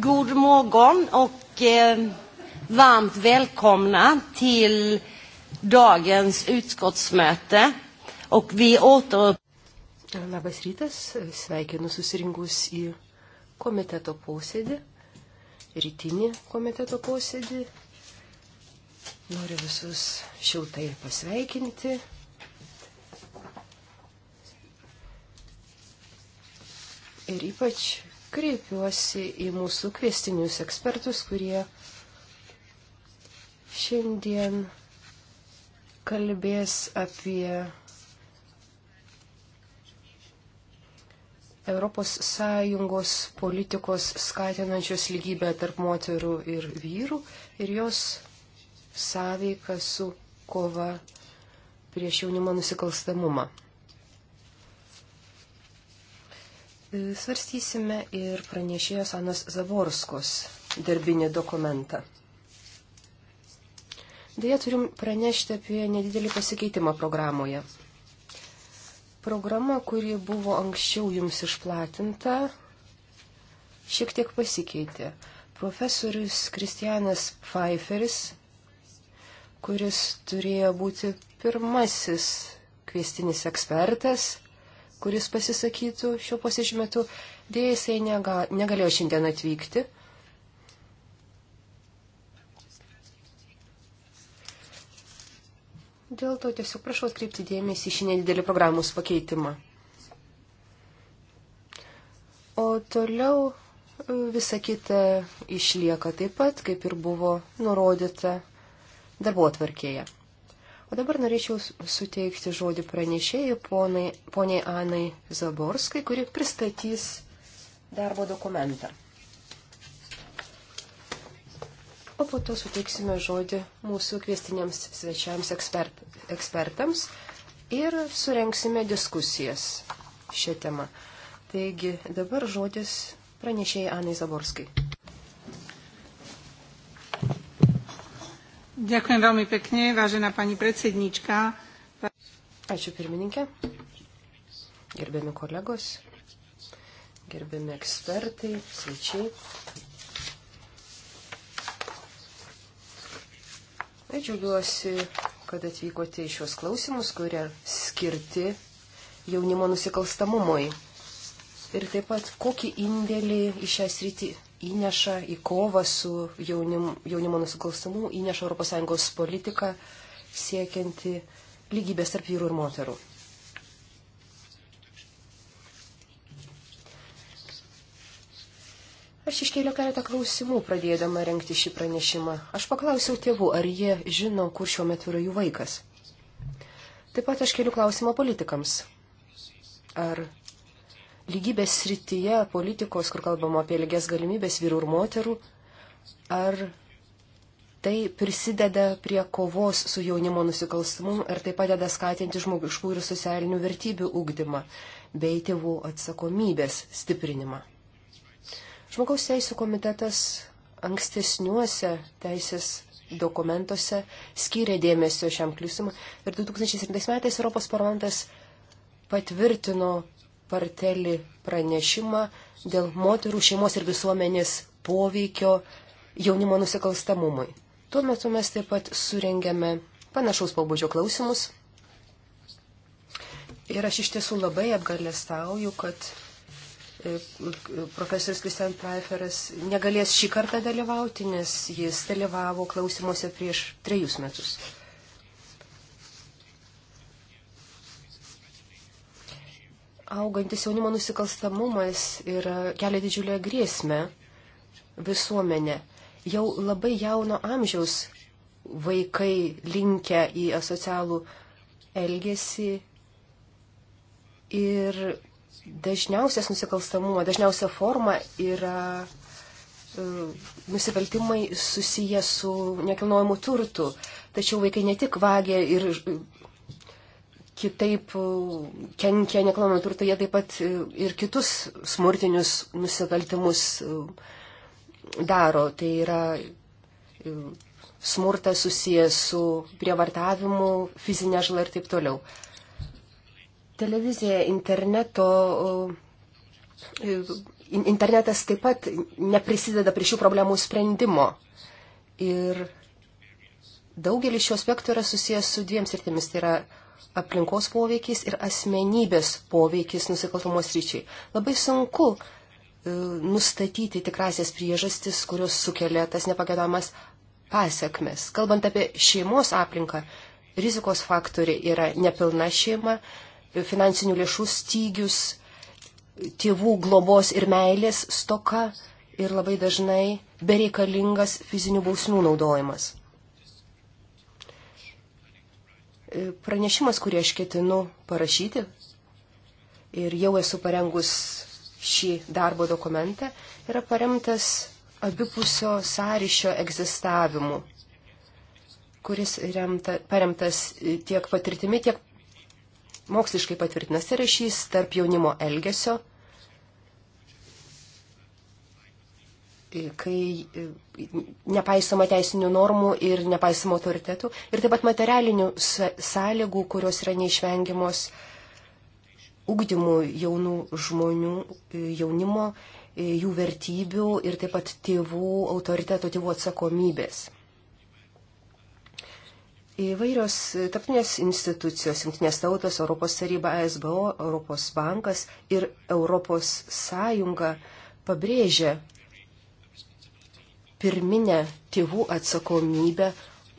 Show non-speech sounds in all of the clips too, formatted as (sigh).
God morgon och eh, varmt välkomna till dagens utskottsmöte. Och vi återupp... Labas rytas, sveikinu susirinkus į komiteto posėdį, rytinį komiteto posėdį. Noriu visus šiltai pasveikinti. Ir ypač kreipiuosi į mūsų kvestinius ekspertus, kurie šiandien kalbės apie ES politikos skatinančios lygybę tarp moterų ir vyrų ir jos sąveiką su kova prieš jaunimo nusikalstamumą. Svarstysime ir pranešėjos Anas Zavorskos darbinį dokumentą. Deja, turim pranešti apie nedidelį pasikeitimą programoje. Programa, kuri buvo anksčiau jums išplatinta, šiek tiek pasikeitė. Profesorius Kristianas Pfeifferis, kuris turėjo būti pirmasis kviestinis ekspertas, kuris pasisakytų šio posėdžio metu. Dėja, jisai nega, negalėjo šiandien atvykti. Dėl to tiesiog prašau atkreipti dėmesį į šį nedidelį programos pakeitimą. O toliau e, visa kita išlieka taip pat, kaip ir buvo nurodyta darbo atvarkėje. O dabar norėčiau suteikti žodį pranešėjai ponai, poniai Anai Zaborskai, kuri pristatys darbo dokumentą. O po to suteiksime žodį mūsų kvestiniams svečiams ekspert, ekspertams ir surenksime diskusijas šią temą. Taigi dabar žodis pranešėjai Anai Zaborskai. Ďakujem veľmi pekne, vážená pani predsednička. Ačiū pirmininkė. Gerbiami kolegos, gerbiami ekspertai, svečiai. Na, džiaugiuosi, kad atvykote į šios klausimus, kurie skirti jaunimo nusikalstamumui. Ir taip pat, kokį indėlį į šią sritį įneša į kovą su jaunim, jaunimo nusikalstamu, įneša ES politiką siekianti lygybės tarp vyrų ir moterų. Aš iškėliau keletą klausimų, pradėdama renkti šį pranešimą. Aš paklausiau tėvų, ar jie žino, kur šiuo metu yra jų vaikas. Taip pat aš keliu klausimą politikams. Ar lygybės srityje politikos, kur kalbama apie lygias galimybės vyrų ir moterų, ar tai prisideda prie kovos su jaunimo nusikalstamumu ir tai padeda skatinti žmogiškų ir socialinių vertybių ūkdymą bei tėvų atsakomybės stiprinimą. Žmogaus teisų komitetas ankstesniuose teisės dokumentuose skyrė dėmesio šiam kliusimui ir 2007 metais Europos parlamentas patvirtino partelį pranešimą dėl moterų šeimos ir visuomenės poveikio jaunimo nusikalstamumui. Tuo metu mes taip pat surengėme panašaus pobūdžio klausimus. Ir aš iš tiesų labai apgalėstauju, kad e, profesorius Kristian Pfeiferas negalės šį kartą dalyvauti, nes jis dalyvavo klausimuose prieš trejus metus. augantis jaunimo nusikalstamumas yra, kelia didžiulę grėsmę visuomenė. Jau labai jauno amžiaus vaikai linkia į asocialų elgesį ir dažniausias nusikalstamumo, dažniausia forma yra e, nusikaltimai susiję su nekilnojimu turtu. Tačiau vaikai ne tik vagė ir kitaip e, kenkia nekilnojamo turto, jie taip pat e, ir kitus smurtinius nusikaltimus e, daro. Tai yra smurtas susijęs su prievartavimu, fizinė žala ir taip toliau. Televizija, interneto, internetas taip pat neprisideda prie šių problemų sprendimo. Ir daugelis šių aspektų yra susijęs su dviem sritimis. Tai yra aplinkos poveikis ir asmenybės poveikis nusikaltamos ryčiai. Labai sunku e, nustatyti tikrasias priežastis, kurios sukelia tas nepagėdamas pasiekmes. Kalbant apie šeimos aplinką, rizikos faktoriai yra nepilna šeima, finansinių lėšų stygius, tėvų globos ir meilės stoka ir labai dažnai bereikalingas fizinių bausmių naudojimas. pranešimas, kurį aš ketinu parašyti ir jau esu parengus šį darbo dokumentą, yra paremtas abipusio sąryšio egzistavimu, kuris remta, paremtas tiek patirtimi, tiek moksliškai patvirtinas ryšys tarp jaunimo elgesio E, kai e, nepaisoma teisinių normų ir nepaisoma autoritetų, ir taip pat materialinių sąlygų, kurios yra neišvengiamos ugdymų jaunų žmonių, e, jaunimo, jų vertybių ir taip pat tėvų, autoriteto tėvų atsakomybės. Įvairios tarptinės institucijos, jungtinės tautos, Europos taryba, ESBO, Europos bankas ir Europos sąjunga pabrėžia pirminę tėvų atsakomybę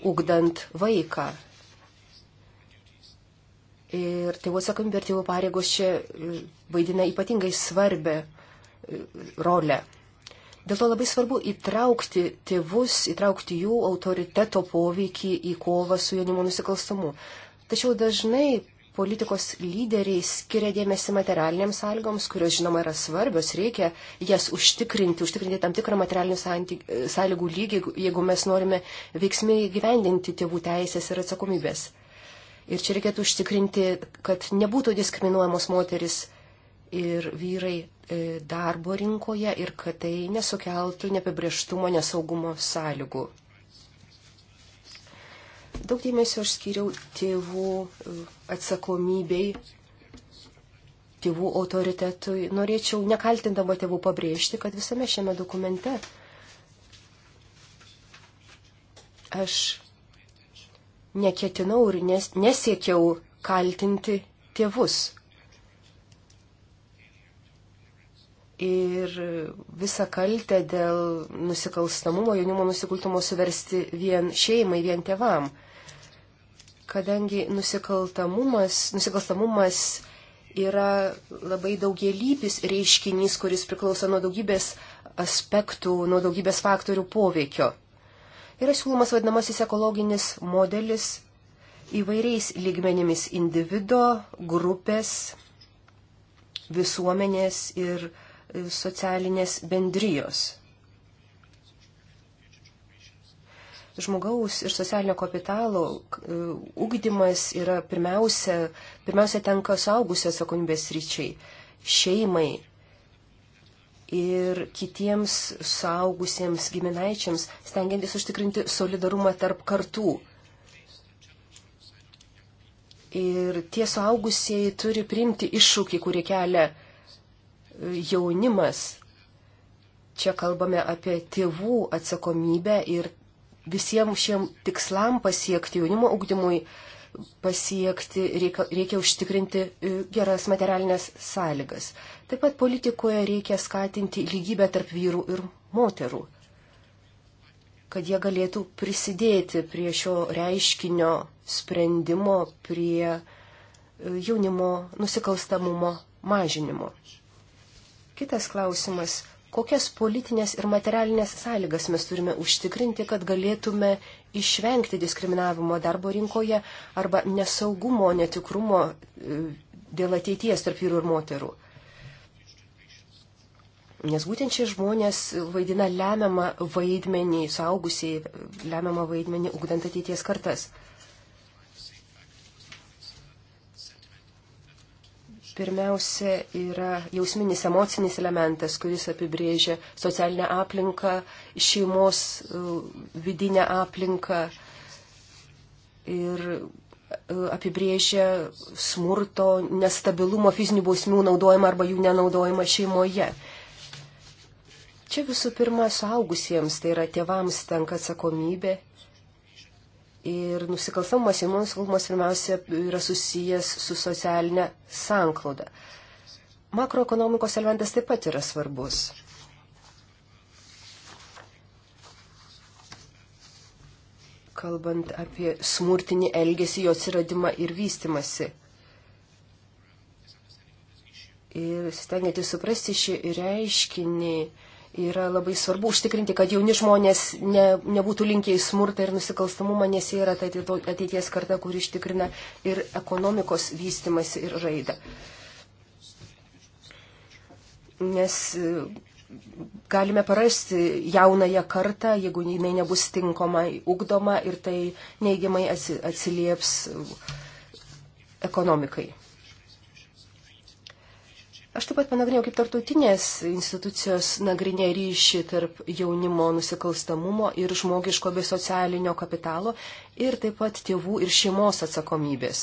ugdant vaiką. Ir tėvų atsakomybė ir tėvų pareigos čia e, vaidina ypatingai svarbę e, rolę. Dėl to labai svarbu įtraukti tėvus, įtraukti jų autoriteto poveikį į kovą su jaunimo nusikalstamu. Tačiau dažnai politikos lyderiai skiria dėmesį materialinėms sąlygoms, kurios žinoma yra svarbios, reikia jas užtikrinti, užtikrinti tam tikrą materialinių sąlygų lygį, jeigu mes norime veiksmingai gyvendinti tėvų teisės ir atsakomybės. Ir čia reikėtų užtikrinti, kad nebūtų diskriminuojamos moteris ir vyrai e, darbo rinkoje ir kad tai nesukeltų neapibrieštumo nesaugumo sąlygų. Daug dėmesio aš skiriau tėvų e, atsakomybei, tėvų autoritetui. Norėčiau, nekaltindama tėvų, pabrėžti, kad visame šiame dokumente aš neketinau ir nes, nesiekiau kaltinti tėvus. Ir visą kaltę dėl nusikalstamumo jaunimo nusikultumo suversti vien šeimai, vien tėvam kadangi nusikaltamumas, nusikalstamumas yra labai daugelypis reiškinys, kuris priklauso nuo daugybės aspektų, nuo daugybės faktorių poveikio. Yra siūlomas vadinamasis ekologinis modelis įvairiais lygmenimis individo, grupės, visuomenės ir socialinės bendrijos. žmogaus ir socialinio kapitalo ūkdymas e, yra pirmiausia, pirmiausia tenka suaugusio atsakomybės ryčiai, šeimai ir kitiems suaugusiems giminaičiams, stengiantis užtikrinti solidarumą tarp kartų. Ir tie suaugusieji turi priimti iššūkį, kurį kelia e, jaunimas. Čia kalbame apie tėvų atsakomybę ir visiems šiem tikslam pasiekti jaunimo ugdymui pasiekti, reikia, reikia užtikrinti e, geras materialinės sąlygas. Taip pat politikoje reikia skatinti lygybę tarp vyrų ir moterų, kad jie galėtų prisidėti prie šio reiškinio sprendimo, prie e, jaunimo nusikalstamumo mažinimo. Kitas klausimas kokias politinės ir materialinės sąlygas mes turime užtikrinti, kad galėtume išvengti diskriminavimo darbo rinkoje arba nesaugumo, netikrumo e, dėl ateities tarp vyrų ir moterų. Nes būtent šie žmonės vaidina lemiamą vaidmenį, suaugusiai lemiamą vaidmenį, ugdant ateities kartas. Pirmiausia, yra jausminis emocinis elementas, kuris apibrėžia socialinę aplinką, šeimos e, vidinę aplinką ir e, apibrėžia smurto, nestabilumo, fizinių bausmių naudojimą arba jų nenaudojimą šeimoje. Čia visų pirma, suaugusiems, tai yra tėvams tenka atsakomybė Ir nusikalstamumas ir nusikalstamumas pirmiausia yra susijęs su socialinė sankloda. Makroekonomikos elementas taip pat yra svarbus. Kalbant apie smurtinį elgesį, jo atsiradimą ir vystimasi. Ir stengiate suprasti šį reiškinį yra labai svarbu užtikrinti, kad jauni žmonės ne, nebūtų linkę į smurtą ir nusikalstamumą, nes jie yra ta ateities karta, kuri ištikrina ir ekonomikos vystimasi ir raidą. Nes e, galime parasti jaunąją kartą, jeigu jinai nebus tinkamai ugdoma ir tai neigiamai atsilieps e, ekonomikai. Aš taip pat panagrinėjau, kaip tartutinės institucijos nagrinė ryšį tarp jaunimo nusikalstamumo ir žmogiško bei socialinio kapitalo ir taip pat tėvų ir šeimos atsakomybės.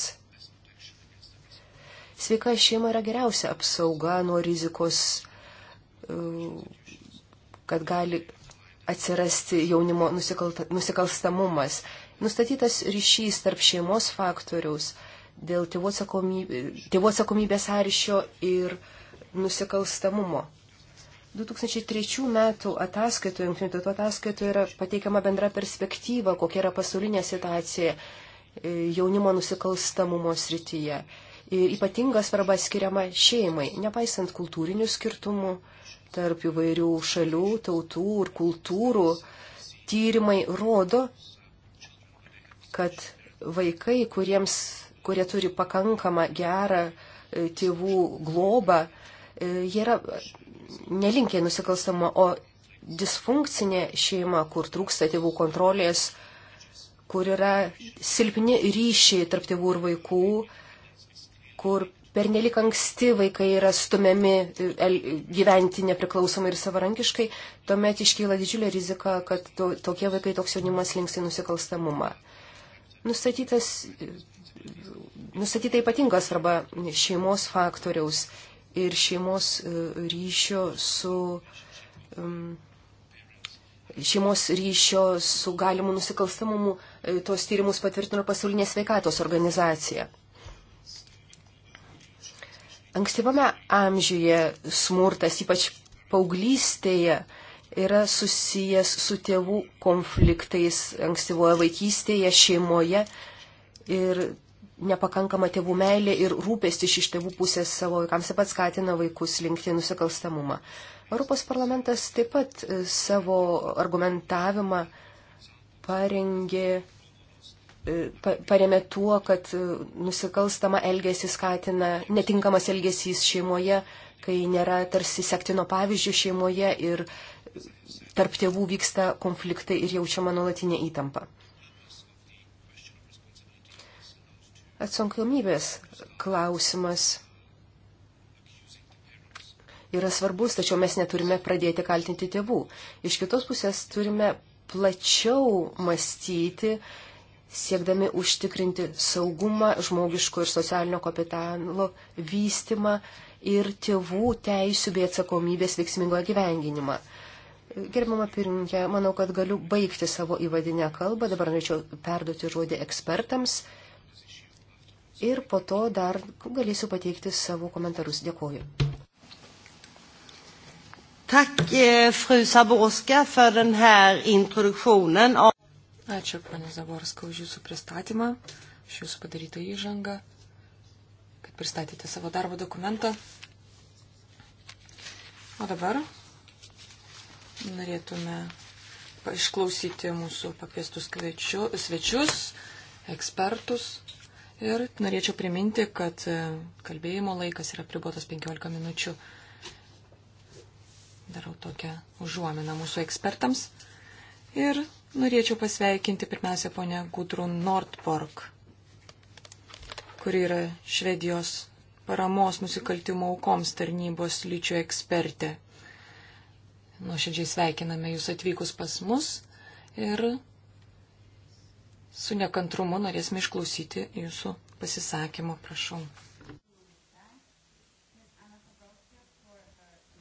Sveika šeima yra geriausia apsauga nuo rizikos, e, kad gali atsirasti jaunimo nusikalstamumas. Nustatytas ryšys tarp šeimos faktoriaus dėl tėvų atsakomybės, tėvų atsakomybės aršio ir nusikalstamumo. 2003 metų ataskaitoje, jungtinių tautų ataskaitoje yra pateikiama bendra perspektyva, kokia yra pasaulinė situacija e, jaunimo nusikalstamumo srityje. Ir ypatinga svarba skiriama šeimai, nepaisant kultūrinių skirtumų tarp įvairių šalių, tautų ir kultūrų. Tyrimai rodo, kad vaikai, kuriems, kurie turi pakankamą gerą e, tėvų globą, E, jie yra nelinkiai nusikalstama, o disfunkcinė šeima, kur trūksta tėvų kontrolės, kur yra silpni ryšiai tarp tėvų ir vaikų, kur pernelik anksti vaikai yra stumiami e, gyventi nepriklausomai ir savarankiškai, tuomet iškyla didžiulė rizika, kad to, tokie vaikai, toks jaunimas links į nusikalstamumą. Nustatytas, e, nustatyta ypatinga svarba šeimos faktoriaus ir šeimos e, ryšio su. Šeimos ryšio su galimu nusikalstamumu e, tuos tyrimus patvirtino pasaulinė sveikatos organizacija. Ankstyvame amžiuje smurtas, ypač paauglystėje, yra susijęs su tėvų konfliktais ankstyvoje vaikystėje, šeimoje. Ir nepakankama tėvų meilė ir rūpestis iš tėvų pusės savo vaikams taip pat skatina vaikus linkti nusikalstamumą. Europos parlamentas taip pat e, savo argumentavimą parengė, e, paremė tuo, kad e, nusikalstama elgesį skatina netinkamas elgesys šeimoje, kai nėra tarsi sektino pavyzdžių šeimoje ir tarp tėvų vyksta konfliktai ir jaučiama nuolatinė įtampa. atsankomybės klausimas yra svarbus, tačiau mes neturime pradėti kaltinti tėvų. Iš kitos pusės turime plačiau mąstyti, siekdami užtikrinti saugumą, žmogiško ir socialinio kapitalo vystimą ir tėvų teisų bei atsakomybės veiksmingo gyvenginimą. Gerbama pirmininkė, manau, kad galiu baigti savo įvadinę kalbą. Dabar norėčiau perduoti žodį ekspertams ir po to dar galėsiu pateikti savo komentarus. Dėkuoju. Tack, eh, fru Saborska, för den här introduktionen. Ačiū, ponė Zaborska, už jūsų pristatymą, už jūsų padarytą įžangą, kad pristatėte savo darbo dokumentą. O dabar norėtume išklausyti mūsų pakviestus svečius, ekspertus. Ir norėčiau priminti, kad e, kalbėjimo laikas yra pribuotas 15 minučių. Darau tokią užuominą mūsų ekspertams. Ir norėčiau pasveikinti pirmiausia ponę Gudrun Nordborg, kuri yra Švedijos paramos nusikaltimo aukoms tarnybos lyčių ekspertė. Nuoširdžiai sveikiname jūs atvykus pas mus ir Su nekantrumu norėsime išklausyti jūsų pasisakymo, prašau.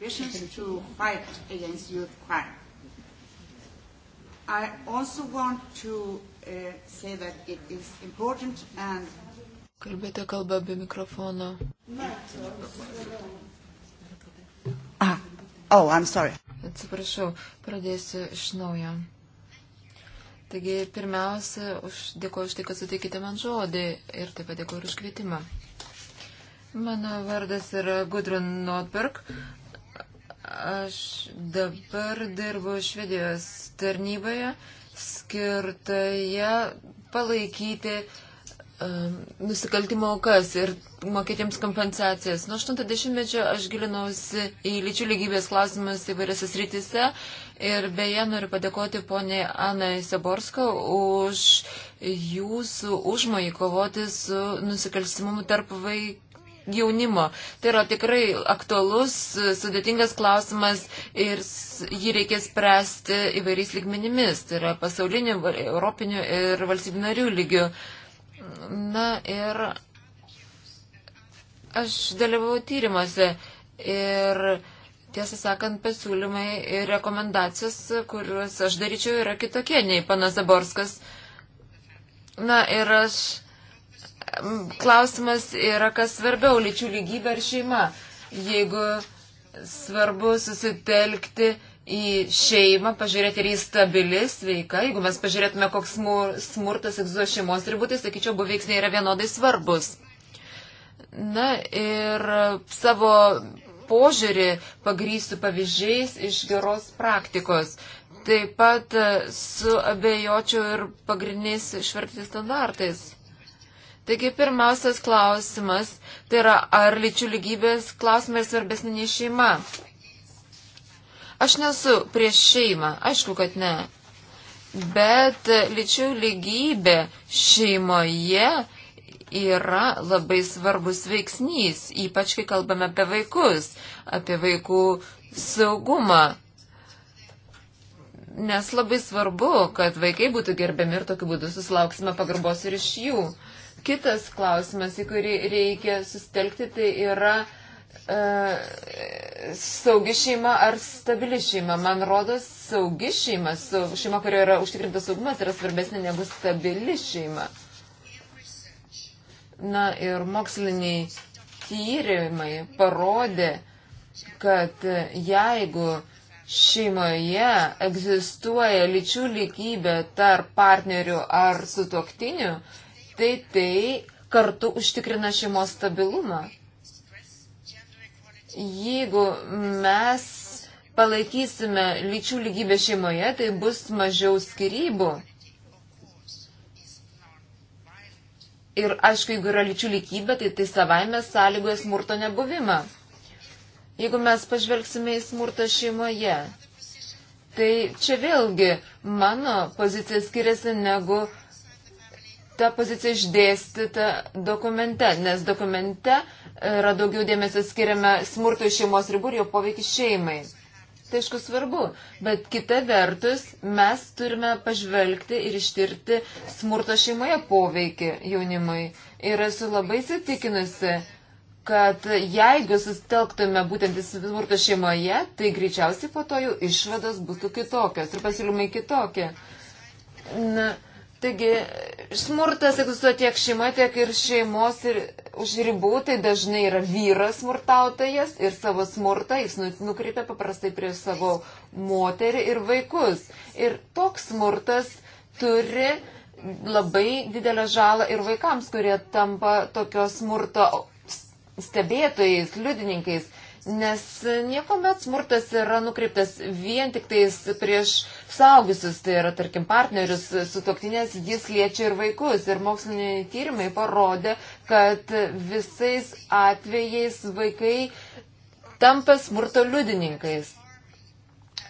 visions to fight against youth crime. I also want to uh, say that it is important and Kalbėti kalbą be mikrofono. Ah, oh, I'm sorry. Atsiprašau, pradėsiu iš naujo. Taigi, pirmiausia, už, dėkuoju už tai, kad suteikite man žodį ir taip pat dėkuoju už kvietimą. Mano vardas yra Gudrun Notberg. Aš dabar dirbu Švedijos tarnyboje skirtoje palaikyti uh, Um, nusikaltimo aukas ir mokėti jiems kompensacijas. Nuo 80-mečio aš gilinausi į lyčių lygybės klausimus įvairiose srityse ir beje noriu padėkoti poniai Anai Saborsko už jūsų užmojį kovoti su nusikalstimumu tarp vaikų. Jaunimo. Tai yra tikrai aktualus, sudėtingas klausimas ir jį reikės spręsti įvairiais lygmenimis. Tai yra pasauliniu, europiniu ir valstybinarių lygiu. Uh, Na ir aš dalyvau tyrimuose ir tiesą sakant, pasiūlymai ir rekomendacijos, kuriuos aš daryčiau, yra kitokie nei panas Zaborskas. Na ir aš. Klausimas yra, kas svarbiau - lyčių lygybė ar šeima. Jeigu svarbu susitelkti į šeimą, pažiūrėti ir į stabili sveika. Jeigu mes pažiūrėtume, koks smurtas egzistuoja šeimos ribų, tai sakyčiau, abu veiksniai yra vienodai svarbus. Na ir savo požiūrį pagrysiu pavyzdžiais iš geros praktikos. Taip pat suabejočiau ir pagrindiniais švertis standartais. Taigi pirmiausias klausimas, tai yra ar lyčių lygybės klausimai svarbesni nei šeima. Aš nesu prieš šeimą, aišku, kad ne. Bet lyčių lygybė šeimoje yra labai svarbus veiksnys, ypač kai kalbame apie vaikus, apie vaikų saugumą. Nes labai svarbu, kad vaikai būtų gerbiami ir tokiu būdu susilauksime pagarbos ir iš jų. Kitas klausimas, į kurį reikia sustelkti, tai yra E, saugi šeima ar stabili šeima. Man rodos, saugi šeima, šeima, kurioje yra užtikrintas saugumas, yra svarbesnė negu stabili šeima. Na ir moksliniai tyrimai parodė, kad jeigu šeimoje egzistuoja lyčių lygybė tarp partnerių ar sutoktinių, tai tai kartu užtikrina šeimos stabilumą jeigu mes palaikysime lyčių lygybę šeimoje, tai bus mažiau skirybų. Ir aišku, jeigu yra lyčių lygybė, tai tai savaime sąlygoja smurto nebuvimą. Jeigu mes pažvelgsime į smurtą šeimoje, tai čia vėlgi mano pozicija skiriasi negu ta pozicija išdėstyta dokumente, nes dokumente e, yra daugiau dėmesio skiriama smurto šeimos ribų ir jo poveikį šeimai. Tai aišku svarbu, bet kita vertus mes turime pažvelgti ir ištirti smurto šeimoje poveikį jaunimui. Ir esu labai sitikinusi, kad jeigu sustelktume būtent į smurto šeimoje, tai greičiausiai po to jų išvados būtų kitokios ir pasiūlymai kitokie. Na, Taigi smurtas egzistuoja tiek šeimoje, tiek ir šeimos ir už ribų, tai dažnai yra vyras smurtautojas ir savo smurtą jis nu-, nukreipia paprastai prieš savo moterį ir vaikus. Ir toks smurtas turi labai didelę žalą ir vaikams, kurie tampa tokio smurto stebėtojais, liudininkais. Nes niekuomet smurtas yra nukreiptas vien tik tais prieš saugusius, tai yra, tarkim, partnerius, sutoktinės, jis liečia ir vaikus. Ir moksliniai tyrimai parodė, kad visais atvejais vaikai tampa smurto liudininkais.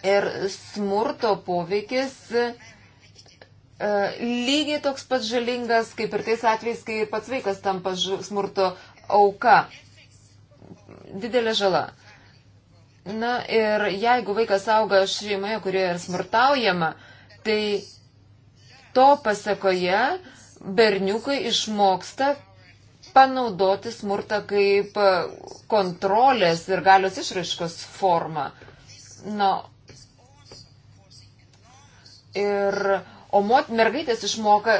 Ir smurto poveikis e, lygiai toks pats žalingas, kaip ir tais atvejais, kai pats vaikas tampa smurto auka didelė žala. Na ir jeigu vaikas auga šeimoje, kurioje ir smurtaujama, tai to pasakoje berniukai išmoksta panaudoti smurtą kaip kontrolės ir galios išraiškos formą. Na, ir, o mot, mergaitės išmoka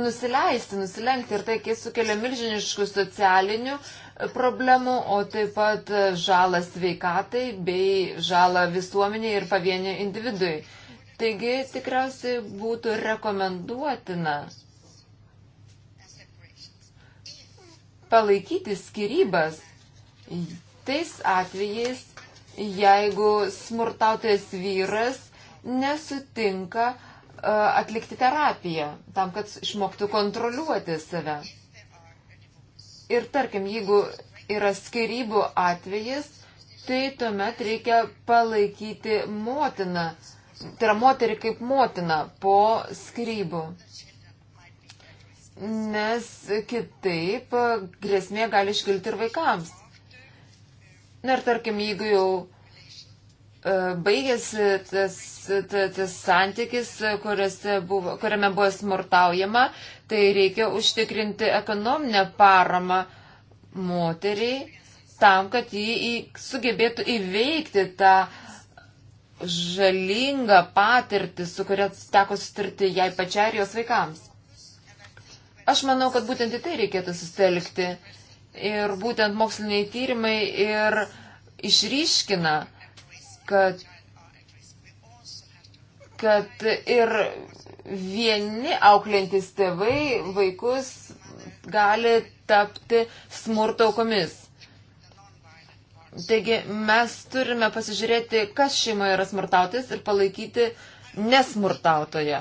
nusileisti, nusilenkti ir tai sukelia milžiniškų socialinių uh, problemų, o taip pat žalą sveikatai bei žalą visuomeniai ir pavienio individui. Taigi tikriausiai būtų rekomenduotina palaikyti skirybas tais atvejais, jeigu smurtautojas vyras nesutinka e, atlikti terapiją tam, kad išmoktų kontroliuoti save. Ir tarkim, jeigu yra skirybų atvejis, tai tuomet reikia palaikyti motiną, tai yra moterį kaip motiną po skirybų. Nes kitaip grėsmė gali iškilti ir vaikams. Na ir tarkim, jeigu jau E, baigėsi tas, tas, tas santykis, buvo, kuriame buvo smurtaujama, tai reikia užtikrinti ekonominę paramą moteriai tam, kad ji sugebėtų įveikti tą žalingą patirtį, su kuria teko sustirti jai pačiai ir jos vaikams. Aš manau, kad būtent į tai reikėtų sustelkti. Ir būtent moksliniai tyrimai ir išryškina, kad, kad ir vieni auklintys tėvai vaikus gali tapti smurto aukomis. Taigi mes turime pasižiūrėti, kas šeimoje yra smurtautis ir palaikyti nesmurtautoje.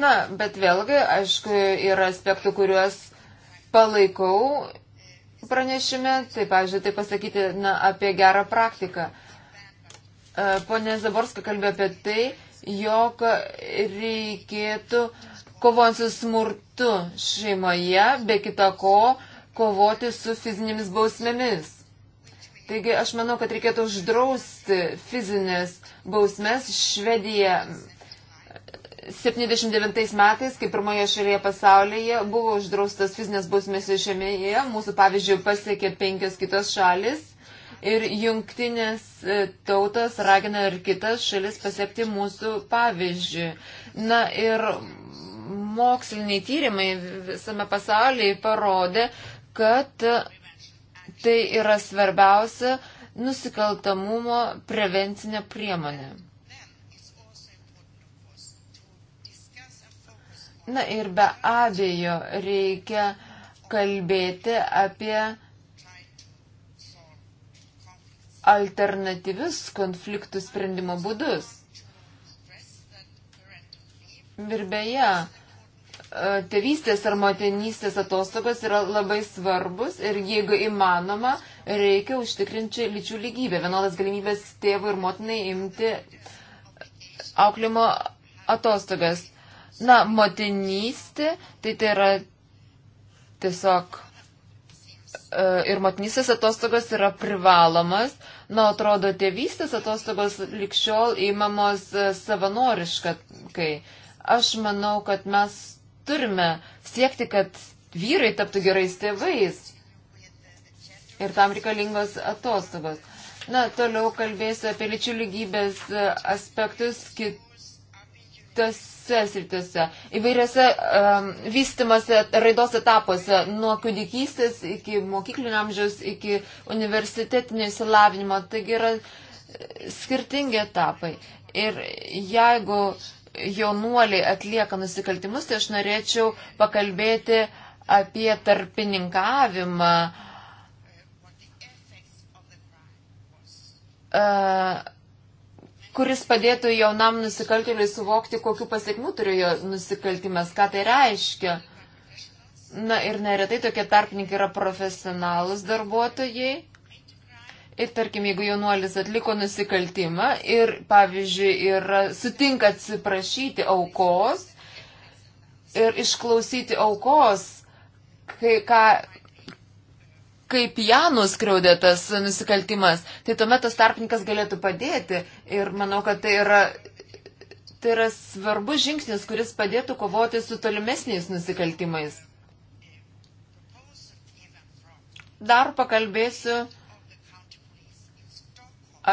Na, bet vėlgi, aišku, yra aspektų, kuriuos palaikau pranešime, tai, pavyzdžiui, tai pasakyti na, apie gerą praktiką. E, Pone Zaborska kalbė apie tai, jog reikėtų kovojant su smurtu šeimoje, be kita ko, kovoti su fizinėmis bausmėmis. Taigi aš manau, kad reikėtų uždrausti fizinės bausmės. Švedija 79 metais, kai pirmoje šalyje pasaulyje buvo uždraustas fizinės bausmės išėmėje, mūsų pavyzdžių pasiekė penkios kitos šalis ir jungtinės e, tautos ragina ir kitas šalis pasiekti mūsų pavyzdžių. Na ir moksliniai tyrimai visame pasaulyje parodė, kad tai yra svarbiausia nusikaltamumo prevencinė priemonė. Na ir be abejo reikia kalbėti apie alternatyvius konfliktų sprendimo būdus. Ir beje, e, tėvystės ar motinystės atostogos yra labai svarbus ir jeigu įmanoma, reikia užtikrinti lyčių lygybę, vienodas galimybės tėvui ir motinai imti auklimo atostogas. Na, motinystė, tai tai yra tiesiog e, ir motinystės atostogos yra privalomas, na, atrodo, tėvystės atostogos likščiol įmamos e, savanoriškai. Kai aš manau, kad mes turime siekti, kad vyrai taptų gerais tėvais. Ir tam reikalingos atostogos. Na, toliau kalbėsiu apie lyčių lygybės e, aspektus kitų kitose sritise, įvairiose um, vystimose, raidos etapuose, nuo kūdikystės iki mokyklinio amžiaus, iki universitetinio įsilavinimo. Taigi yra e, skirtingi etapai. Ir jeigu jaunuoliai atlieka nusikaltimus, tai aš norėčiau pakalbėti apie tarpininkavimą. Uh, kuris padėtų jaunam nusikaltėliui suvokti, kokiu pasiekmiu turėjo nusikaltimas, ką tai reiškia. Na ir neretai tokie tarpininkai yra profesionalus darbuotojai. Ir tarkim, jeigu jaunuolis atliko nusikaltimą ir, pavyzdžiui, yra, sutinka atsiprašyti aukos ir išklausyti aukos, kai, ką kaip ją nuskriaudė tas nusikaltimas, tai tuomet tas tarpininkas galėtų padėti. Ir manau, kad tai yra, tai yra svarbus žingsnis, kuris padėtų kovoti su tolimesniais nusikaltimais. Dar pakalbėsiu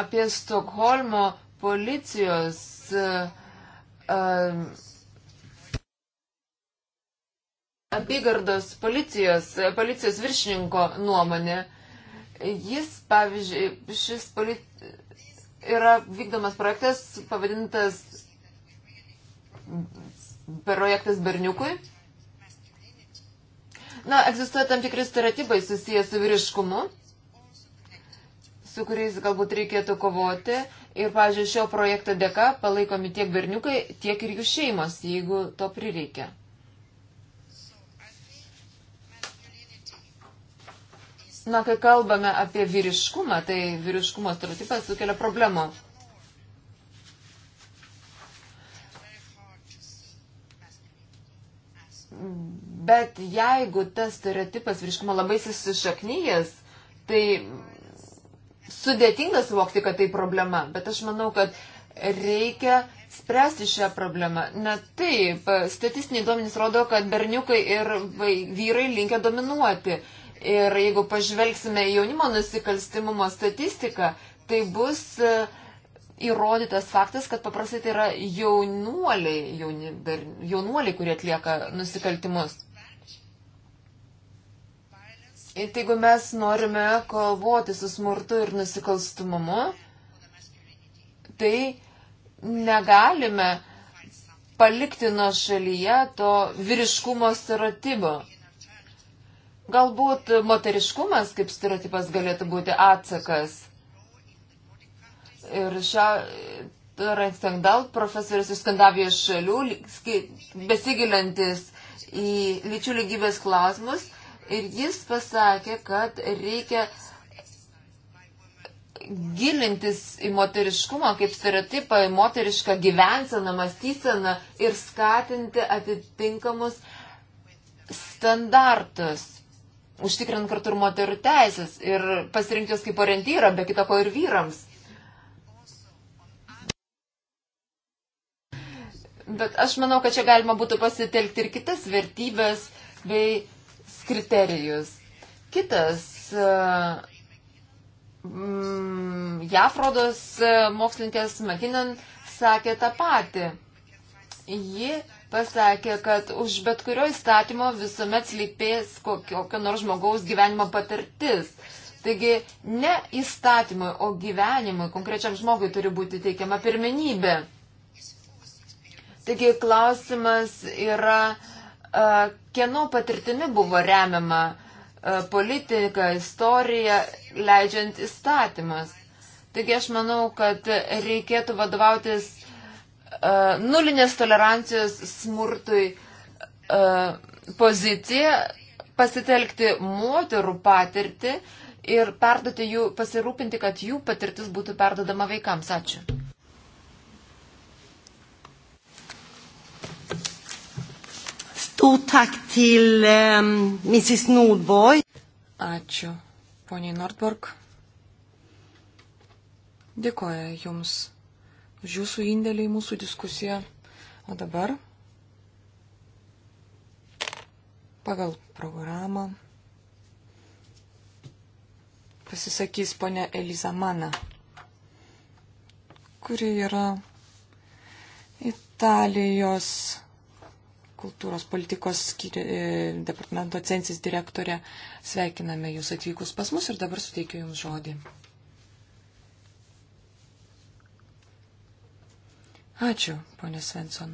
apie Stokholmo policijos uh, uh, apygardos policijos, policijos viršininko nuomonė. Jis, pavyzdžiui, šis polit... yra vykdomas projektas pavadintas projektas berniukui. Na, egzistuoja tam tikri stereotipai susijęs su vyriškumu, su kuriais galbūt reikėtų kovoti. Ir, pavyzdžiui, šio projekto dėka palaikomi tiek berniukai, tiek ir jų šeimos, jeigu to prireikia. Na, kai kalbame apie vyriškumą, tai vyriškumo stereotipas sukelia problemų. Bet jeigu tas stereotipas vyriškumo labai susišaknyjas, tai sudėtinga suvokti, kad tai problema. Bet aš manau, kad reikia spręsti šią problemą. Na taip, statistiniai duomenys rodo, kad berniukai ir vyrai linkia dominuoti. Uh, Ir jeigu pažvelgsime į jaunimo nusikalstimumo statistiką, tai bus e, įrodytas faktas, kad paprastai tai yra jaunuoliai, jauni, jaunuoliai kurie atlieka nusikaltimus. Ir tai, jeigu mes norime kovoti su smurtu ir nusikalstumumu, tai negalime palikti nuo šalyje to vyriškumo stereotipo. Galbūt moteriškumas kaip stereotipas galėtų būti atsakas. Ir šią Reinstengdal, profesorius iš Skandavijos šalių, besigilintis į lyčių lygybės klausimus, ir jis pasakė, kad reikia gilintis į moteriškumą kaip stereotipą, į moterišką gyvenseną, mąstyseną ir skatinti atitinkamus standartus užtikrint kartu ir moterų teisės ir pasirinkti jos kaip orientyrą, be kitako ir vyrams. Bet aš manau, kad čia galima būtų pasitelkti ir kitas vertybės bei kriterijus. Kitas e, mm, JAF rodos e, mokslininkės Makinen sakė tą patį. Ji pasakė, kad už bet kurio įstatymo visuomet slypės kokio nors žmogaus gyvenimo patirtis. Taigi ne įstatymui, o gyvenimui, konkrečiam žmogui turi būti teikiama pirmenybė. Taigi klausimas yra, kieno patirtimi buvo remiama politika, istorija, leidžiant įstatymas. Taigi aš manau, kad reikėtų vadovautis E, nulinės tolerancijos smurtui e, poziciją, pasitelkti moterų patirtį ir perduoti jų, pasirūpinti, kad jų patirtis būtų perdodama vaikams. Ačiū. Stort tack till um, ehm, Mrs Nordborg. Ačiū, poniai Nordborg. Dėkoju Jums už jūsų indėlį į mūsų diskusiją. O dabar pagal programą pasisakys ponia Eliza Mana, kuri yra Italijos kultūros politikos skiri, e, departamento censis direktorė. Sveikiname jūs atvykus pas mus ir dabar suteikiu jums žodį. Ačiū, ponė Svenson.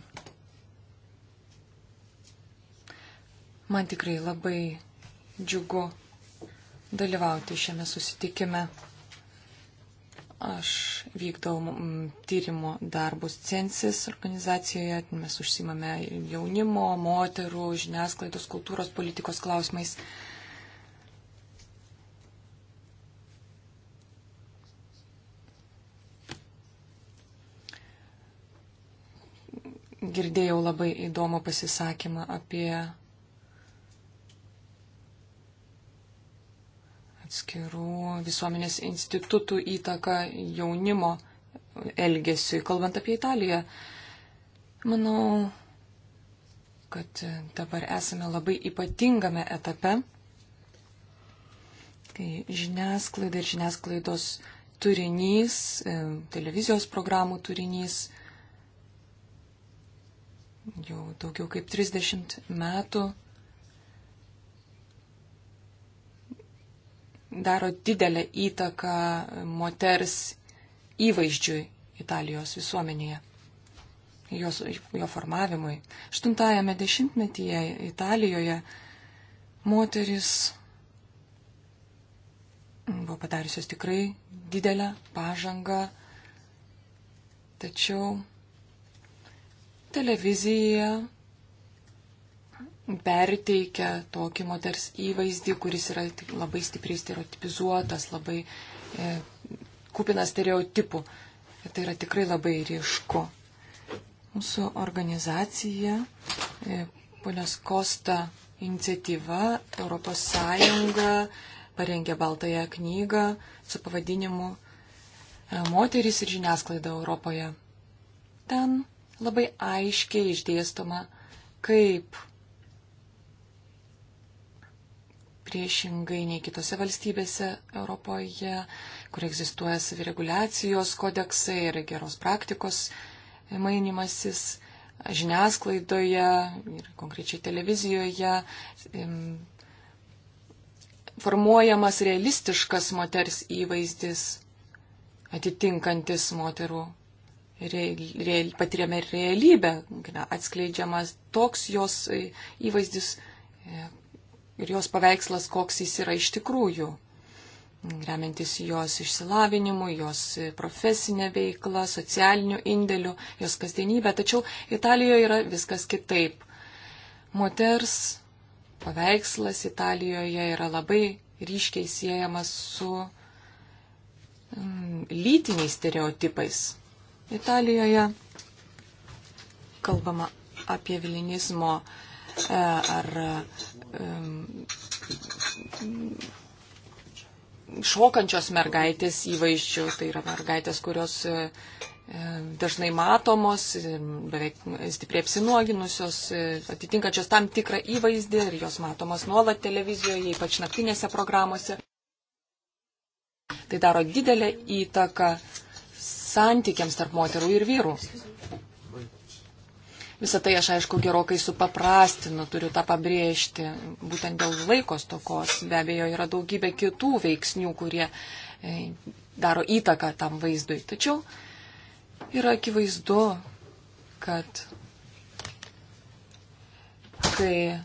Man tikrai labai džiugu dalyvauti šiame susitikime. Aš vykdau tyrimo darbus Censis organizacijoje, mes užsimame jaunimo, moterų, žiniasklaidos, kultūros, politikos klausimais. girdėjau labai įdomų pasisakymą apie atskirų visuomenės institutų įtaką jaunimo elgesiui, kalbant apie Italiją. Manau, kad dabar esame labai ypatingame etape, kai žiniasklaida ir žiniasklaidos turinys, televizijos programų turinys jau daugiau kaip 30 metų daro didelę įtaką moters įvaizdžiui Italijos visuomenėje, jos, jo formavimui. Aštuntajame dešimtmetyje Italijoje moteris buvo padariusios tikrai didelę pažangą, tačiau Televizija perteikia tokį moters įvaizdį, kuris yra labai stipriai stereotipizuotas, labai e, kupinas stereotipų. Ir tai yra tikrai labai ryšku. Mūsų organizacija, e, ponios Kosta iniciatyva, Europos Sąjunga parengė Baltąją knygą su pavadinimu e, Moterys ir žiniasklaida Europoje. Ten labai aiškiai išdėstoma, kaip priešingai nei kitose valstybėse Europoje, kur egzistuoja savireguliacijos kodeksai ir geros praktikos mainimasis žiniasklaidoje ir konkrečiai televizijoje formuojamas realistiškas moters įvaizdis, atitinkantis moterų real, patiriame realybę, atskleidžiamas toks jos e, įvaizdis e, ir jos paveikslas, koks jis yra iš tikrųjų, remiantis jos išsilavinimu, jos e, profesinė veikla, socialiniu indėliu, jos kasdienybė. Tačiau Italijoje yra viskas kitaip. Moters paveikslas Italijoje yra labai ryškiai siejamas su mm, lytiniais stereotipais. Italijoje kalbama apie vilinizmo e, ar šokančios mergaitės įvaizdžių, tai yra mergaitės, kurios e, e, dažnai matomos, beveik stipriai apsinuoginusios, atitinkančios tam tikrą įvaizdį ir jos matomos nuolat televizijoje, ypač naktinėse programuose. Tai daro didelę įtaką uh, santykiams tarp moterų ir vyrų. Visą tai aš, aišku, gerokai supaprastinu, turiu tą pabrėžti, būtent dėl laikos tokos. Be abejo, yra daugybė kitų veiksnių, kurie e, daro įtaką tam vaizdui. Tačiau yra akivaizdu, kad kai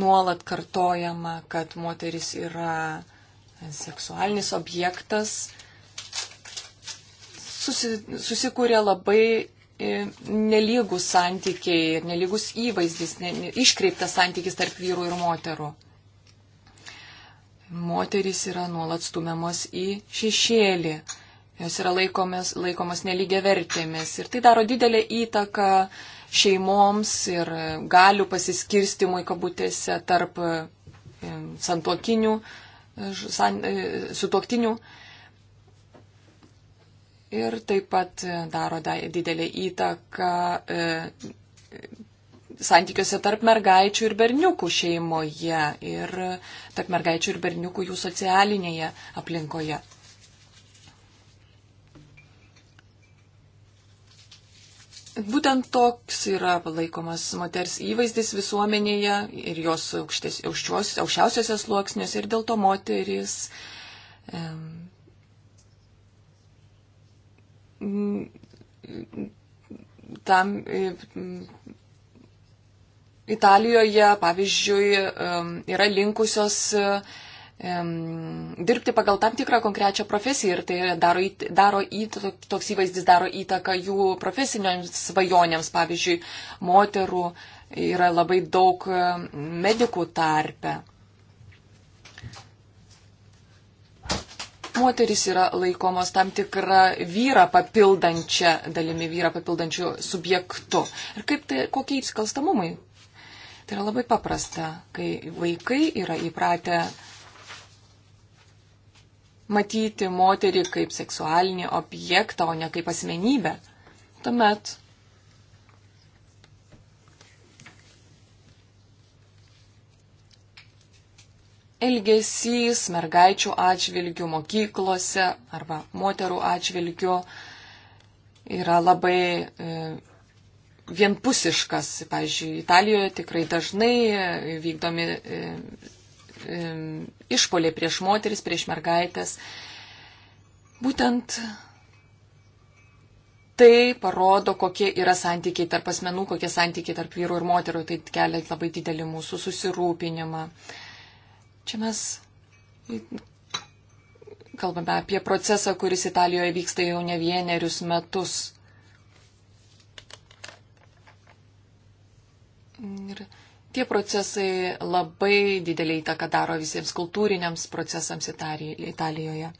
nuolat kartojama, kad moteris yra seksualinis objektas, susi, susikūrė labai e, nelygus santykiai, nelygus įvaizdis, ne, iškreiptas santykis tarp vyrų ir moterų. Moterys yra nuolat stumiamos į šešėlį, jos yra laikomas, laikomas nelygia vertėmis ir tai daro didelę įtaką šeimoms ir galių pasiskirstimui kabutėse tarp e, santuokinių, san, e, sutoktinių. San, ir taip pat e, daro didelį įtaką e, santykiuose tarp mergaičių ir berniukų šeimoje ir tarp mergaičių ir berniukų jų socialinėje aplinkoje. Būtent toks yra palaikomas moters įvaizdis visuomenėje ir jos aukščiausiose sluoksniuose ir dėl to moteris e, tam e, Italijoje, pavyzdžiui, yra linkusios dirbti pagal tam tikrą konkrečią profesiją ir tai daro, daro toks įvaizdis daro įtaką jų profesiniams svajonėms. Pavyzdžiui, moterų yra labai daug medikų tarpe. moteris yra laikomos tam tikrą vyrą papildančią dalimi, vyrą papildančių subjektų. Ir kaip tai, kokie įsikalstamumai? Tai yra labai paprasta, kai vaikai yra įpratę matyti moterį kaip seksualinį objektą, o ne kaip asmenybę. Tuomet elgesys mergaičių atžvilgių mokyklose arba moterų atžvilgių yra labai e, vienpusiškas. Pavyzdžiui, Italijoje tikrai dažnai e, vykdomi e, išpoliai prieš moteris, prieš mergaitės. Būtent tai parodo, kokie yra santykiai tarp asmenų, kokie santykiai tarp vyrų ir moterų. Tai kelia labai didelį mūsų susirūpinimą. Uh, Čia mes kalbame apie procesą, kuris Italijoje vyksta jau ne vienerius metus. Ir tie procesai labai didelį įtaką daro visiems kultūriniams procesams Italijoje.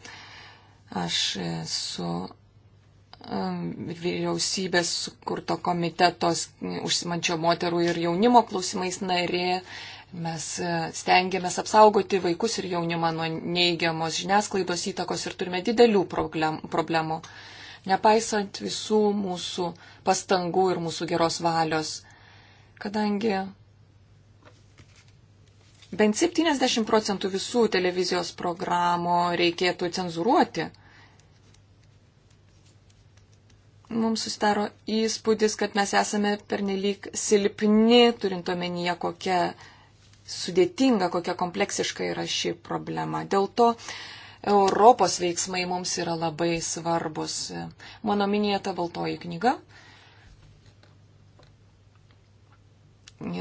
Aš esu um, vyriausybės sukurto komitetos užsimančio moterų ir jaunimo klausimais narė Mes e, stengiamės apsaugoti vaikus ir jaunimą nuo neigiamos žiniasklaidos įtakos ir turime didelių problemų. Nepaisant visų mūsų pastangų ir mūsų geros valios, kadangi bent 70 procentų visų televizijos programų reikėtų cenzuruoti. Mums susidaro įspūdis, kad mes esame pernelyg silpni, turint omenyje, kokia sudėtinga, kokia kompleksiška yra ši problema. Dėl to Europos veiksmai mums yra labai svarbus. Mano minėta baltoji knyga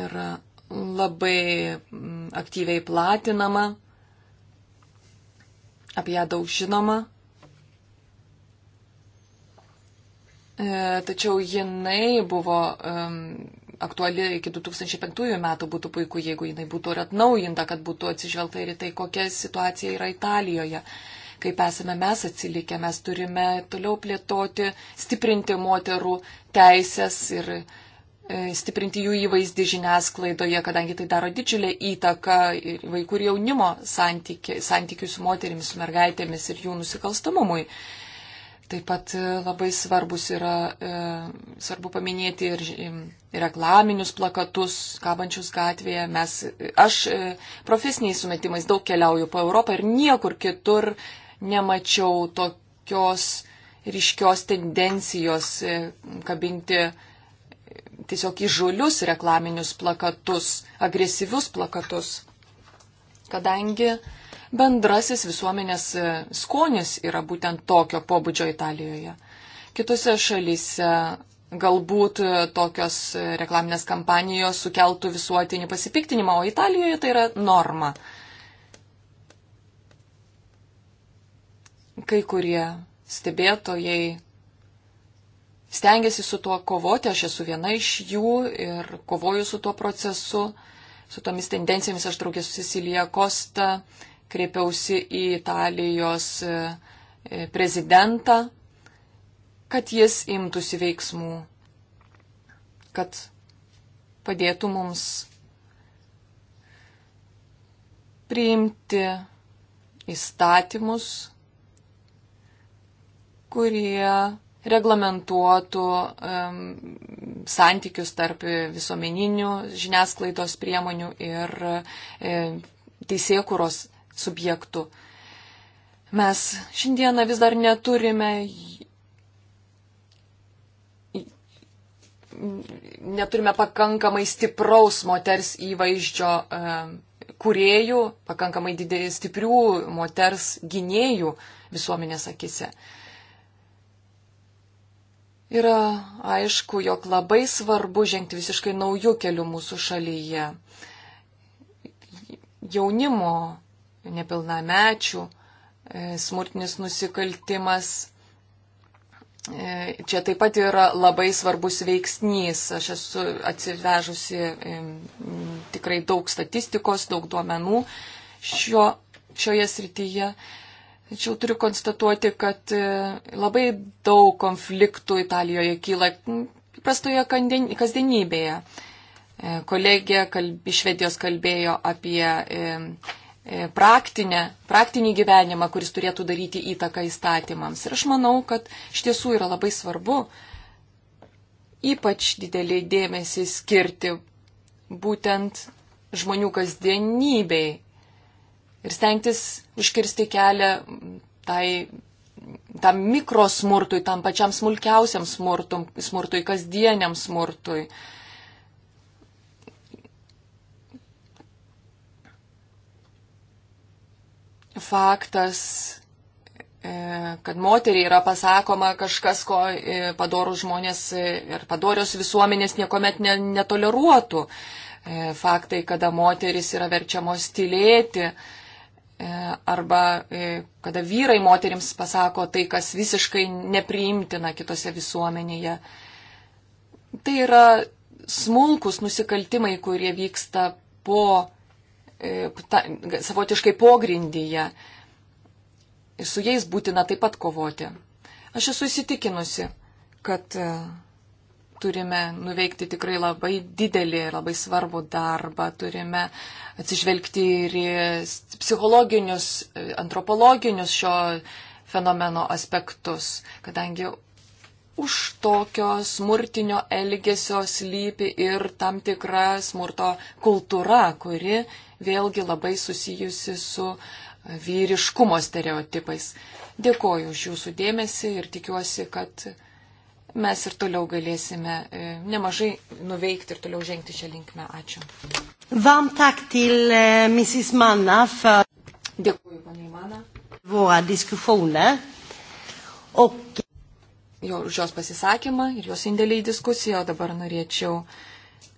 yra labai mm, aktyviai platinama, apie ją daug žinoma. E, tačiau jinai buvo um, aktuali iki 2005 metų, būtų puiku, jeigu jinai būtų ir atnaujinta, kad būtų atsižvelgta ir į tai, kokia situacija yra Italijoje. Kaip esame mes atsilikę, mes turime toliau plėtoti, stiprinti moterų teisės ir e, stiprinti jų įvaizdį žiniasklaidoje, kadangi tai daro didžiulę įtaką vaikų ir jaunimo santyki, santykių su moterimis, su mergaitėmis ir jų nusikalstamumui. Taip pat e, labai svarbus yra, e, svarbu paminėti ir e, reklaminius plakatus, kabančius gatvėje. Mes, aš profesiniais sumetimais daug keliauju po Europą ir niekur kitur nemačiau tokios ryškios tendencijos kabinti tiesiog įžulius reklaminius plakatus, agresyvius plakatus. Kadangi uh, bendrasis visuomenės e, skonis yra būtent tokio pobūdžio Italijoje. Kitose šalyse galbūt e, tokios e, reklaminės kampanijos sukeltų visuotinį pasipiktinimą, o Italijoje tai yra norma. Kai kurie stebėtojai stengiasi su tuo kovoti, aš esu viena iš jų ir kovoju su tuo procesu, su tomis tendencijomis aš draugė su Cecilija Kosta kreipiausi į Italijos e, prezidentą, kad jis imtųsi veiksmų, kad padėtų mums priimti įstatymus, kurie reglamentuotų um, santykius tarp visuomeninių žiniasklaidos priemonių ir um, teisėkuros subjektų. Mes šiandieną vis dar neturime, neturime pakankamai stipraus moters įvaizdžio e, kuriejų, pakankamai didė, stiprių moters gynėjų visuomenės akise. Yra aišku, jog labai svarbu žengti visiškai naujų kelių mūsų šalyje. Jaunimo nepilnamečių, e, smurtinis nusikaltimas. E, čia taip pat yra labai svarbus veiksnys. Aš esu atsivežusi e, tikrai daug statistikos, daug duomenų šio, šioje srityje. Tačiau turiu konstatuoti, kad labai daug konfliktų Italijoje kyla įprastoje kasdienybėje. Kolegė kalb, iš Švedijos kalbėjo apie E, praktinę, praktinį gyvenimą, kuris turėtų daryti įtaką įstatymams. Ir aš manau, kad iš tiesų yra labai svarbu ypač didelį dėmesį skirti būtent žmonių kasdienybei ir stengtis užkirsti kelią tai, tam mikrosmurtui, tam pačiam smulkiausiam smurtum, smurtui, kasdieniam smurtui. smurtui faktas, e, kad moteriai yra pasakoma kažkas, ko e, padorus žmonės e, ir padorios visuomenės niekuomet netoleruotų. Faktai, kada moteris yra verčiamos tylėti arba kada vyrai moteriams pasako tai, kas visiškai nepriimtina kitose visuomenėje. Tai yra smulkus nusikaltimai, kurie vyksta po E, ta, savotiškai pogrindyje. Ir su jais būtina taip pat kovoti. Aš esu įsitikinusi, kad e, turime nuveikti tikrai labai didelį ir labai svarbų darbą, turime atsižvelgti ir į psichologinius, e, antropologinius šio fenomeno aspektus, kadangi už tokio smurtinio elgesio slypi ir tam tikra smurto kultūra, kuri vėlgi labai susijusi su vyriškumo stereotipais. Dėkoju už jūsų dėmesį ir tikiuosi, kad mes ir toliau galėsime e, nemažai nuveikti ir toliau žengti šią linkmę. Ačiū. Vam tak til e, Mrs. Manna för... Dėkuoju, poniai Manna. Våra diskussioner. Och... Jo, jos pasisakymą ir jos indėlį į diskusiją. O dabar norėčiau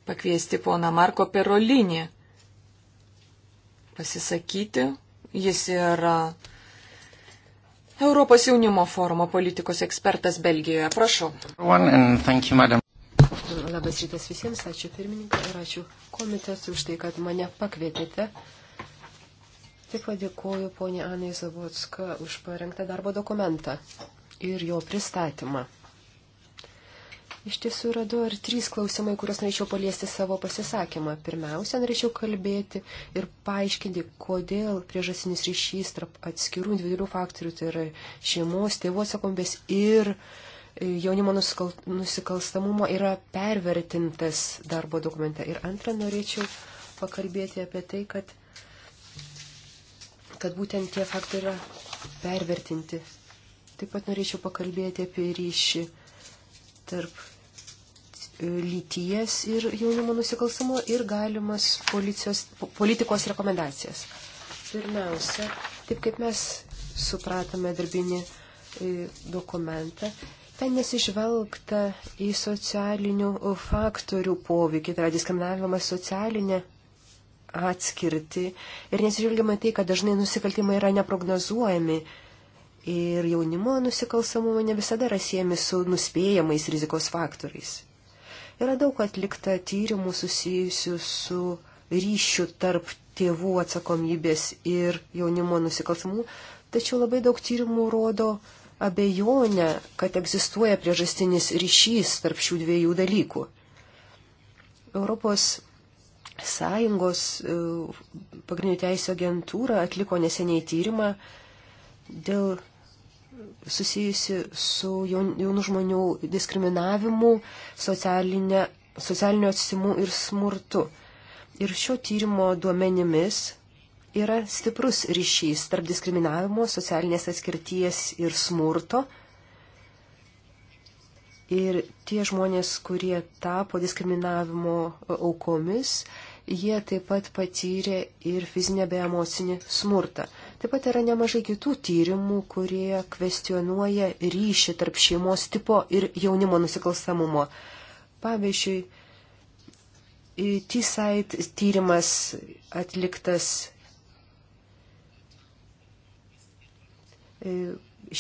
pakviesti poną Marko Perolinį pasisakyti. Jis yra Europos jaunimo forumo politikos ekspertas Belgijoje. Prašau. Labas rytas visiems, ačiū pirmininkai ir ačiū komitetui už tai, kad mane pakvietėte. Taip pat dėkoju ponė Anai Zavotska už parengtą darbo dokumentą ir jo pristatymą. Iš tiesų yra du ar trys klausimai, kuriuos norėčiau paliesti savo pasisakymą. Pirmiausia, norėčiau kalbėti ir paaiškinti, kodėl priežasinis ryšys tarp atskirų individualių faktorių, tai yra šeimos, tėvų atsakomybės ir e, jaunimo nusikalstamumo yra pervertintas darbo dokumente. Ir antrą norėčiau pakalbėti apie tai, kad, kad būtent tie faktoriai yra pervertinti. Taip pat norėčiau pakalbėti apie ryšį tarp lyties ir jaunimo nusikalstamo ir galimas policijos, politikos rekomendacijas. Pirmiausia, taip kaip mes supratome darbinį e, dokumentą, ten nesižvelgta į socialinių faktorių poveikį, tai yra diskriminavimas socialinė atskirti ir nesižvelgiama tai, kad dažnai nusikaltimai yra neprognozuojami. Ir jaunimo nusikalstamumo ne visada yra siejami su nuspėjamais rizikos faktoriais. Yra daug atlikta tyrimų susijusių su ryšiu tarp tėvų atsakomybės ir jaunimo nusikalstamų, tačiau labai daug tyrimų rodo abejonę, kad egzistuoja priežastinis ryšys tarp šių dviejų dalykų. Europos Sąjungos e, pagrindinių teisų agentūra atliko neseniai tyrimą dėl susijusi su jaunų žmonių diskriminavimu, socialiniu atsimu ir smurtu. Ir šio tyrimo duomenimis yra stiprus ryšys tarp diskriminavimo, socialinės atskirties ir smurto. Ir tie žmonės, kurie tapo diskriminavimo aukomis, jie taip pat patyrė ir fizinę bei emocinį smurtą. Taip pat yra nemažai kitų tyrimų, kurie kvestionuoja ryšį tarp šeimos tipo ir jaunimo nusikalstamumo. Pavyzdžiui, T-Site tyrimas atliktas e,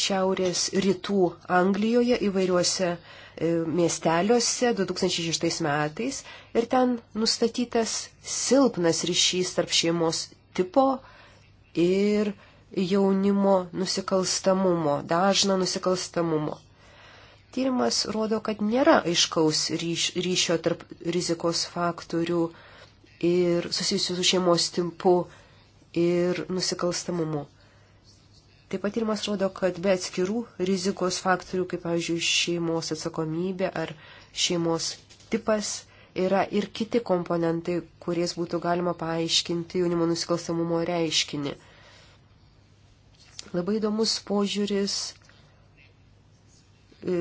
šiaurės rytų Anglijoje įvairiuose e, miesteliuose 2006 metais ir ten nustatytas silpnas ryšys tarp šeimos tipo ir jaunimo nusikalstamumo, dažno nusikalstamumo. Tyrimas rodo, kad nėra aiškaus ryš, ryšio tarp rizikos faktorių ir susijusių su šeimos timpu ir nusikalstamumu. Taip pat tyrimas rodo, kad be atskirų rizikos faktorių, kaip pavyzdžiui šeimos atsakomybė ar šeimos tipas, yra ir kiti komponentai, kuriais būtų galima paaiškinti jaunimo nusikalstamumo reiškinį. Labai įdomus požiūris e,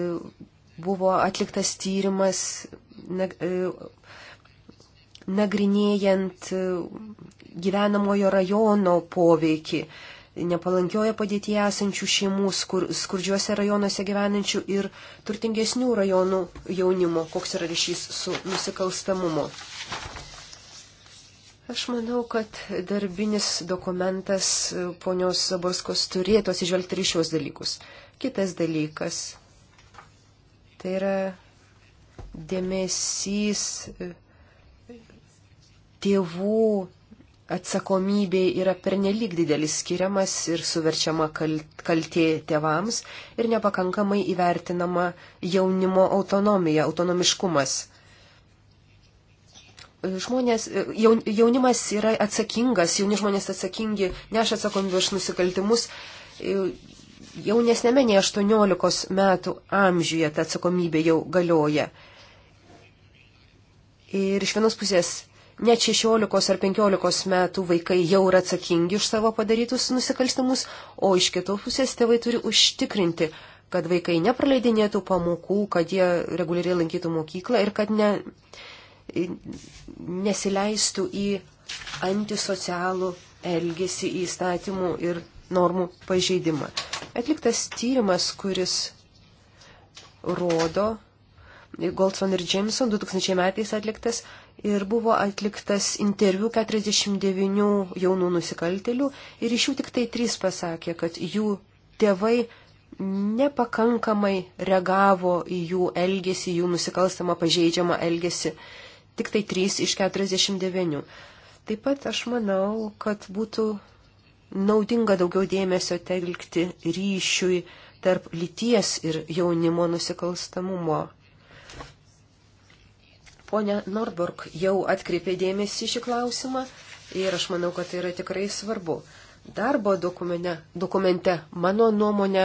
buvo atliktas tyrimas e, nagrinėjant e, gyvenamojo rajono poveikį nepalankioje padėtyje esančių šeimų, skur, skurdžiuose rajonuose gyvenančių ir turtingesnių rajonų jaunimo, koks yra ryšys su nusikalstamumu. Aš manau, kad darbinis dokumentas e, ponios Zaborskos turėtų atsižvelgti ir šios dalykus. Kitas dalykas - tai yra dėmesys e, tėvų atsakomybė yra pernelyg didelis skiriamas ir suverčiama kaltė tėvams ir nepakankamai įvertinama jaunimo autonomija, autonomiškumas. Žmonės, jaunimas yra atsakingas, jauni žmonės atsakingi, neša atsakomybę už nusikaltimus. Jaunesnėme nei 18 metų amžiuje ta atsakomybė jau galioja. Ir iš vienos pusės Net 16 ar 15 metų vaikai jau yra atsakingi už savo padarytus nusikalstamus, o iš kitos pusės tėvai turi užtikrinti, kad vaikai nepraleidinėtų pamokų, kad jie reguliariai lankytų mokyklą ir kad ne, nesileistų į antisocialų elgesį į įstatymų ir normų pažeidimą. Atliktas tyrimas, kuris rodo, Goldson ir Jameson 2000 metais atliktas, ir buvo atliktas interviu 49 jaunų nusikaltelių ir iš jų tik tai 3 pasakė, kad jų tėvai nepakankamai reagavo į jų elgesį, jų nusikalstamą pažeidžiamą elgesį. Tik tai 3 iš 49. Taip pat aš manau, kad būtų naudinga daugiau dėmesio telkti ryšiui tarp lyties ir jaunimo nusikalstamumo Pone Norburg jau atkreipė dėmesį šį klausimą ir aš manau, kad tai yra tikrai svarbu. Darbo dokumente, dokumente mano nuomonė,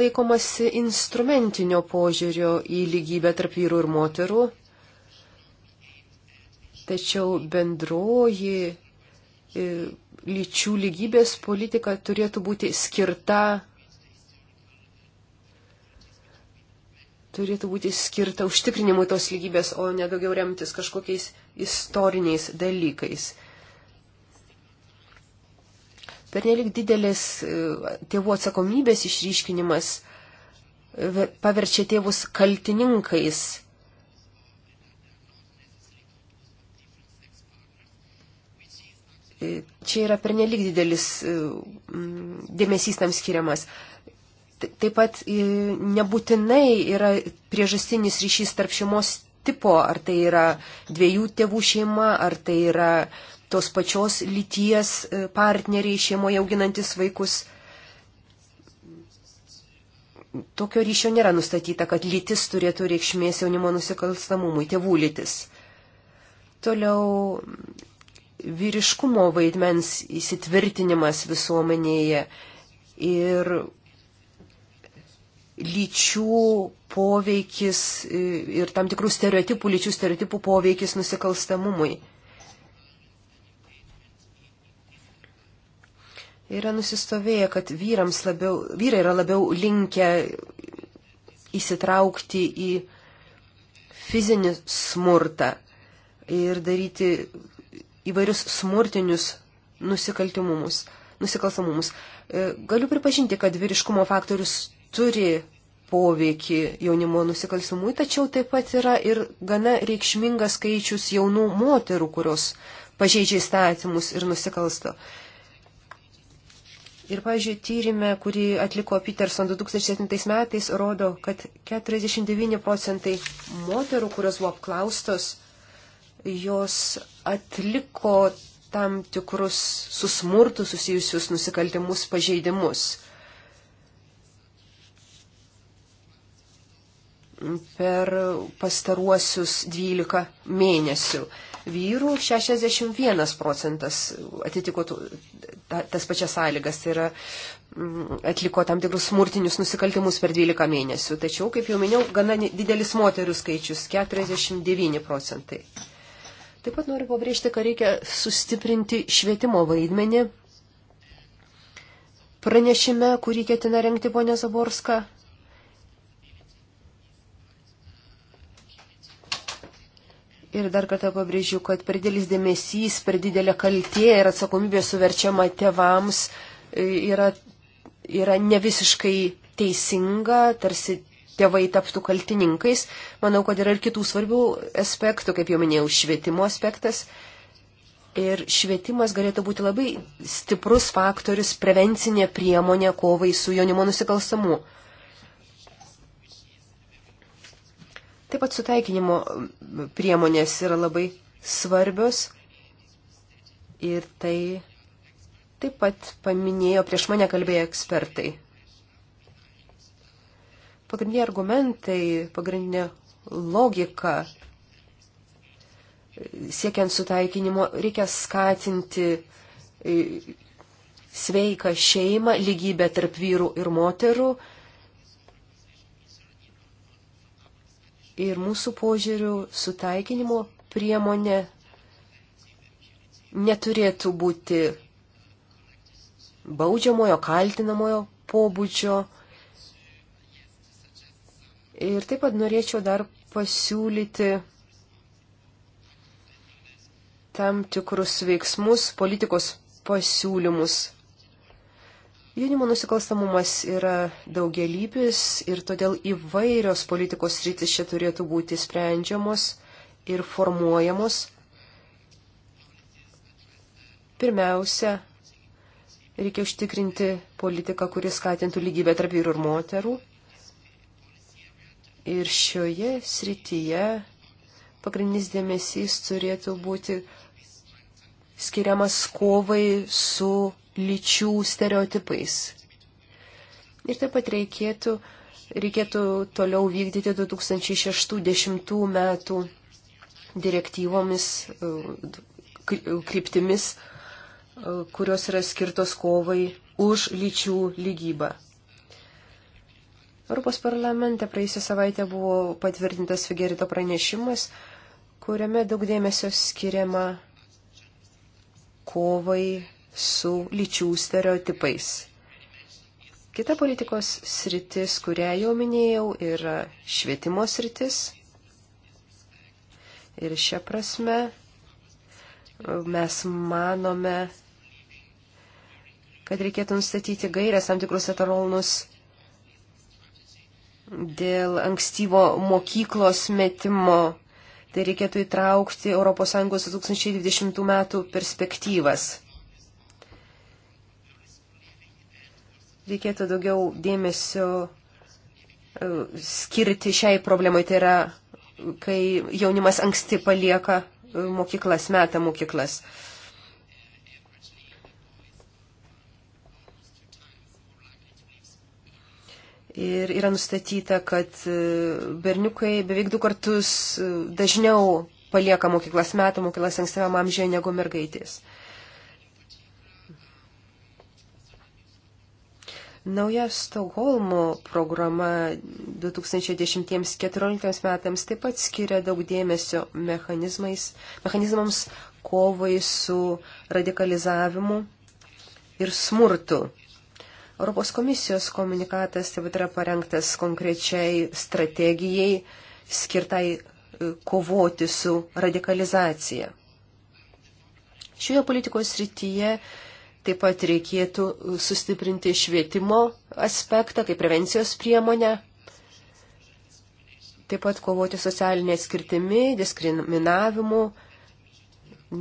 laikomasi instrumentinio požiūrio į lygybę tarp vyrų ir moterų, tačiau bendroji e, lyčių lygybės politika turėtų būti skirta turėtų būti skirta užtikrinimui tos lygybės, o nedaugiau remtis kažkokiais istoriniais dalykais. Per nelik didelės e, tėvų atsakomybės išryškinimas e, paverčia tėvus kaltininkais. E, čia yra per nelik didelis dėmesys tam skiriamas. Taip pat nebūtinai yra priežastinis ryšys tarp šeimos tipo, ar tai yra dviejų tėvų šeima, ar tai yra tos pačios lyties e, partneriai šeimoje auginantis vaikus. Tokio ryšio nėra nustatyta, kad lytis turėtų reikšmės jaunimo nusikalstamumui, tėvų lytis. Toliau vyriškumo vaidmens įsitvirtinimas visuomenėje ir lyčių poveikis ir tam tikrų stereotipų, lyčių stereotipų poveikis nusikalstamumui. Yra nusistovėję, kad vyrams labiau, vyrai yra labiau linkę įsitraukti į fizinį smurtą ir daryti įvairius smurtinius nusikaltimumus, nusikalstamumus. E, galiu pripažinti, kad vyriškumo faktorius turi poveikį jaunimo nusikalstumui, tačiau taip pat yra ir gana reikšmingas skaičius jaunų moterų, kurios pažeidžia įstatymus ir nusikalsta. Ir, pažiūrėjau, tyrimė, kurį atliko Peterson 2007 metais, rodo, kad 49 procentai moterų, kurios buvo apklaustos, jos atliko tam tikrus susmurtų susijusius nusikaltimus pažeidimus. per pastaruosius 12 mėnesių. Vyrų 61 procentas atitiko tas pačias sąlygas, tai yra mm, atliko tam tikrus smurtinius nusikaltimus per 12 mėnesių. Tačiau, kaip jau minėjau, gana didelis moterių skaičius - 49 procentai. Taip pat noriu pabrėžti, kad reikia sustiprinti švietimo vaidmenį. Pranešime, kurį ketina renkti ponė Zaborska, Ir dar kartą pabrėžiu, kad per didelis dėmesys, per didelė kaltė ir atsakomybė suverčiama tevams e, yra, yra ne visiškai teisinga, tarsi tėvai taptų kaltininkais. Manau, kad yra ir kitų svarbių aspektų, kaip jau minėjau, švietimo aspektas. Ir švietimas galėtų būti labai stiprus faktorius, prevencinė priemonė kovai su jaunimo nusikalstamu. Taip pat sutaikinimo priemonės yra labai svarbios ir tai taip pat paminėjo prieš mane kalbėję ekspertai. Pagrindiniai argumentai, pagrindinė logika siekiant sutaikinimo reikia skatinti e, sveiką šeimą, lygybę tarp vyrų ir moterų ir mūsų požiūrių sutaikinimo priemonė neturėtų būti baudžiamojo, kaltinamojo pobūdžio. Ir taip pat norėčiau dar pasiūlyti tam tikrus veiksmus, politikos pasiūlymus Jaunimo nusikalstamumas yra daugelypis ir todėl įvairios politikos rytis čia turėtų būti sprendžiamos ir formuojamos. Pirmiausia, reikia užtikrinti politiką, kuris skatintų lygybę tarp vyrų ir moterų. Ir šioje srityje pagrindinis dėmesys turėtų būti skiriamas kovai su lyčių stereotipais. Ir taip pat reikėtų, reikėtų toliau vykdyti 2060 metų direktyvomis, kryptimis, kurios yra skirtos kovai už lyčių lygybą. Europos parlamente praėjusią savaitę buvo patvirtintas Figerito pranešimas, kuriame daug dėmesio skiriama kovai su lyčių stereotipais. Kita politikos sritis, kurią jau minėjau, yra švietimo sritis. Ir šią prasme mes manome, kad reikėtų nustatyti gairias tam tikrus etalonus dėl ankstyvo mokyklos metimo. Tai reikėtų įtraukti ES 2020 metų perspektyvas. reikėtų daugiau dėmesio e, skirti šiai problemai, tai yra, kai jaunimas anksti palieka e, mokyklas, meta mokyklas. Ir yra nustatyta, kad e, berniukai beveik du kartus dažniau palieka mokyklas metų, mokyklas ankstyvam amžiuje negu mergaitės. Uh, Nauja Stokholmo programa 2010-2014 metams taip pat skiria daug dėmesio mechanizmams kovai su radikalizavimu ir smurtu. Europos komisijos komunikatas taip pat yra parengtas konkrečiai strategijai skirtai e, kovoti su radikalizacija. Šioje politikos srityje Taip pat reikėtų sustiprinti švietimo aspektą kaip prevencijos priemonę. Taip pat kovoti socialinė skirtimi, diskriminavimu,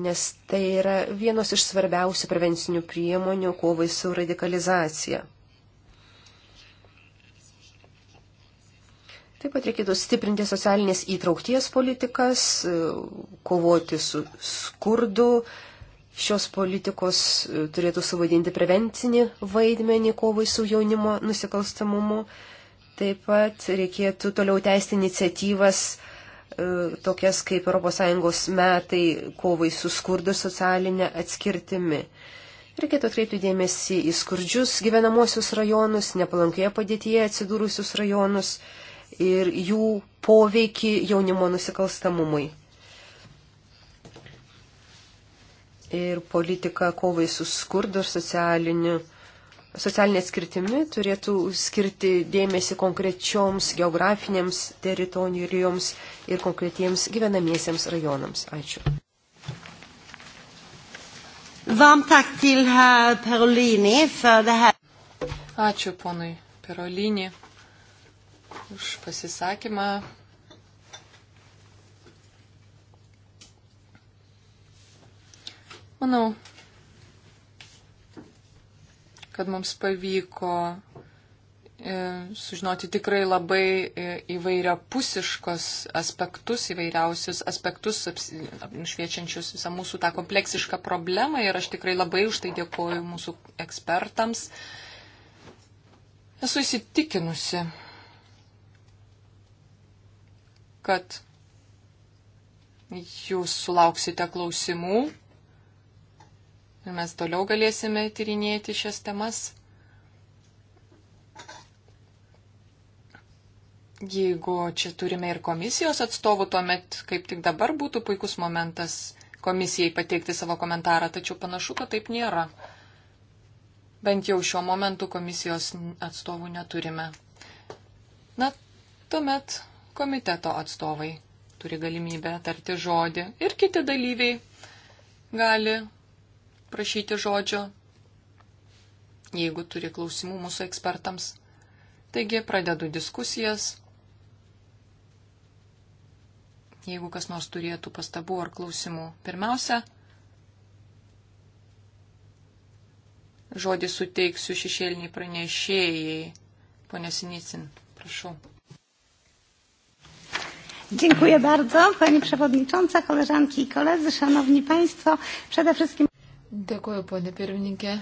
nes tai yra vienos iš svarbiausių prevencinių priemonių kovai su radikalizacija. Taip pat reikėtų stiprinti socialinės įtraukties politikas, kovoti su skurdu, šios politikos e, turėtų suvaidinti prevencinį vaidmenį kovai su jaunimo nusikalstamumu. Taip pat reikėtų toliau tęsti iniciatyvas e, tokias kaip ES metai kovai su skurdu socialinė atskirtimi. Reikėtų atkreipti dėmesį į skurdžius gyvenamosius rajonus, nepalankioje padėtyje atsidūrusius rajonus ir jų poveikį jaunimo nusikalstamumui. ir politika kovai su skurdu ir socialiniu. Socialinė skirtimi turėtų skirti dėmesį konkrečioms geografinėms teritorijoms ir konkretiems gyvenamiesiems rajonams. Ačiū. Ačiū ponui Perolini už pasisakymą. Manau, kad mums pavyko e, sužinoti tikrai labai e, įvairiapusiškos aspektus, įvairiausius aspektus, šviečiančius visą mūsų tą kompleksišką problemą ir aš tikrai labai už tai dėkoju mūsų ekspertams. Esu įsitikinusi, kad jūs sulauksite klausimų Mes toliau galėsime tyrinėti šias temas. Jeigu čia turime ir komisijos atstovų, tuomet kaip tik dabar būtų puikus momentas komisijai pateikti savo komentarą, tačiau panašu, kad taip nėra. Bent jau šiuo momentu komisijos atstovų neturime. Na, tuomet komiteto atstovai turi galimybę tarti žodį ir kiti dalyviai gali prašyti žodžio, jeigu turi klausimų mūsų ekspertams. Taigi pradedu diskusijas. Jeigu kas nors turėtų pastabų ar klausimų, pirmiausia, žodį suteiksiu šešėliniai pranešėjai. Pone Sinicin, prašau. Dziękuję bardzo Pani Przewodnicząca, koleżanki i koledzy, Szanowni Państwo. Przede wszystkim Dėkuoju, ponė pirmininkė.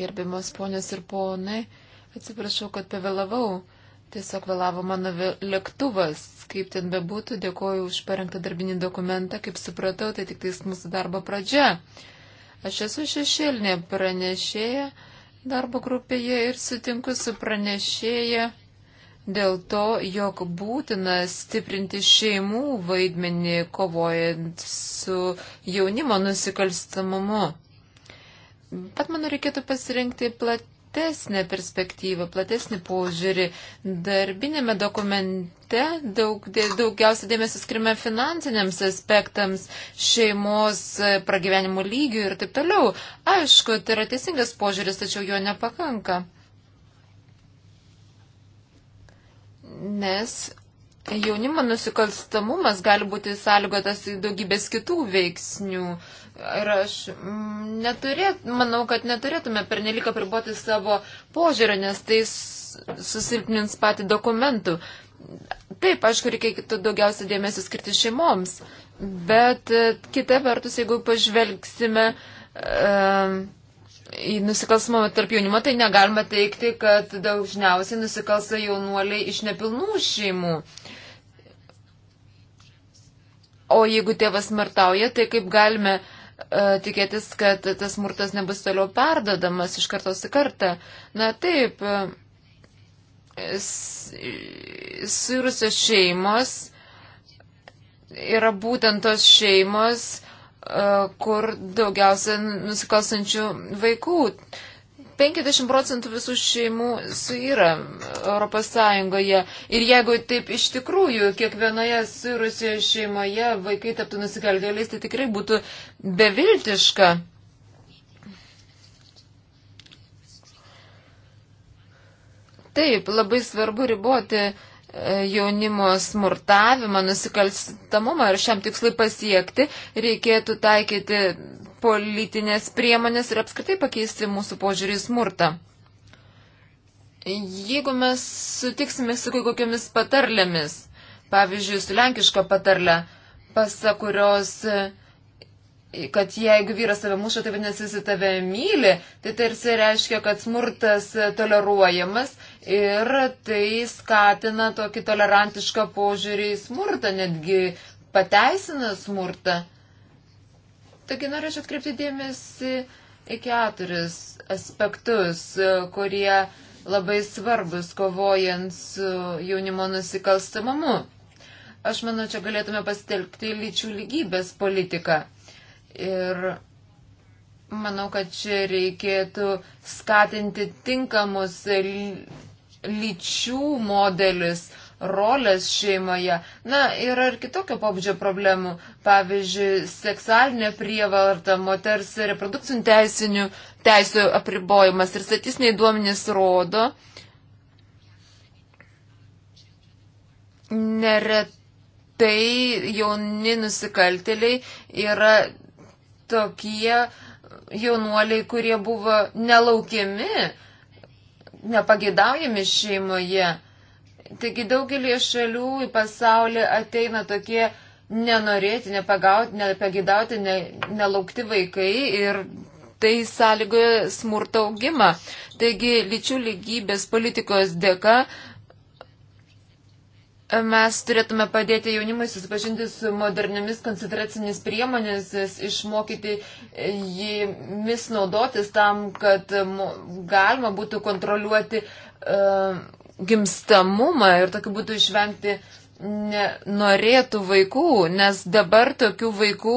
Gerbiamas ponės ir ponai, atsiprašau, kad pavėlavau. Tiesiog vėlavo mano lėktuvas. Kaip ten bebūtų, dėkoju už parengtą darbinį dokumentą. Kaip supratau, tai tik tais mūsų darbo pradžia. Aš esu šešėlinė pranešėja darbo grupėje ir sutinku su pranešėja dėl to, jog būtina stiprinti šeimų vaidmenį kovojant su jaunimo nusikalstamumu. Pat man reikėtų pasirinkti platesnę perspektyvą, platesnį požiūrį. Darbinėme dokumente daug, daugiausia dėmesio skirime finansiniams aspektams, šeimos e, pragyvenimo lygių ir taip toliau. Aišku, tai yra teisingas požiūris, tačiau jo nepakanka. nes jaunimo nusikalstamumas gali būti sąlygotas daugybės kitų veiksnių. Ir aš mm, neturėt, manau, kad neturėtume pernelik apriboti savo požiūrį, nes tai susilpnins patį dokumentų. Taip, aišku, reikėtų daugiausia dėmesio skirti šeimoms, bet e, kita vertus, jeigu pažvelgsime. Uh, um, į nusikalstamą tarp jaunimo, tai negalima teikti, kad dažniausiai nusikalsta jaunuoliai iš nepilnų šeimų. O jeigu tėvas smartauja, tai kaip galime uh, tikėtis, kad tas smurtas nebus toliau perdodamas iš kartos į kartą? Na taip, e, suirusios šeimos yra būtent tos šeimos, E, kur daugiausia nusikalstančių vaikų. 50 procentų visų šeimų suyra Europos Sąjungoje. Ir jeigu taip iš tikrųjų kiekvienoje suyrusioje šeimoje vaikai taptų nusikalgėliais, tai tikrai būtų beviltiška. Taip, labai svarbu riboti uh, jaunimo smurtavimą, nusikalstamumą ir šiam tikslui pasiekti reikėtų taikyti politinės priemonės ir apskritai pakeisti mūsų požiūrį į smurtą. Jeigu mes sutiksime su kokiamis patarlėmis, pavyzdžiui, su lenkiška patarlė, pasa kurios, kad jeigu vyras save muša, tai vadinasi, jis tave myli, tai tarsi reiškia, kad smurtas toleruojamas ir tai skatina tokį tolerantišką požiūrį į smurtą, netgi pateisina smurtą. Taigi norėčiau atkreipti dėmesį į keturis aspektus, kurie labai svarbus kovojant su jaunimo nusikalstamamu. Aš manau, čia galėtume pasitelkti lyčių lygybės politiką. Ir manau, kad čia reikėtų skatinti tinkamus lyčių modelis, rolės šeimoje. Na, yra ir kitokio pobūdžio problemų. Pavyzdžiui, seksualinė prievarta, moters reprodukcinių teisinių teisų apribojimas ir statistiniai duomenys rodo. Neretai jauni nusikaltėliai yra tokie jaunuoliai, kurie buvo nelaukiami nepageidaujami šeimoje. Taigi daugelį šalių į pasaulį ateina tokie nenorėti, nepagauti, nepagidauti, ne, nelaukti vaikai ir tai sąlygoja smurto augimą. Taigi lyčių lygybės politikos dėka Mes turėtume padėti jaunimui susipažinti su moderniamis koncentracinės priemonės, išmokyti e, jėmis naudotis tam, kad galima būtų kontroliuoti uh, gimstamumą ir tokiu būtų išvengti norėtų vaikų, nes dabar tokių vaikų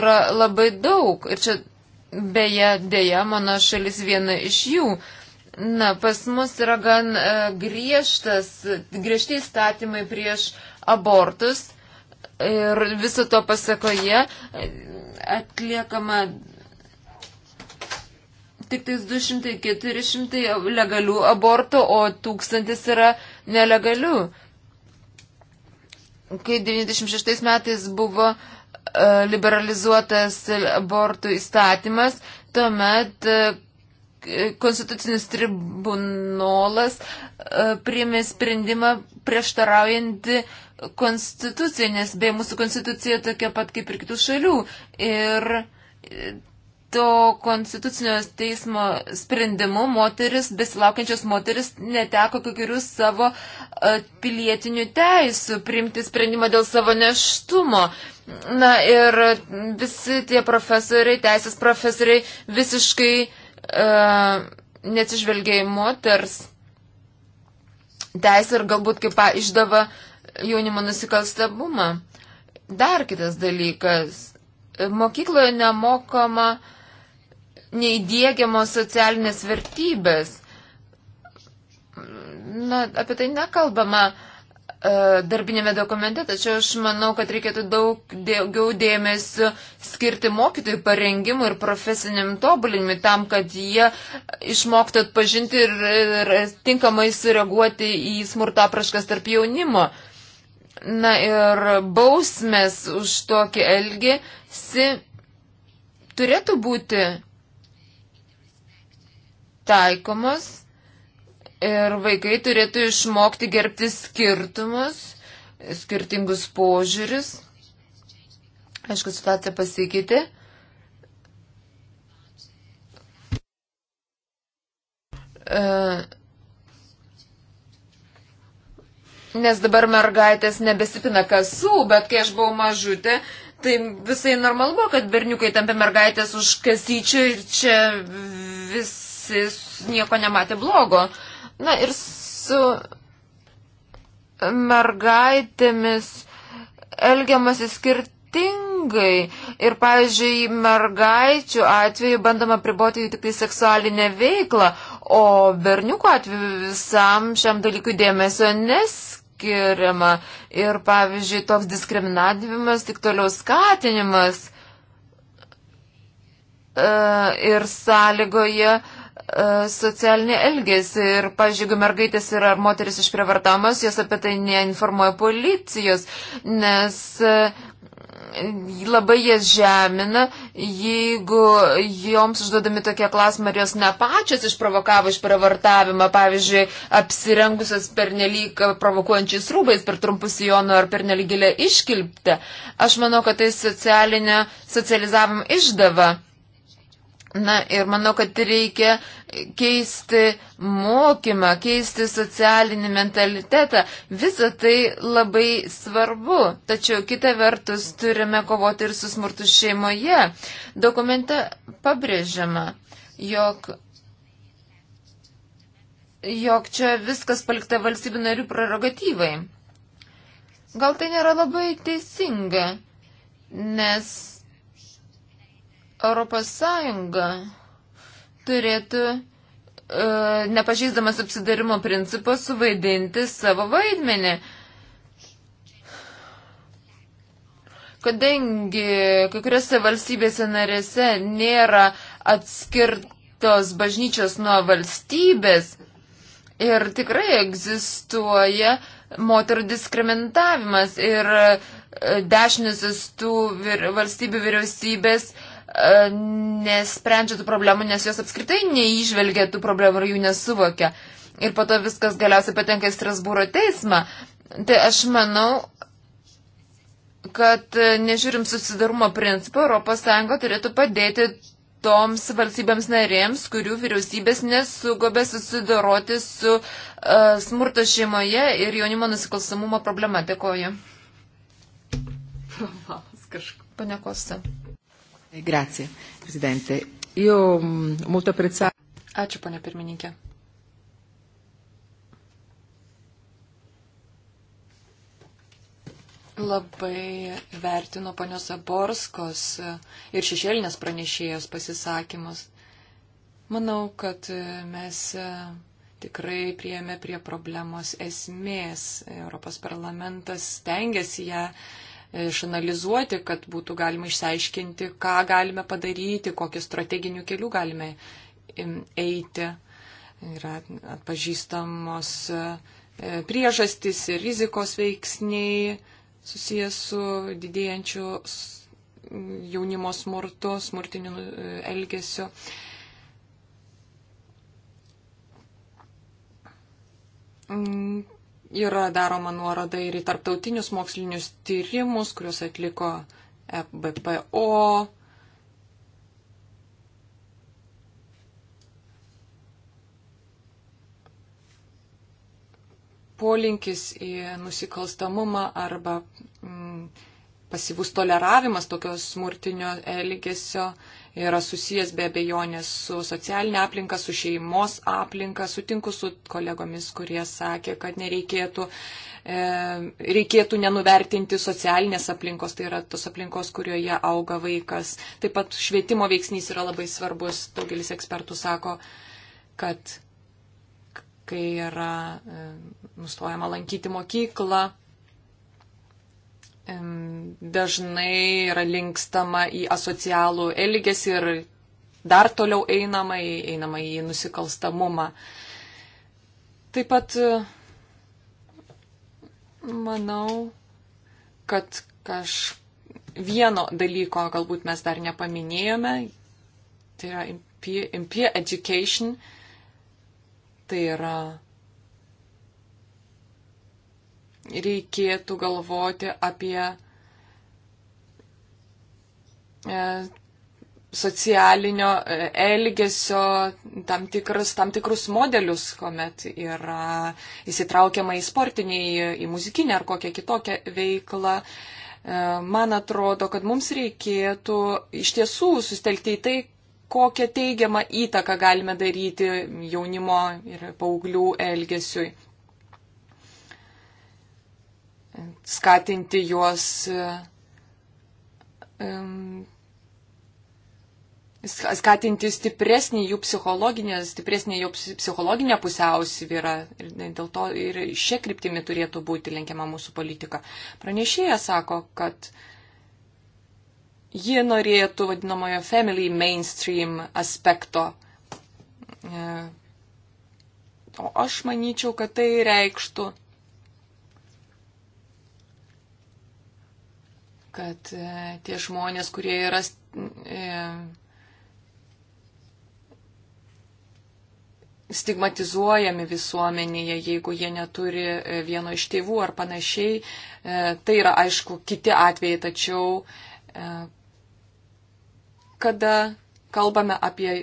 yra labai daug. Ir čia beje, dėja, mano šalis viena iš jų. Uh, Na, pas mus yra gan e, griežtas, griežti įstatymai prieš abortus ir viso to pasakoje e, atliekama tik tais 200-400 legalių abortų, o tūkstantis yra nelegalių. Kai 96 metais buvo e, liberalizuotas abortų įstatymas, tuomet Konstitucinis tribunolas e, priėmė sprendimą prieštaraujantį konstituciją, nes beje mūsų konstitucija tokia pat kaip ir kitų šalių. Ir e, to konstitucinio teismo sprendimu moteris, besilaukiančios moteris, neteko kokių savo e, pilietinių teisų priimti sprendimą dėl savo neštumo. Na ir visi tie profesoriai, teisės profesoriai visiškai uh, E, neatsižvelgia į moters teisę ir galbūt kaip išdava jaunimo nusikalstabumą. Dar kitas dalykas. Mokykloje nemokama neįdėgiamos socialinės vertybės. Na, apie tai nekalbama. Uh, E, darbinėme dokumente, tačiau aš manau, kad reikėtų daug daugiau dėmesio skirti mokytojų parengimui ir profesiniam tobulinimui tam, kad jie išmoktų atpažinti ir, ir tinkamai sureaguoti į smurtą praškas tarp jaunimo. Na ir bausmės už tokį elgesį turėtų būti taikomos Ir vaikai turėtų išmokti gerbti skirtumus, skirtingus požiūris. Aišku, situacija pasikeitė. E, nes dabar mergaitės nebesipina kasų, bet kai aš buvau mažutė, Tai visai normalu buvo, kad berniukai tampė mergaitės už kasyčių ir čia visi nieko nematė blogo. Na ir su mergaitėmis elgiamasi skirtingai. Ir, pavyzdžiui, mergaičių atveju bandoma priboti jų tik tai seksualinę veiklą, o berniukų atveju visam šiam dalykui dėmesio neskiriama. Ir, pavyzdžiui, toks diskriminavimas, tik toliau skatinimas. E, ir sąlygoje uh, E, socialinį elgesį ir, pažiūrėjau, mergaitės yra moteris išprievartamos, jos apie tai neinformuoja policijos, nes e, labai jas žemina, jeigu joms užduodami tokie klausimai, ar jos ne pačios išprovokavo išprievartavimą, pavyzdžiui, apsirengusios pernelyg provokuojančiais rūbais per trumpus jonų ar pernelyg gilę iškilptę. Aš manau, kad tai socialinio socializavimo išdava. Na ir manau, kad reikia keisti mokymą, keisti socialinį mentalitetą. Visa tai labai svarbu. Tačiau kita vertus turime kovoti ir su smurtu šeimoje. Dokumente pabrėžiama, jog, jog čia viskas palikta valstybių narių prerogatyvai. Gal tai nėra labai teisinga, nes Europos Sąjunga turėtų e, nepažįstamas apsidarimo principą suvaidinti savo vaidmenį. Kadangi kai kuriuose valstybėse narėse nėra atskirtos bažnyčios nuo valstybės ir tikrai egzistuoja moterų diskriminavimas ir e, dešinisis tų vir, valstybių vyriausybės uh, E, nesprendžia tų problemų, nes jos apskritai neižvelgia tų problemų ir jų nesuvokia. Ir po to viskas galiausiai patenka į Strasbūro teismą. Tai aš manau, kad e, nežiūrim susidarumo principą, ES turėtų padėti toms valstybėms narėms, kurių vyriausybės nesugobė susidoroti su uh, smurto šeimoje ir jaunimo nusikalstamumo problema. Dėkoju. (laughs) Pane Kosta. Grazie, prezidente. Io mm, molto apprezzato. Ačiū, ponia pirmininkė. Labai vertinu ponios Aborskos e, ir šešėlinės pranešėjos pasisakymus. Manau, kad e, mes e, tikrai prieėmė prie problemos esmės. Europos parlamentas tengiasi ją išanalizuoti, kad būtų galima išsiaiškinti, ką galime padaryti, kokiu strateginiu keliu galime eiti. Yra atpažįstamos e, priežastys ir rizikos veiksniai susijęs su didėjančiu jaunimo smurtu, smurtiniu e, elgesiu. Mm, yra daroma nuoroda ir į tarptautinius mokslinius tyrimus, kuriuos atliko FBPO. Polinkis į nusikalstamumą arba mm, pasivus toleravimas tokios smurtinio elgesio yra susijęs be abejonės su socialinė aplinka, su šeimos aplinka. Sutinku su kolegomis, kurie sakė, kad nereikėtų e, reikėtų nenuvertinti socialinės aplinkos, tai yra tos aplinkos, kurioje auga vaikas. Taip pat švietimo veiksnys yra labai svarbus. Daugelis ekspertų sako, kad kai yra e, nustojama lankyti mokyklą, dažnai yra linkstama į asocialų elgesį ir dar toliau einama į, einama į nusikalstamumą. Taip pat e, manau, kad kaž vieno dalyko galbūt mes dar nepaminėjome, tai yra impie, impie education, tai yra reikėtų galvoti apie e, socialinio e, elgesio tam, tikras, tam tikrus modelius, kuomet yra įsitraukiama į sportinį, į muzikinę ar kokią kitokią veiklą. E, man atrodo, kad mums reikėtų iš tiesų sustelkti į tai, kokią teigiamą įtaką galime daryti jaunimo ir paauglių elgesiui skatinti juos skatinti stipresnį jų psichologinę, stipresnį jų psichologinę pusiausvyrą. Ir dėl to ir šia kryptimi turėtų būti lenkiama mūsų politika. Pranešėja sako, kad ji norėtų vadinamojo family mainstream aspekto. E, o aš manyčiau, kad tai reikštų kad e, tie žmonės, kurie yra e, stigmatizuojami visuomenėje, jeigu jie neturi e, vieno iš tėvų ar panašiai. Tai yra, aišku, kiti atvejai, tačiau kada kalbame apie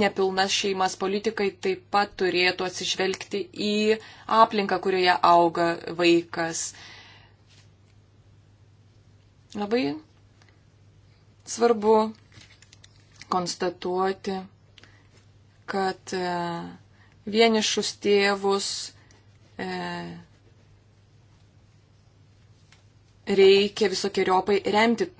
nepilnas šeimas, politikai taip pat turėtų atsižvelgti į aplinką, kurioje auga vaikas. Labai svarbu konstatuoti, kad e, vienišus tėvus e, reikia visokiojopai remti,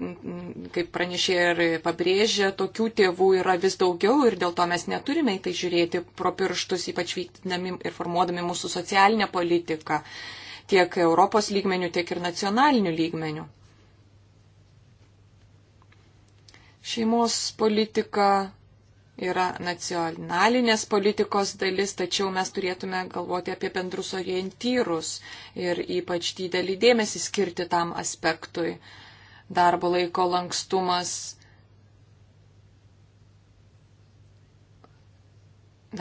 kaip pranešė ir pabrėžė, tokių tėvų yra vis daugiau ir dėl to mes neturime į tai žiūrėti pro pirštus, ypač vykdami ir formuodami mūsų socialinę politiką tiek Europos lygmenių, tiek ir nacionalinių lygmenių. Šeimos politika yra nacionalinės politikos dalis, tačiau mes turėtume galvoti apie bendrus orientyrus ir ypač didelį dėmesį skirti tam aspektui. Darbo laiko lankstumas,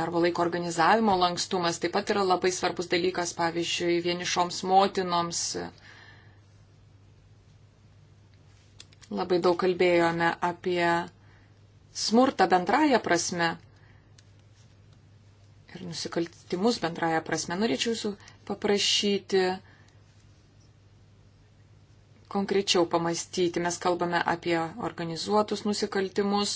darbo laiko organizavimo lankstumas taip pat yra labai svarbus dalykas, pavyzdžiui, vienišoms motinoms Labai daug kalbėjome apie smurtą bendrąją prasme ir nusikaltimus bendrąją prasme. Norėčiau jūsų paprašyti konkrečiau pamastyti. Mes kalbame apie organizuotus nusikaltimus,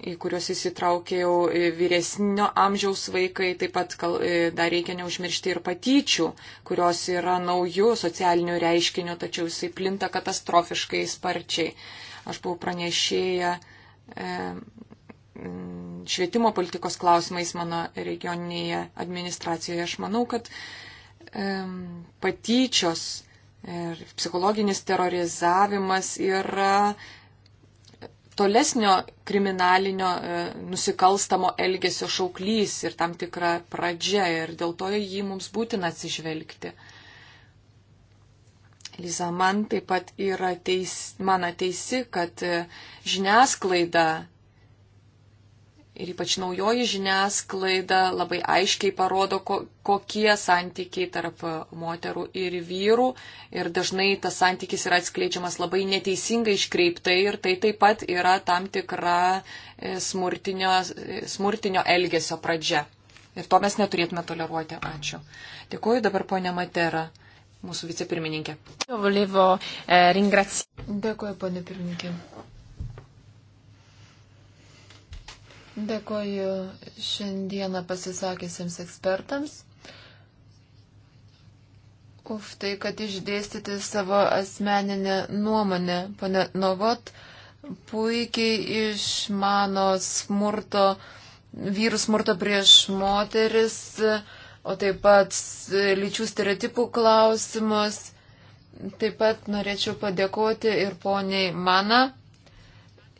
į kuriuos įsitraukiau e, vyresnio amžiaus vaikai, taip pat e, dar reikia neužmiršti ir patyčių, kurios yra naujų socialinių reiškinių, tačiau jisai plinta katastrofiškai sparčiai. Aš buvau pranešėję e, švietimo politikos klausimais mano regioninėje administracijoje. Aš manau, kad patyčios ir psichologinis terrorizavimas yra tolesnio kriminalinio e, nusikalstamo elgesio šauklys ir tam tikra pradžia ir dėl to jį mums būtina atsižvelgti. Liza man taip pat yra teis, man ateisi, kad e, žiniasklaida ir ypač naujoji žiniasklaida labai aiškiai parodo, kokie santykiai tarp moterų ir vyrų. Ir dažnai tas santykis yra atskleidžiamas labai neteisingai iškreiptai ir tai taip pat yra tam tikra e, smurtinio, e, smurtinio elgesio pradžia. Ir to mes neturėtume toleruoti. Ačiū. Dėkuoju dabar ponė Matera, mūsų vicepirmininkė. Eh, Dėkuoju, ponė pirmininkė. Dėkoju šiandieną pasisakysiems ekspertams už tai, kad išdėstyti savo asmeninę nuomonę. Pane Novot puikiai išmano smurto, vyrų smurto prieš moteris, o taip pat lyčių stereotipų klausimus. Taip pat norėčiau padėkoti ir poniai Mana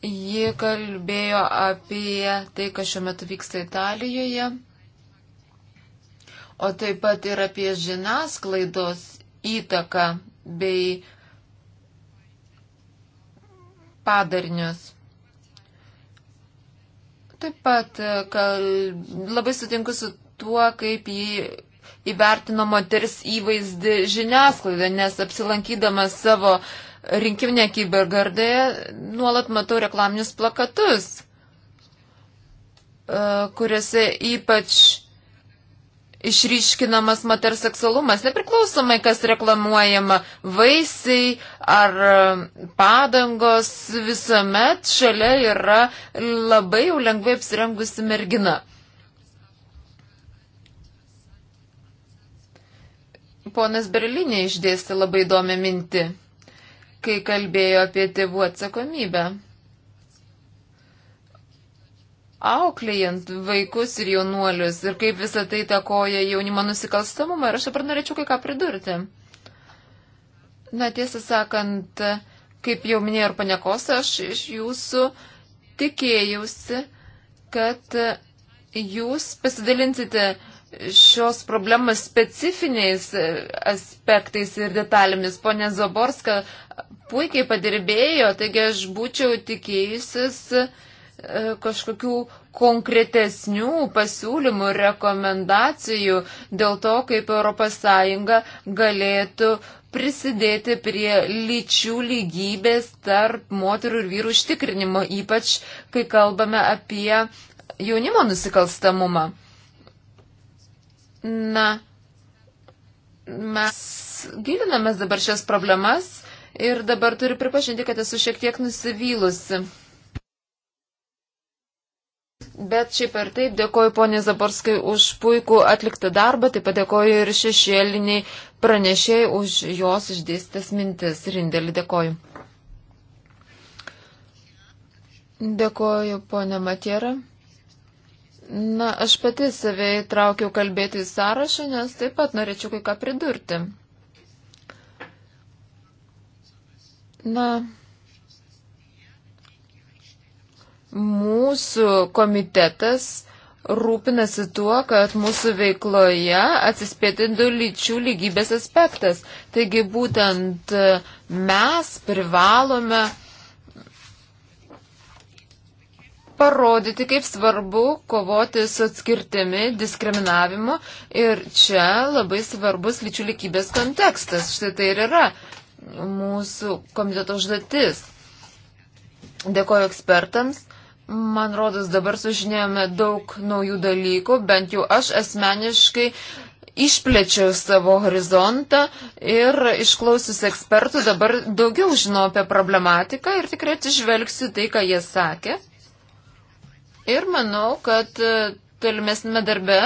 Ji kalbėjo apie tai, kas šiuo metu vyksta Italijoje, o taip pat ir apie žiniasklaidos įtaką bei padarnius. Taip pat kal... labai sutinku su tuo, kaip jį įvertino moters įvaizdį žiniasklaidą, nes apsilankydamas savo uh, rinkiminė kibergardoje nuolat matau reklaminius plakatus, e, kuriuose ypač išryškinamas moters seksualumas, nepriklausomai kas reklamuojama, vaisiai ar e, padangos, visuomet šalia yra labai jau lengvai apsirengusi mergina. Ponas Berlinė išdėstė labai įdomią mintį kai kalbėjo apie tėvų atsakomybę. Auklėjant vaikus ir jaunuolius ir kaip visą tai takoja jaunimo nusikalstamumą ir aš dabar norėčiau kai ką pridurti. Na, tiesą sakant, kaip jau minėjo ir panekos, aš iš jūsų tikėjausi, kad jūs pasidalinsite šios problemos specifiniais aspektais ir detalėmis. Pone Zoborska puikiai padirbėjo, taigi aš būčiau tikėjusis e, kažkokių konkretesnių pasiūlymų, rekomendacijų dėl to, kaip ES galėtų prisidėti prie lyčių lygybės tarp moterų ir vyrų užtikrinimo, ypač kai kalbame apie jaunimo nusikalstamumą. Na, mes gilinamės dabar šias problemas ir dabar turiu pripažinti, kad esu šiek tiek nusivylusi. Bet šiaip ir taip dėkoju ponė Zaborskai už puikų atliktą darbą, taip pat dėkoju ir šešėliniai pranešėjai už jos išdėstas mintis. Rindelį dėkoju. Dėkoju ponė Matėra. Na, aš pati save įtraukiau kalbėti į sąrašą, nes taip pat norėčiau kai ką pridurti. Na, mūsų komitetas rūpinasi tuo, kad mūsų veikloje atsispėtintų lyčių lygybės aspektas. Taigi būtent e, mes privalome parodyti, kaip svarbu kovoti su atskirtimi, diskriminavimu ir čia labai svarbus lyčių lygybės kontekstas. Štai tai ir yra mūsų komiteto užduotis. Dėkoju ekspertams. Man rodos, dabar sužinėjome daug naujų dalykų, bent jau aš asmeniškai išplečiau savo horizontą ir išklausius ekspertų dabar daugiau žinau apie problematiką ir tikrai atsižvelgsiu tai, ką jie sakė. Ir manau, kad tolimesnėme darbe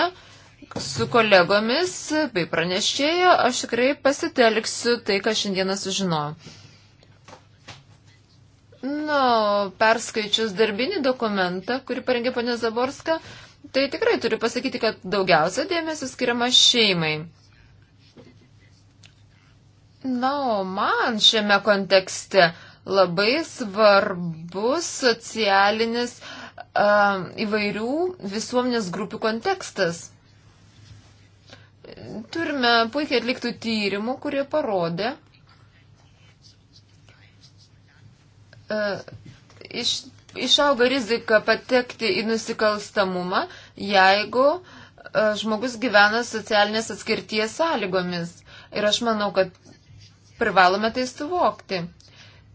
su kolegomis bei pranešėjo aš tikrai pasitelksiu tai, ką šiandieną sužinojau. Nu, perskaičius darbinį dokumentą, kurį parengė ponė Zaborska, tai tikrai turiu pasakyti, kad daugiausia dėmesio skiriama šeimai. Na, o man šiame kontekste labai svarbus socialinis uh, įvairių visuomenės grupių kontekstas turime puikiai atliktų tyrimų, kurie parodė e, iš, išauga rizika patekti į nusikalstamumą, jeigu e, žmogus gyvena socialinės atskirties sąlygomis. Ir aš manau, kad privalome tai suvokti.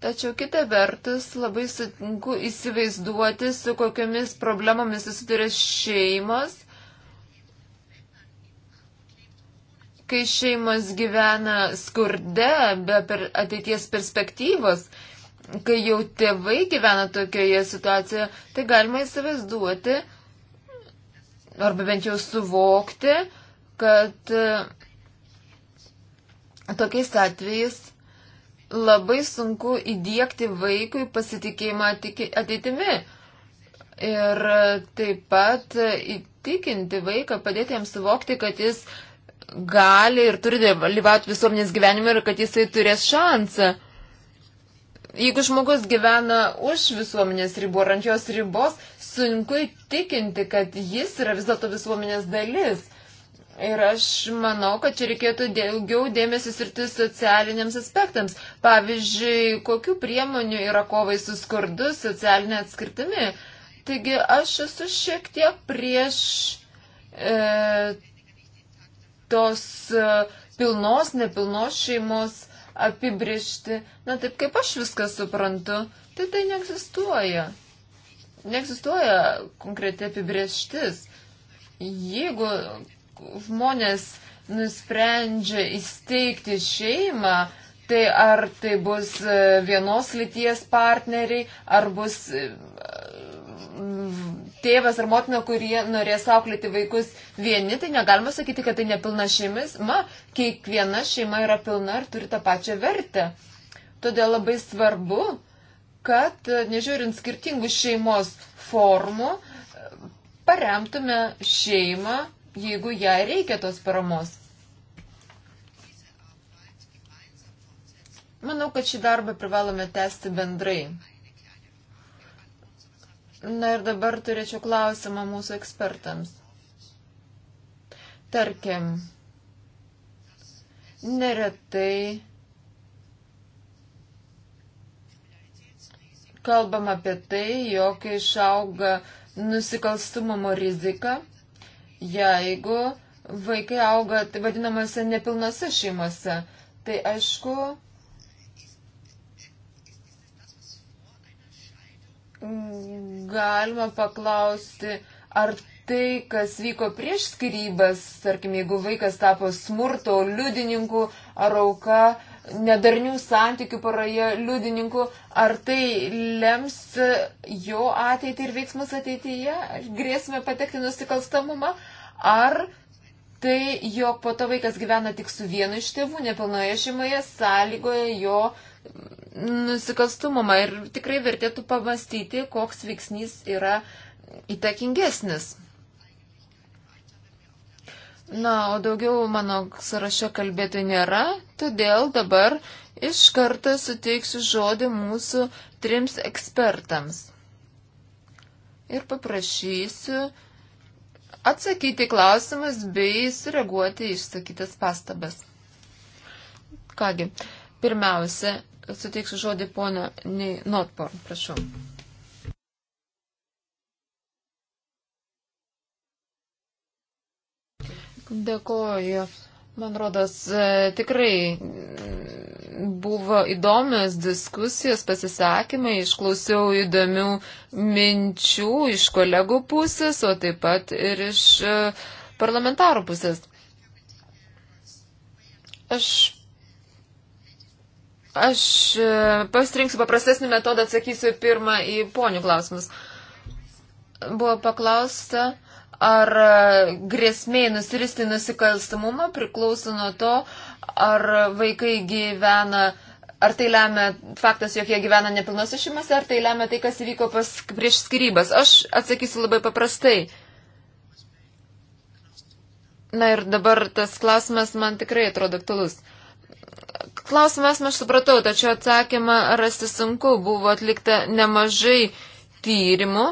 Tačiau kita vertus labai sunku įsivaizduoti, su kokiamis problemomis susiduria šeimos, kai šeimos gyvena skurde, be per ateities perspektyvos, kai jau tėvai gyvena tokioje situacijoje, tai galima įsivaizduoti, arba bent jau suvokti, kad e, tokiais atvejais labai sunku įdėkti vaikui pasitikėjimą ateitimi. Ir e, taip pat e, įtikinti vaiką, padėti jam suvokti, kad jis uh, gali ir turi dalyvauti visuomenės gyvenime ir kad jisai turės šansą. Jeigu žmogus gyvena už visuomenės ribų ar ant jos ribos, sunku įtikinti, kad jis yra vis dėlto visuomenės dalis. Ir aš manau, kad čia reikėtų daugiau dėmesio sirti socialiniams aspektams. Pavyzdžiui, kokiu priemoniu yra kovai su skurdu, socialinė atskirtimi. Taigi aš esu šiek tiek prieš e, tos e, pilnos, nepilnos šeimos apibriešti. Na taip kaip aš viską suprantu, tai tai neegzistuoja. Neegzistuoja konkreti apibrieštis. Jeigu žmonės nusprendžia įsteigti šeimą, tai ar tai bus e, vienos lyties partneriai, ar bus e, tėvas ar motina, kurie norės auklėti vaikus vieni, tai negalima sakyti, kad tai nepilna šeimis. Ma, kiekviena šeima yra pilna ir turi tą pačią vertę. Todėl labai svarbu, kad, e, nežiūrint skirtingų šeimos formų, e, paremtume šeimą, jeigu jai reikia tos paramos. Manau, kad šį darbą privalome tęsti bendrai. Na ir dabar turėčiau klausimą mūsų ekspertams. Tarkim, neretai kalbam apie tai, jog išauga nusikalstumumo rizika, jeigu vaikai auga tai vadinamose nepilnose šeimose. Tai aišku, galima paklausti, ar tai, kas vyko prieš skirybas, tarkim, jeigu vaikas tapo smurto liudininku ar auka nedarnių santykių paroje liudininku, ar tai lems jo ateitį ir veiksmus ateityje, ar grėsime patekti nusikalstamumą, ar tai, jog po to vaikas gyvena tik su vienu iš tėvų, nepilnoje šeimoje, sąlygoja jo uh, nusikalstumumą ir tikrai vertėtų pamastyti, koks veiksnys yra įtakingesnis. Na, o daugiau mano sąrašo kalbėtojų nėra, todėl dabar iš karto suteiksiu žodį mūsų trims ekspertams. Ir paprašysiu atsakyti klausimus bei sureaguoti išsakytas pastabas. Kągi, pirmiausia, suteiksiu žodį pono Notpor, prašau. Dėkoju. Man rodos, e, tikrai buvo įdomios diskusijos, pasisakymai, išklausiau įdomių minčių iš kolegų pusės, o taip pat ir iš e, parlamentarų pusės. Aš Aš e, pasirinksiu paprastesnį metodą, atsakysiu pirmą į ponių klausimus. Buvo paklausta, ar e, grėsmė nusiristi nusikalstamumą priklauso nuo to, ar vaikai gyvena, ar tai lemia faktas, jog jie gyvena nepilnose šeimose, ar tai lemia tai, kas įvyko pas, prieš skirybas. Aš atsakysiu labai paprastai. Na ir dabar tas klausimas man tikrai atrodo aktualus. Uh, Klausimas aš supratau, tačiau atsakymą rasti sunku. Buvo atlikta nemažai tyrimų.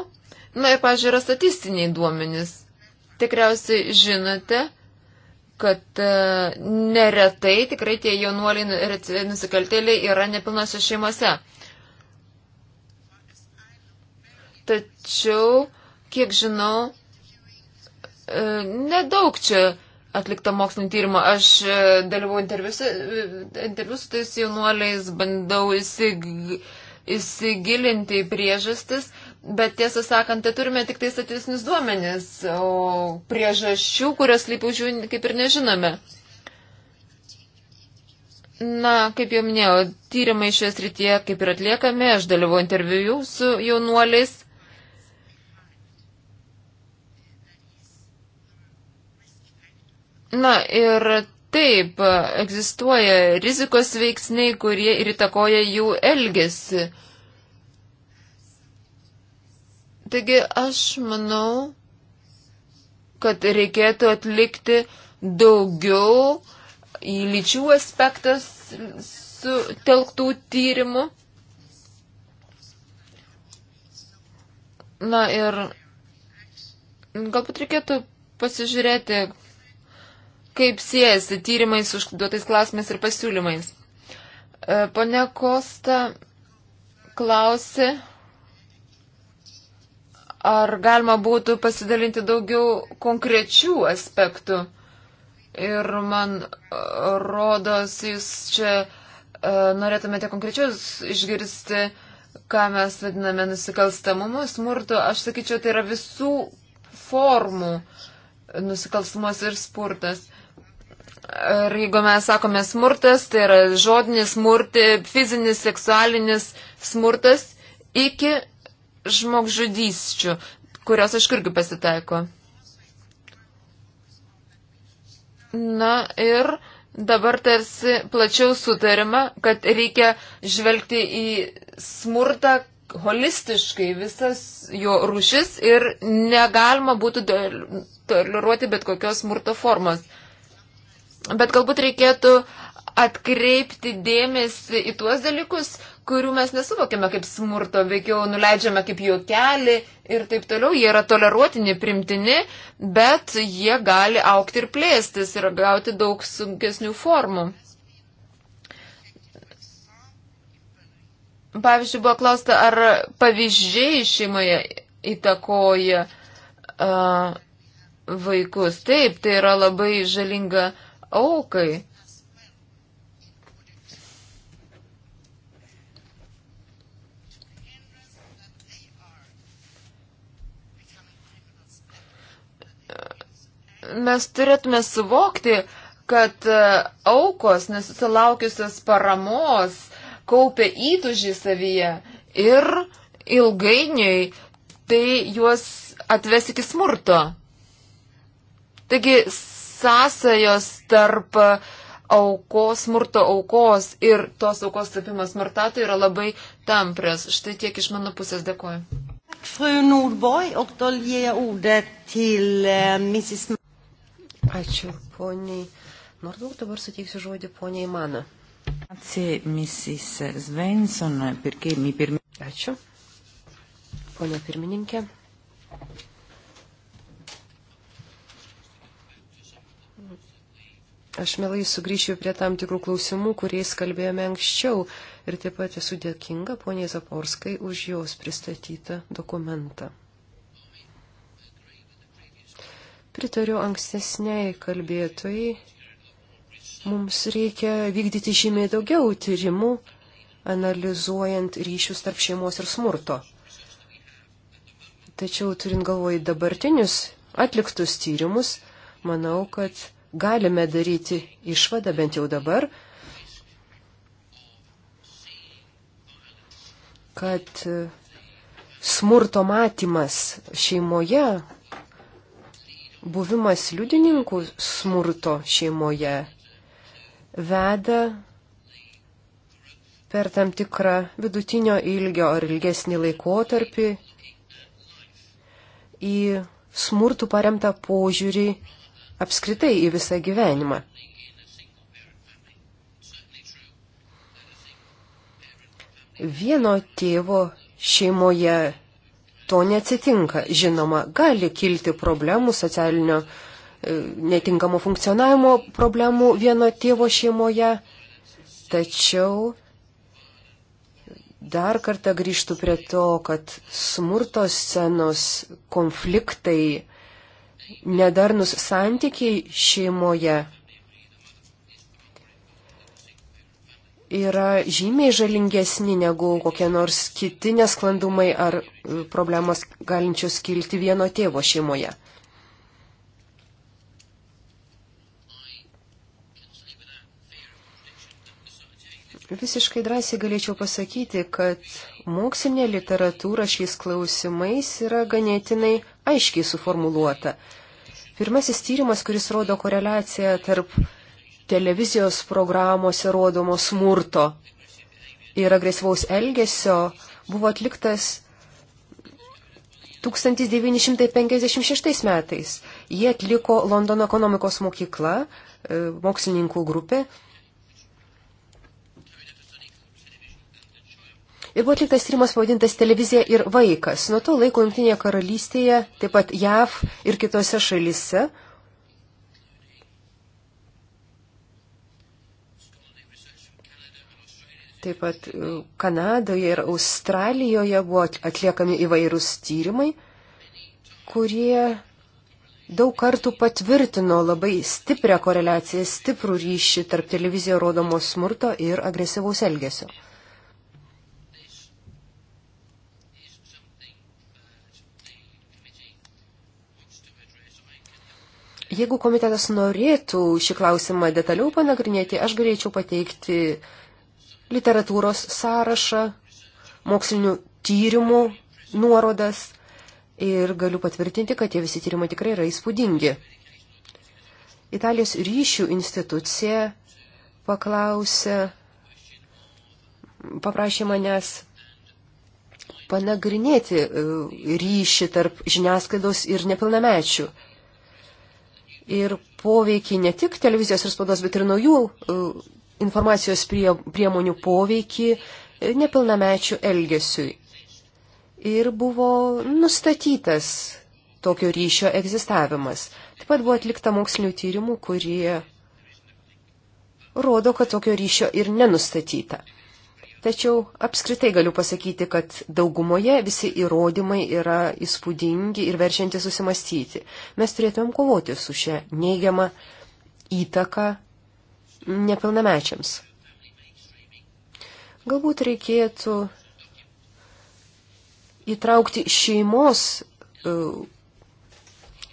Na ir, pažiūrėjau, statistiniai duomenys. Tikriausiai žinote, kad e, neretai tikrai tie jaunuoliai nu, nusikaltėliai yra nepilnose šeimose. Tačiau, kiek žinau, e, nedaug čia atlikto mokslinio tyrimo. Aš e, dalyvau e, interviu su tais jaunuoliais, bandau įsig, įsigilinti į priežastis, bet tiesą sakant, tai turime tik tai statistinius duomenis, o priežasčių, kurios lypi už jų, kaip ir nežinome. Na, kaip jau minėjau, tyrimai šioje srityje kaip ir atliekami, aš dalyvau interviu su jaunuoliais Na ir taip, egzistuoja rizikos veiksniai, kurie ir įtakoja jų elgesį. Taigi aš manau, kad reikėtų atlikti daugiau į lyčių aspektas sutelktų tyrimų. Na ir galbūt reikėtų pasižiūrėti, kaip siejasi tyrimai su užduotais klausimais ir pasiūlymais. E, Pone Kosta klausė, ar galima būtų pasidalinti daugiau konkrečių aspektų. Ir man e, rodos, jūs čia e, norėtumėte konkrečius išgirsti, ką mes vadiname nusikalstamumu, smurtu. Aš sakyčiau, tai yra visų formų nusikalstumas ir spurtas. Ir jeigu mes sakome smurtas, tai yra žodinis smurti, fizinis, seksualinis smurtas iki žmogžudysčių, kurios aišku irgi pasitaiko. Na ir dabar tarsi plačiau sutarima, kad reikia žvelgti į smurtą holistiškai visas jo rušis ir negalima būtų toleruoti bet kokios smurto formos. Bet galbūt reikėtų atkreipti dėmesį į tuos dalykus, kurių mes nesuvokiame kaip smurto, veikiau nuleidžiame kaip juokelį ir taip toliau. Jie yra toleruotini, primtini, bet jie gali aukti ir plėstis ir gauti daug sunkesnių formų. Pavyzdžiui, buvo klausta, ar pavyzdžiai šeimoje įtakoja uh, vaikus. Taip, tai yra labai žalinga uh, aukai. Mes turėtume suvokti, kad e, aukos nesusilaukiusios paramos kaupia įtužį savyje ir ilgainiui tai juos atves iki smurto. Taigi sąsajos tarp aukos, smurto aukos ir tos aukos tapimas smurtatai yra labai tamprios. Štai tiek iš mano pusės dėkoju. Eh, Ačiū poniai. Nordaug dabar suteiksiu žodį poniai Mana. Ačiū. Pone pirmininkė. Aš melai sugrįšiu prie tam tikrų klausimų, kuriais kalbėjome anksčiau ir taip pat esu dėkinga poniai Zaporskai už jos pristatytą dokumentą. Pritariu ankstesniai kalbėtojai, mums reikia vykdyti žymiai daugiau tyrimų, analizuojant ryšius tarp šeimos ir smurto. Tačiau turint galvoj dabartinius atliktus tyrimus, manau, kad galime daryti išvadą bent jau dabar, kad e, smurto matymas šeimoje, buvimas liudininkų smurto šeimoje veda per tam tikrą vidutinio ilgio ar ilgesnį laikotarpį į smurtų paremtą požiūrį apskritai į visą gyvenimą. Vieno tėvo šeimoje to neatsitinka. Žinoma, gali kilti problemų socialinio e, netinkamo funkcionavimo problemų vieno tėvo šeimoje, tačiau dar kartą grįžtų prie to, kad smurto scenos, konfliktai, nedarnus santykiai šeimoje yra žymiai žalingesni negu kokie nors kiti nesklandumai ar e, problemos galinčios kilti vieno tėvo šeimoje. Visiškai drąsiai galėčiau pasakyti, kad mokslinė literatūra šiais klausimais yra ganėtinai aiškiai suformuluota. Pirmasis tyrimas, kuris rodo koreliaciją tarp televizijos programuose rodomo smurto ir agresyvaus elgesio, buvo atliktas 1956 metais. Jie atliko Londono ekonomikos mokykla, e, mokslininkų grupė Ir buvo atliktas tyrimas pavadintas televizija ir vaikas. Nuo to laiko Junktinėje karalystėje, taip pat JAV ir kitose šalise. Taip pat e, Kanadoje ir Australijoje buvo atliekami įvairūs tyrimai, kurie daug kartų patvirtino labai stiprią koreliaciją, stiprų ryšį tarp televizijoje rodomo smurto ir agresyvaus elgesio. Jeigu komitetas norėtų šį klausimą detaliau panagrinėti, aš galėčiau pateikti literatūros sąrašą, mokslinių tyrimų nuorodas ir galiu patvirtinti, kad tie visi tyrimai tikrai yra įspūdingi. Italijos ryšių institucija paklausė, paprašė manęs panagrinėti e, ryšį tarp žiniasklaidos ir nepilnamečių ir poveikį ne tik televizijos ir spaudos, bet ir naujų e, informacijos prie, priemonių poveikį e, nepilnamečių elgesiui. Ir buvo nustatytas tokio ryšio egzistavimas. Taip pat buvo atlikta mokslinių tyrimų, kurie rodo, kad tokio ryšio ir nenustatyta. Tačiau apskritai galiu pasakyti, kad daugumoje visi įrodymai yra įspūdingi ir verčianti susimastyti. Mes turėtumėm kovoti su šia neigiama įtaka nepilnamečiams. Galbūt reikėtų įtraukti šeimos e,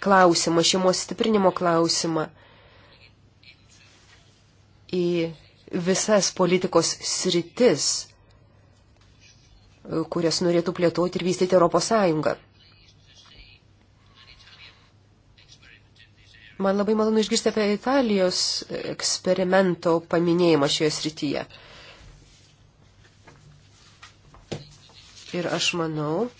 klausimą, šeimos stiprinimo klausimą į visas politikos sritis, e, kurias norėtų plėtoti ir vystyti Europos Sąjungą. Man labai malonu išgirsti apie Italijos eksperimento paminėjimą šioje srityje. Ir aš manau,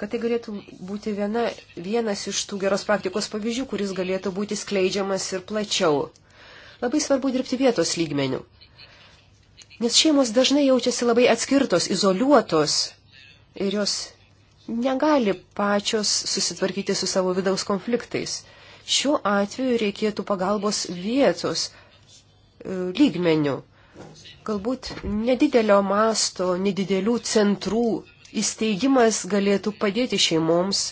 kad tai galėtų būti viena, vienas iš tų geros praktikos pavyzdžių, kuris galėtų būti skleidžiamas ir plačiau. Labai svarbu dirbti vietos lygmenių. Nes šeimos dažnai jaučiasi labai atskirtos, izoliuotos ir jos negali pačios susitvarkyti su savo vidaus konfliktais. Šiuo atveju reikėtų pagalbos vietos e, lygmenių. Galbūt nedidelio masto, nedidelių centrų įsteigimas galėtų padėti šeimoms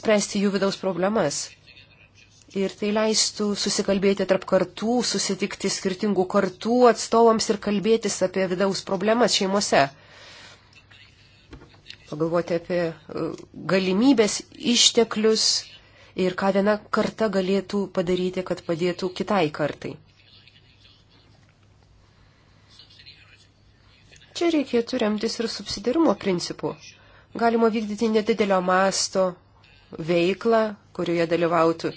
spręsti jų vidaus problemas ir tai leistų susikalbėti tarp kartų, susitikti skirtingų kartų atstovams ir kalbėtis apie vidaus problemas šeimose. Pagalvoti apie e, galimybės, išteklius ir ką viena karta galėtų padaryti, kad padėtų kitai kartai. Čia reikėtų remtis ir subsidirimo principu. Galima vykdyti nedidelio masto veiklą, kurioje dalyvautų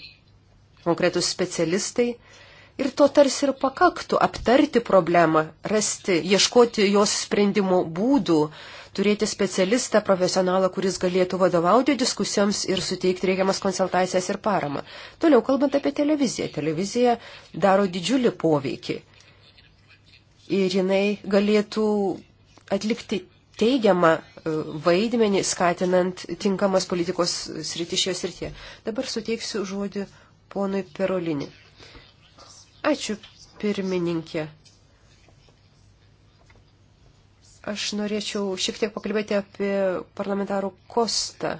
konkretus specialistai. Ir to tarsi ir pakaktų aptarti problemą, rasti, ieškoti jos sprendimo būdų, turėti specialistą, profesionalą, kuris galėtų vadovauti diskusijoms ir suteikti reikiamas konsultacijas ir paramą. Toliau kalbant apie televiziją. Televizija daro didžiulį poveikį. Ir jinai galėtų atlikti teigiamą e, vaidmenį, skatinant tinkamas politikos sritį šioje srityje. Dabar suteiksiu žodį ponui Perolinį. Ačiū, pirmininkė. Aš norėčiau šiek tiek pakalbėti apie parlamentarų kostą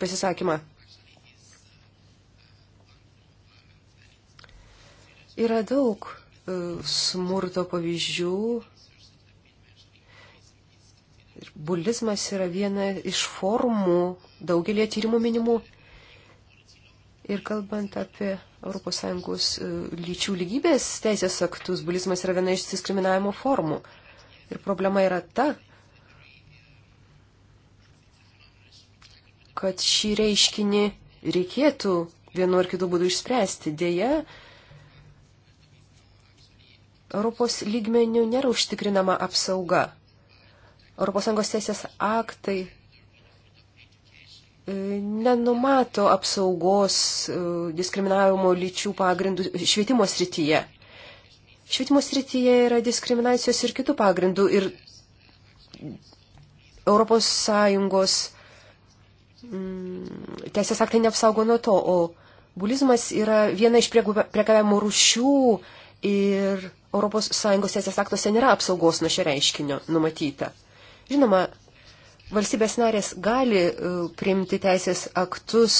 pasisakymą. Yra daug e, smurto pavyzdžių. Ir bulizmas yra viena iš formų daugelie tyrimų minimų. Ir kalbant apie ES e, lyčių lygybės teisės aktus, bulizmas yra viena iš diskriminavimo formų. Ir problema yra ta, kad šį reiškinį reikėtų vienu ar kitu būdu išspręsti. Deja, Europos lygmenių nėra užtikrinama apsauga. ES teisės aktai nenumato apsaugos e, diskriminavimo lyčių pagrindų švietimo srityje. Švietimo srityje yra diskriminacijos ir kitų pagrindų ir ES mm, teisės aktai neapsaugo nuo to, o bulizmas yra viena iš priekabiamų rušių ir ES teisės aktuose nėra apsaugos nuo šio reiškinio numatyta. Žinoma, Valstybės narės gali e, priimti teisės aktus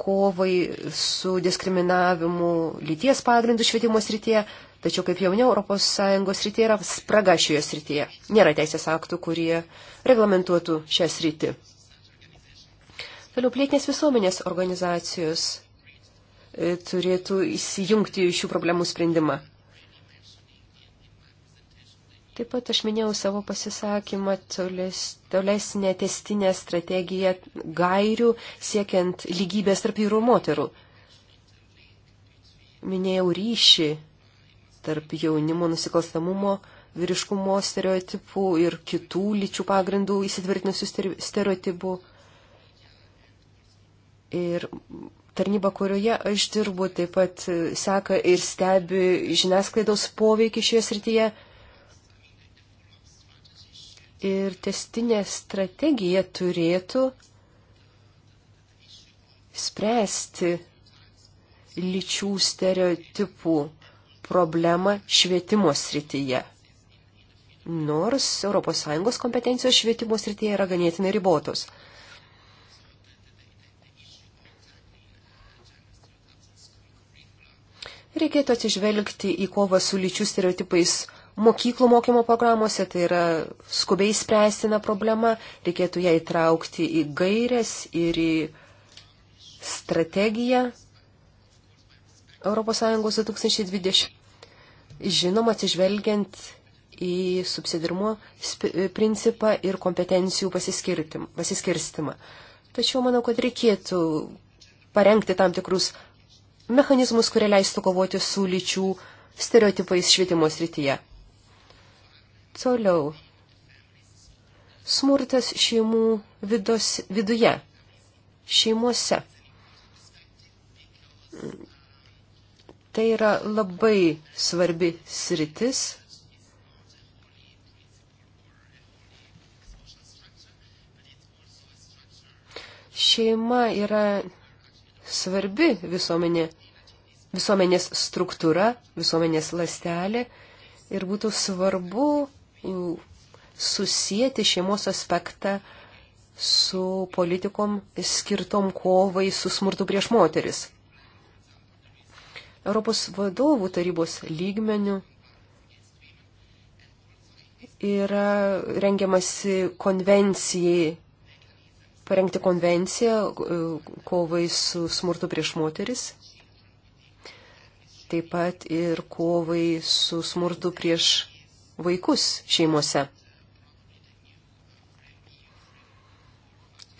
kovai su diskriminavimu lyties pagrindų švietimo srityje, tačiau kaip jau ne Europos Sąjungos srityje yra spraga šioje srityje. Nėra teisės aktų, kurie reglamentuotų šią sritį. Toliau plėtinės visuomenės organizacijos e, turėtų įsijungti į šių problemų sprendimą. Taip pat aš minėjau savo pasisakymą toles, tolesnė testinė strategija gairių siekiant lygybės tarp vyrų ir moterų. Minėjau ryšį tarp jaunimo nusikalstamumo, vyriškumo stereotipų ir kitų lyčių pagrindų įsitvirtinusių stereotipų. Ir tarnyba, kurioje aš dirbu, taip pat seka ir stebi žiniasklaidos poveikį šioje srityje ir testinė strategija turėtų spręsti lyčių stereotipų problemą švietimo srityje. Nors ES kompetencijos švietimo srityje yra ganėtinai ribotos. Reikėtų atsižvelgti į kovą su lyčių stereotipais mokyklų mokymo programuose, tai yra skubiai spręstina problema, reikėtų ją įtraukti į gairias ir į strategiją ES 2020. Žinoma, atsižvelgiant į subsidirmo e, principą ir kompetencijų pasiskirstimą. Tačiau manau, kad reikėtų parengti tam tikrus mechanizmus, kurie leistų kovoti su lyčių stereotipais švietimo srityje. Toliau. Smurtas šeimų vidos, viduje, šeimuose. Tai yra labai svarbi sritis. Šeima yra svarbi visuomenė, visuomenės struktūra, visuomenės lastelė ir būtų svarbu susijęti šeimos aspektą su politikom skirtom kovai su smurtu prieš moteris. Europos vadovų tarybos lygmenių yra rengiamasi konvencijai, parengti konvenciją e, kovai su smurtu prieš moteris, taip pat ir kovai su smurtu prieš vaikus šeimose.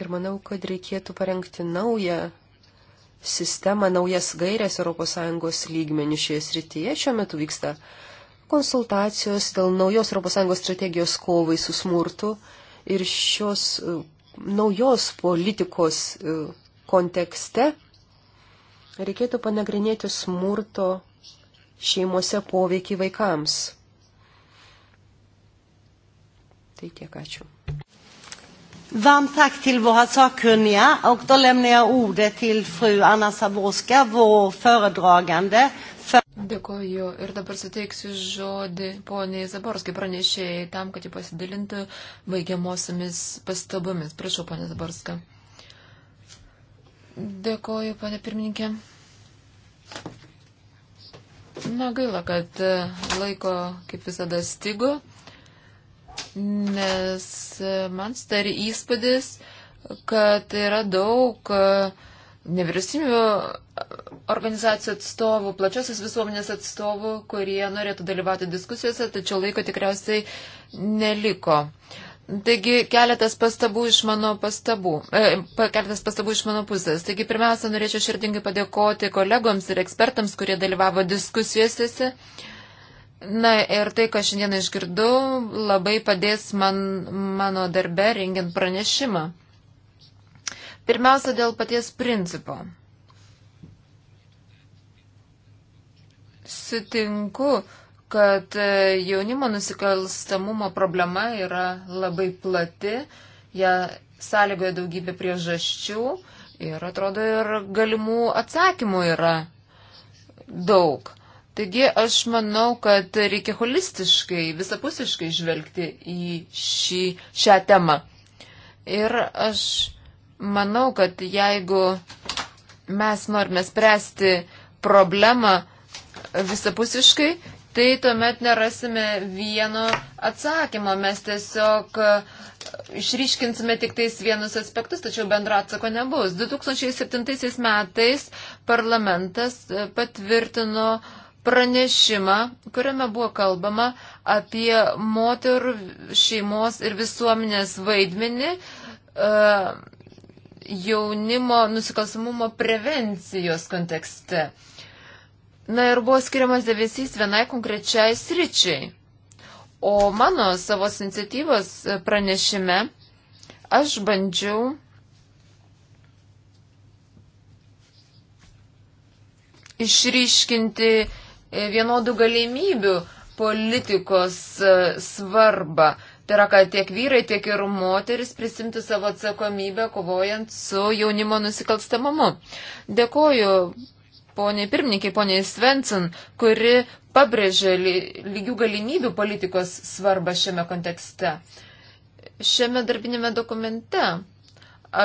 Ir manau, kad reikėtų parengti naują sistemą, naujas gairias ES lygmenių šioje srityje. Šiuo metu vyksta konsultacijos dėl naujos ES strategijos kovai su smurtu ir šios e, naujos politikos e, kontekste reikėtų panagrinėti smurto šeimose poveikį vaikams. Tai tiek ačiū. Varmt tack till våra sakkunniga och då lämnar jag ordet till fru Anna Saborska, vår föredragande. För... Dėkoju ir dabar suteiksiu žodį poniai Zaborskai pranešėjai tam, kad jį pasidalintų baigiamosiamis pastabomis. Prašau, ponė Zaborska. Dėkoju, ponė pirmininkė. Na gaila, kad e, laiko kaip visada stigo nes man stari įspūdis, kad yra daug e, nevyriausybių organizacijų atstovų, plačiosios visuomenės atstovų, kurie norėtų dalyvauti diskusijose, tačiau laiko tikriausiai neliko. Taigi keletas pastabų iš mano, pastabų, e, keletas pastabų iš mano pusės. Taigi pirmiausia, norėčiau širdingai padėkoti kolegoms ir ekspertams, kurie dalyvavo diskusijose. E, Na ir tai, ką šiandien išgirdau, labai padės man, mano darbe rengiant pranešimą. Pirmiausia, dėl paties principo. Sutinku, kad e, jaunimo nusikalstamumo problema yra labai plati, ją sąlygoja daugybė priežasčių ir atrodo ir galimų atsakymų yra daug. Taigi aš manau, kad reikia holistiškai, visapusiškai žvelgti į šį, šią temą. Ir aš manau, kad jeigu mes norime spręsti problemą visapusiškai, tai tuomet nerasime vieno atsakymo. Mes tiesiog e, išryškinsime tik tais vienus aspektus, tačiau bendro atsako nebus. 2007 metais parlamentas e, patvirtino uh, pranešimą, kuriame buvo kalbama apie moterų šeimos ir visuomenės vaidmenį e, jaunimo nusikalstamumo prevencijos kontekste. Na ir buvo skiriamas dėmesys vienai konkrečiai sričiai. O mano savo iniciatyvos pranešime aš bandžiau išryškinti E, vienodų galimybių politikos e, svarbą. Tai yra, kad tiek vyrai, tiek ir moteris prisimtų savo atsakomybę kovojant su jaunimo nusikalstamumu. Dėkoju poniai pirmininkiai, poniai Svensson, kuri pabrėžė lygių galimybių politikos svarbą šiame kontekste. Šiame darbinėme dokumente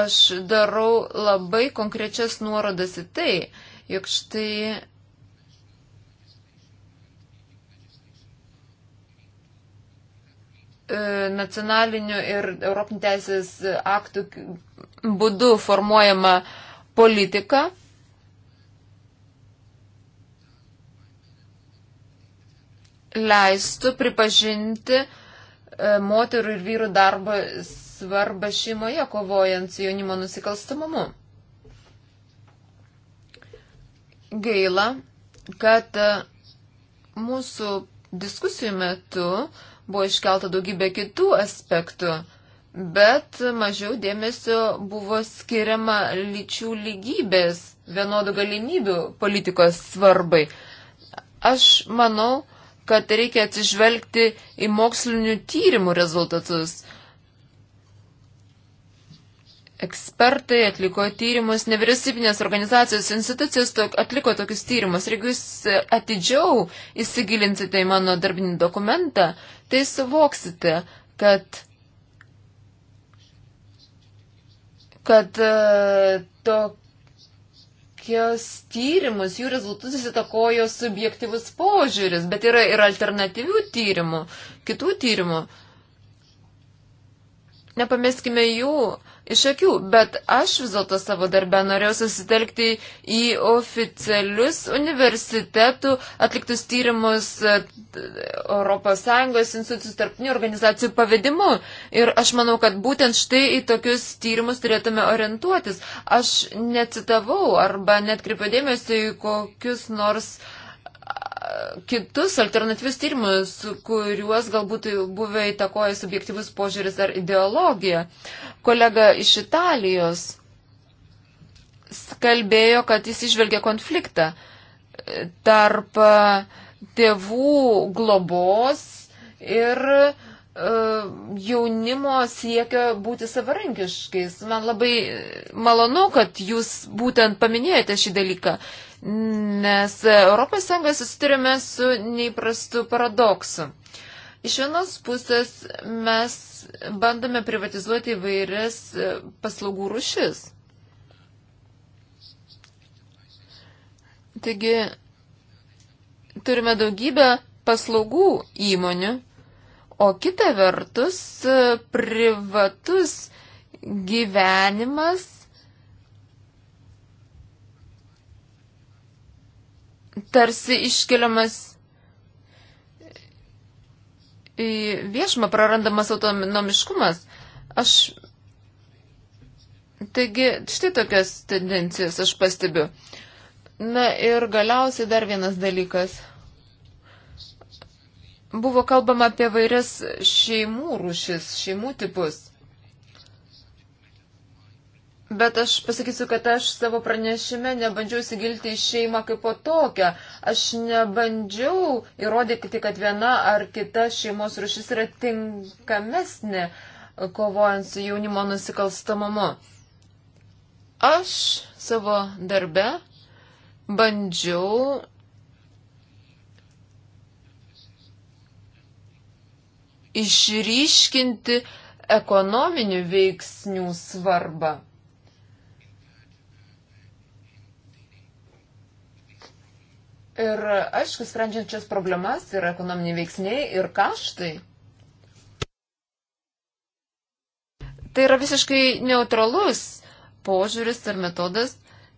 aš darau labai konkrečias nuorodas į tai, jog štai E, nacionalinių ir Europinių teisės aktų būdu formuojama politika. leistų pripažinti e, moterų ir vyrų darbą svarbą šeimoje, kovojant su jaunimo nusikalstamumu. Gaila, kad e, mūsų diskusijų metu uh, buvo iškelta daugybė kitų aspektų, bet mažiau dėmesio buvo skiriama lyčių lygybės, vienodų galimybių politikos svarbai. Aš manau, kad reikia atsižvelgti į mokslinių tyrimų rezultatus. Ekspertai atliko tyrimus, nevyriausybinės organizacijos, institucijos tok, atliko tokius tyrimus. Ir jeigu jūs e, atidžiau įsigilinsite į mano darbinį dokumentą, tai suvoksite, kad, kad e, tokios tyrimus, jų rezultatus įtakojo subjektivus požiūris, bet yra ir alternatyvių tyrimų, kitų tyrimų. Nepamėskime jų, iš akių, bet aš vis dėlto savo darbę norėjau susitelkti į oficialius universitetų atliktus tyrimus ES institucijų tarptinių organizacijų pavedimu. Ir aš manau, kad būtent štai į tokius tyrimus turėtume orientuotis. Aš necitavau arba net kreipiu dėmesį į kokius nors uh, kitus alternatyvius tyrimus, kuriuos galbūt buvę įtakoja subjektyvus požiūris ar ideologija. Kolega iš Italijos kalbėjo, kad jis išvelgia konfliktą tarp tėvų globos ir uh, E, jaunimo siekia būti savarankiškais. Man labai malonu, kad jūs būtent paminėjote šį dalyką, nes ES susiturime su neįprastu paradoksu. Iš vienos pusės mes bandome privatizuoti įvairias paslaugų rušis. Taigi, turime daugybę paslaugų įmonių, O kita vertus, privatus gyvenimas tarsi iškeliamas į viešumą, prarandamas autonomiškumas. Aš. Taigi, štai tokias tendencijas aš pastebiu. Na ir galiausiai dar vienas dalykas. Buvo kalbama apie vairias šeimų rūšis, šeimų tipus. Bet aš pasakysiu, kad aš savo pranešime nebandžiau įsigilti į šeimą kaip po tokią. Aš nebandžiau įrodyti, kad viena ar kita šeimos rušis yra tinkamesnė kovojant su jaunimo nusikalstamumu. Aš savo darbe bandžiau išryškinti ekonominių veiksnių svarbą. Ir aišku, sprendžiant šias problemas yra ekonominiai veiksniai ir kaštai. Tai yra visiškai neutralus požiūris ir metodas,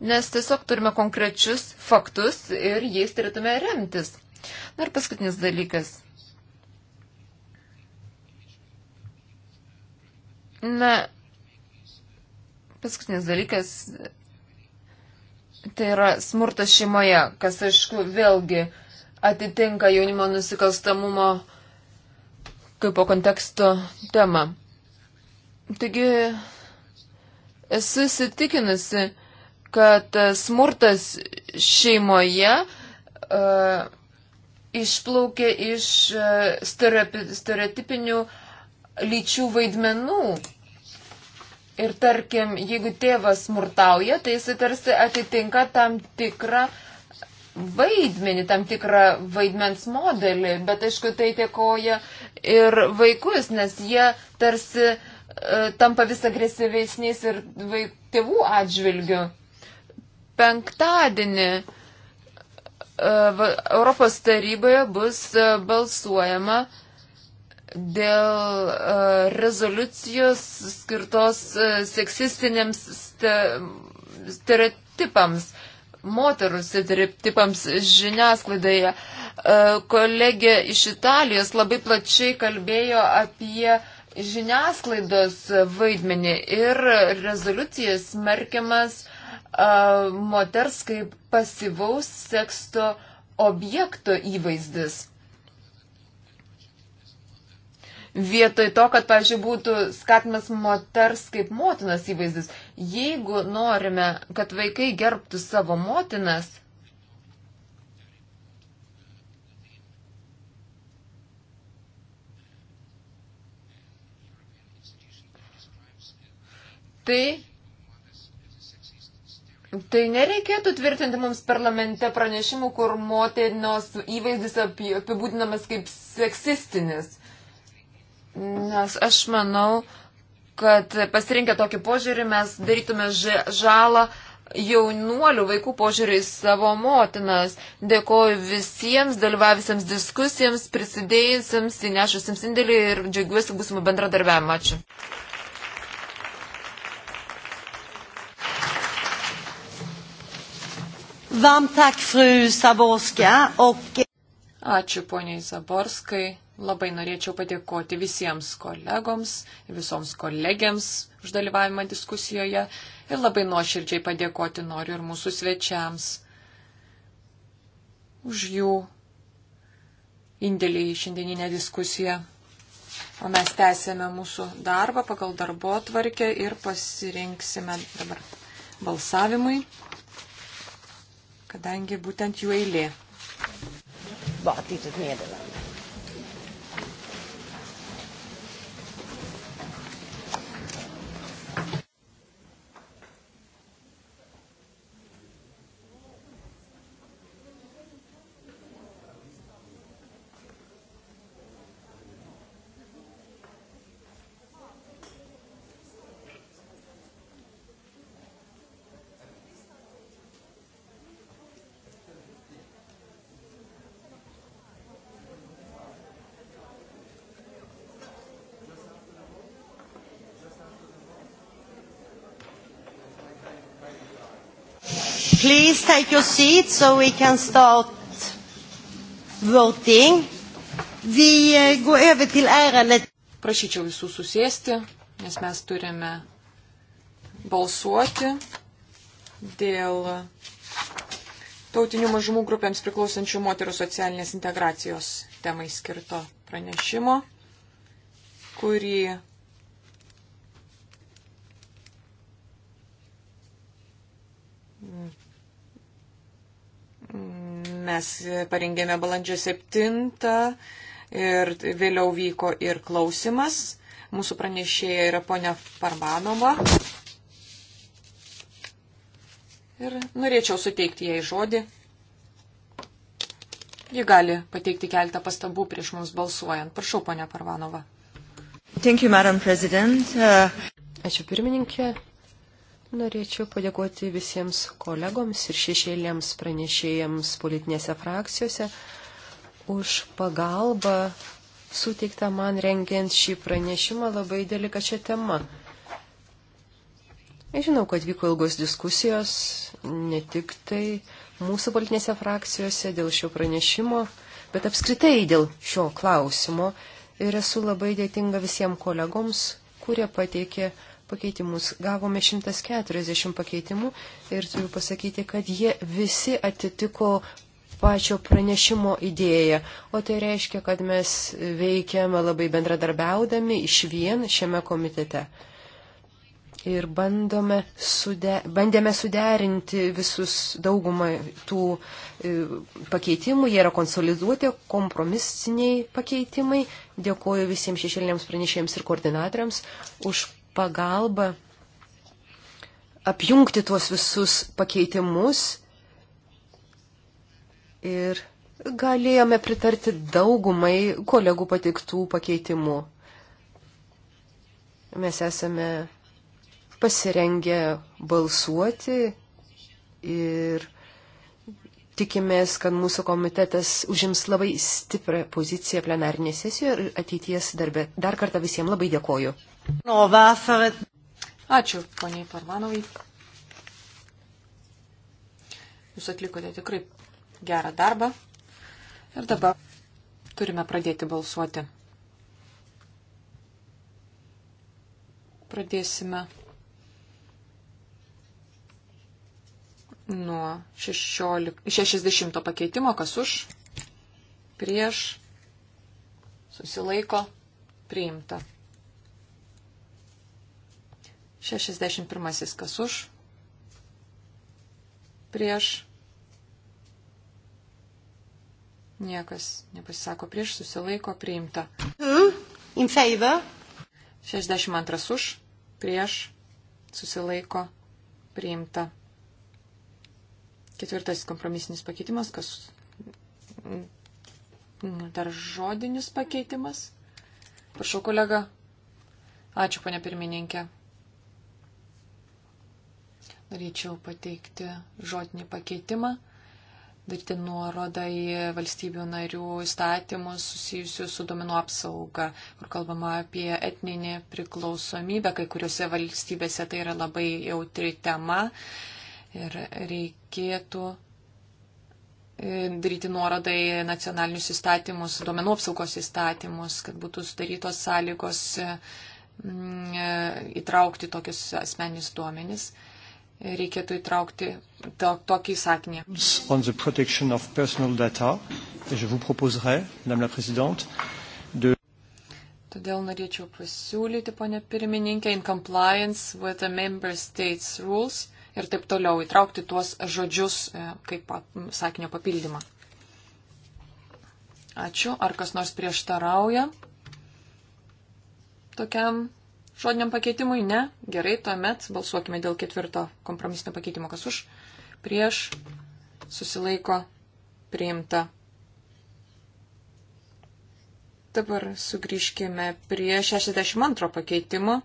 nes tiesiog turime konkrečius faktus ir jais turėtume remtis. Na ir paskutinis dalykas. Na, paskutinis dalykas. Tai yra smurtas šeimoje, kas aišku vėlgi atitinka jaunimo nusikalstamumo kaip po konteksto temą. Taigi, esu įsitikinusi, kad smurtas šeimoje uh, e, išplaukia iš uh, stereotipinių uh, lyčių vaidmenų. Ir tarkim, jeigu tėvas smurtauja, tai jis tarsi atitinka tam tikrą vaidmenį, tam tikrą vaidmens modelį, bet aišku, tai tiekoja ir vaikus, nes jie tarsi e, tampa vis agresyvesniais ir vaik, tėvų atžvilgių. Penktadienį e, Europos taryboje bus e, balsuojama e, dėl uh, rezoliucijos skirtos uh, seksistiniams ste stereotipams, moterų stereotipams žiniasklaidoje. Uh, kolegė iš Italijos labai plačiai kalbėjo apie žiniasklaidos vaidmenį ir rezoliucijas smerkiamas moters kaip pasivaus seksto objekto įvaizdis. Vietoj to, kad, pavyzdžiui, būtų skatimas moters kaip motinas įvaizdis. Jeigu norime, kad vaikai gerbtų savo motinas, tai Tai nereikėtų tvirtinti mums parlamente pranešimų, kur moterinos įvaizdis apibūdinamas kaip seksistinis. Nes aš manau, kad pasirinkę tokį požiūrį mes darytume žalą jaunuolių vaikų požiūrį į savo motinas. Dėkoju visiems dalyvavusiems diskusijams, prisidėjusiems, įnešusiems indėlį ir džiaugiuosi būsimų bendradarbiavimą. Ačiū. Vam tak, fru Saborska. Ok. Ačiū poniai Zaborskai. Labai norėčiau padėkoti visiems kolegoms, visoms kolegiams už dalyvavimą diskusijoje ir labai nuoširdžiai padėkoti noriu ir mūsų svečiams už jų indėlį į šiandieninę diskusiją. O mes tęsėme mūsų darbą pagal darbo tvarkę ir pasirinksime dabar balsavimui, kadangi būtent jų eilė. Buvo, tai tu mėdavai. Please take your seat so we can start voting. Vi eh, går över till ärendet. Prašyčiau visų susėsti, nes mes turime balsuoti dėl tautinių mažumų grupėms priklausančių moterų socialinės integracijos temai skirto pranešimo, kurį Mes parengėme balandžio 7 ir vėliau vyko ir klausimas. Mūsų pranešėja yra ponia Parmanova. Ir norėčiau suteikti jai žodį. Ji gali pateikti keltą pastabų prieš mums balsuojant. Prašau, ponia Parvanova. Thank you, Madam President. Uh... Ačiū pirmininkė. Norėčiau padėkoti visiems kolegoms ir šešėlėms pranešėjams politinėse frakcijose už pagalbą suteiktą man rengiant šį pranešimą labai delikačią temą. Žinau, kad vyko ilgos diskusijos, ne tik tai mūsų politinėse frakcijose dėl šio pranešimo, bet apskritai dėl šio klausimo. Ir esu labai dėtinga visiems kolegoms, kurie pateikė pakeitimus. Gavome 140 pakeitimų ir turiu pasakyti, kad jie visi atitiko pačio pranešimo idėją. O tai reiškia, kad mes veikiame labai bendradarbiaudami iš vien šiame komitete. Ir bandome sude, bandėme suderinti visus daugumą tų e, pakeitimų. Jie yra konsoliduoti, kompromisiniai pakeitimai. Dėkuoju visiems šešėliniams pranešėjams ir koordinatoriams už pagalba apjungti tuos visus pakeitimus ir galėjome pritarti daugumai kolegų patiktų pakeitimų. Mes esame pasirengę balsuoti ir tikimės, kad mūsų komitetas užims labai stiprią poziciją plenarinėje sesijoje ir ateities darbe. Dar kartą visiems labai dėkoju. Ačiū, poniai Parmanovai. Jūs atlikote tikrai gerą darbą. Ir dabar turime pradėti balsuoti. Pradėsime nuo 16, 60 pakeitimo, kas už, prieš, susilaiko, priimta. 61 kas už, prieš, niekas nepasisako prieš, susilaiko priimta. In favor. 62 už, prieš, susilaiko priimta. Ketvirtasis kompromisinis pakeitimas, kas dar žodinis pakeitimas. Prašau, kolega. Ačiū, ponė pirmininkė norėčiau pateikti žodinį pakeitimą, daryti nuorodą į valstybių narių įstatymus susijusius su domenų apsauga, kur kalbama apie etninį priklausomybę. Kai kuriuose valstybėse tai yra labai jautri tema ir reikėtų e, daryti nuorodą į nacionalinius įstatymus, duomenų apsaugos įstatymus, kad būtų sudarytos sąlygos mm, e, įtraukti tokius asmenys duomenys reikėtų įtraukti to, tokį sakinį. On the protection of personal data, je vous proposerai, madame la présidente, de... Todėl norėčiau pasiūlyti, ponė pirmininkė, in compliance with the member states rules ir taip toliau įtraukti tuos žodžius e, kaip sakinio papildymą. Ačiū. Ar kas nors prieštarauja tokiam žodiniam pakeitimui? Ne. Gerai, tuomet balsuokime dėl ketvirto kompromisinio pakeitimo. Kas už? Prieš susilaiko priimta. Dabar sugrįžkime prie 62 pakeitimo,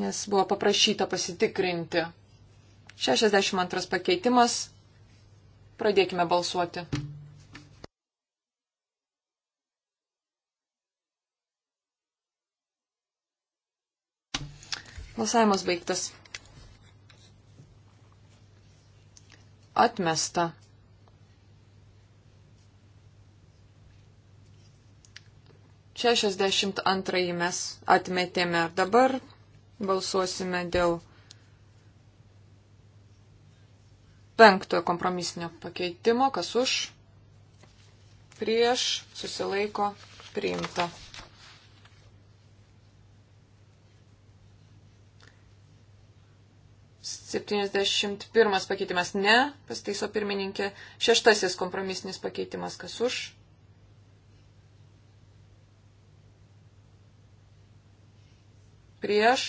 nes buvo paprašyta pasitikrinti. 62 pakeitimas. Pradėkime balsuoti. Balsavimas baigtas. Atmesta. Šešiasdešimt antrąjį mes atmetėme. Dabar balsuosime dėl penktojo kompromisinio pakeitimo, kas už, prieš, susilaiko, priimta. 71 pakeitimas ne, pasteiso pirmininkė. Šeštasis kompromisinis pakeitimas kas už. Prieš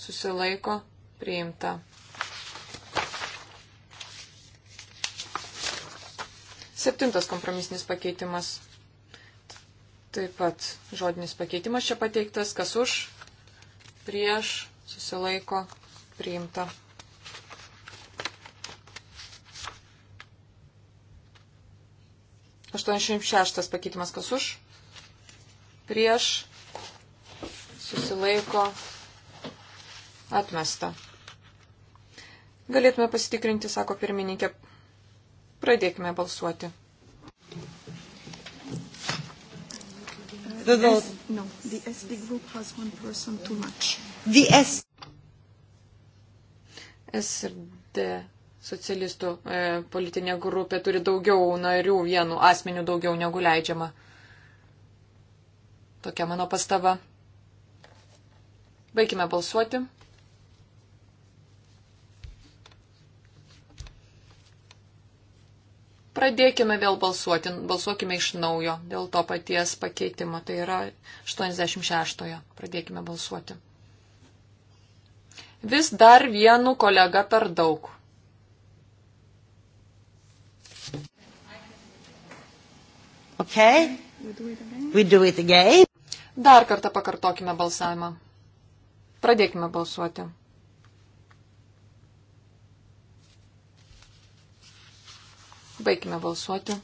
susilaiko priimta. Septintas kompromisinis pakeitimas. Taip pat žodinis pakeitimas čia pateiktas. Kas už? Prieš susilaiko priimta. 86 pakeitimas kas už, prieš, susilaiko, atmesta. Galėtume pasitikrinti, sako pirmininkė. Pradėkime balsuoti. The vote. No, the SD group has one person too much. The S. S ir D Socialistų e, politinė grupė turi daugiau narių, vienu asmeniu daugiau negu leidžiama. Tokia mano pastaba. Baigime balsuoti. Pradėkime vėl balsuoti, balsuokime iš naujo dėl to paties pakeitimo, tai yra 86-ojo. Pradėkime balsuoti. Vis dar vienu kolega per daug. Okay. We do it again. Dar kartą pakartokime balsavimą. Pradėkime balsuoti. Baigime balsuoti.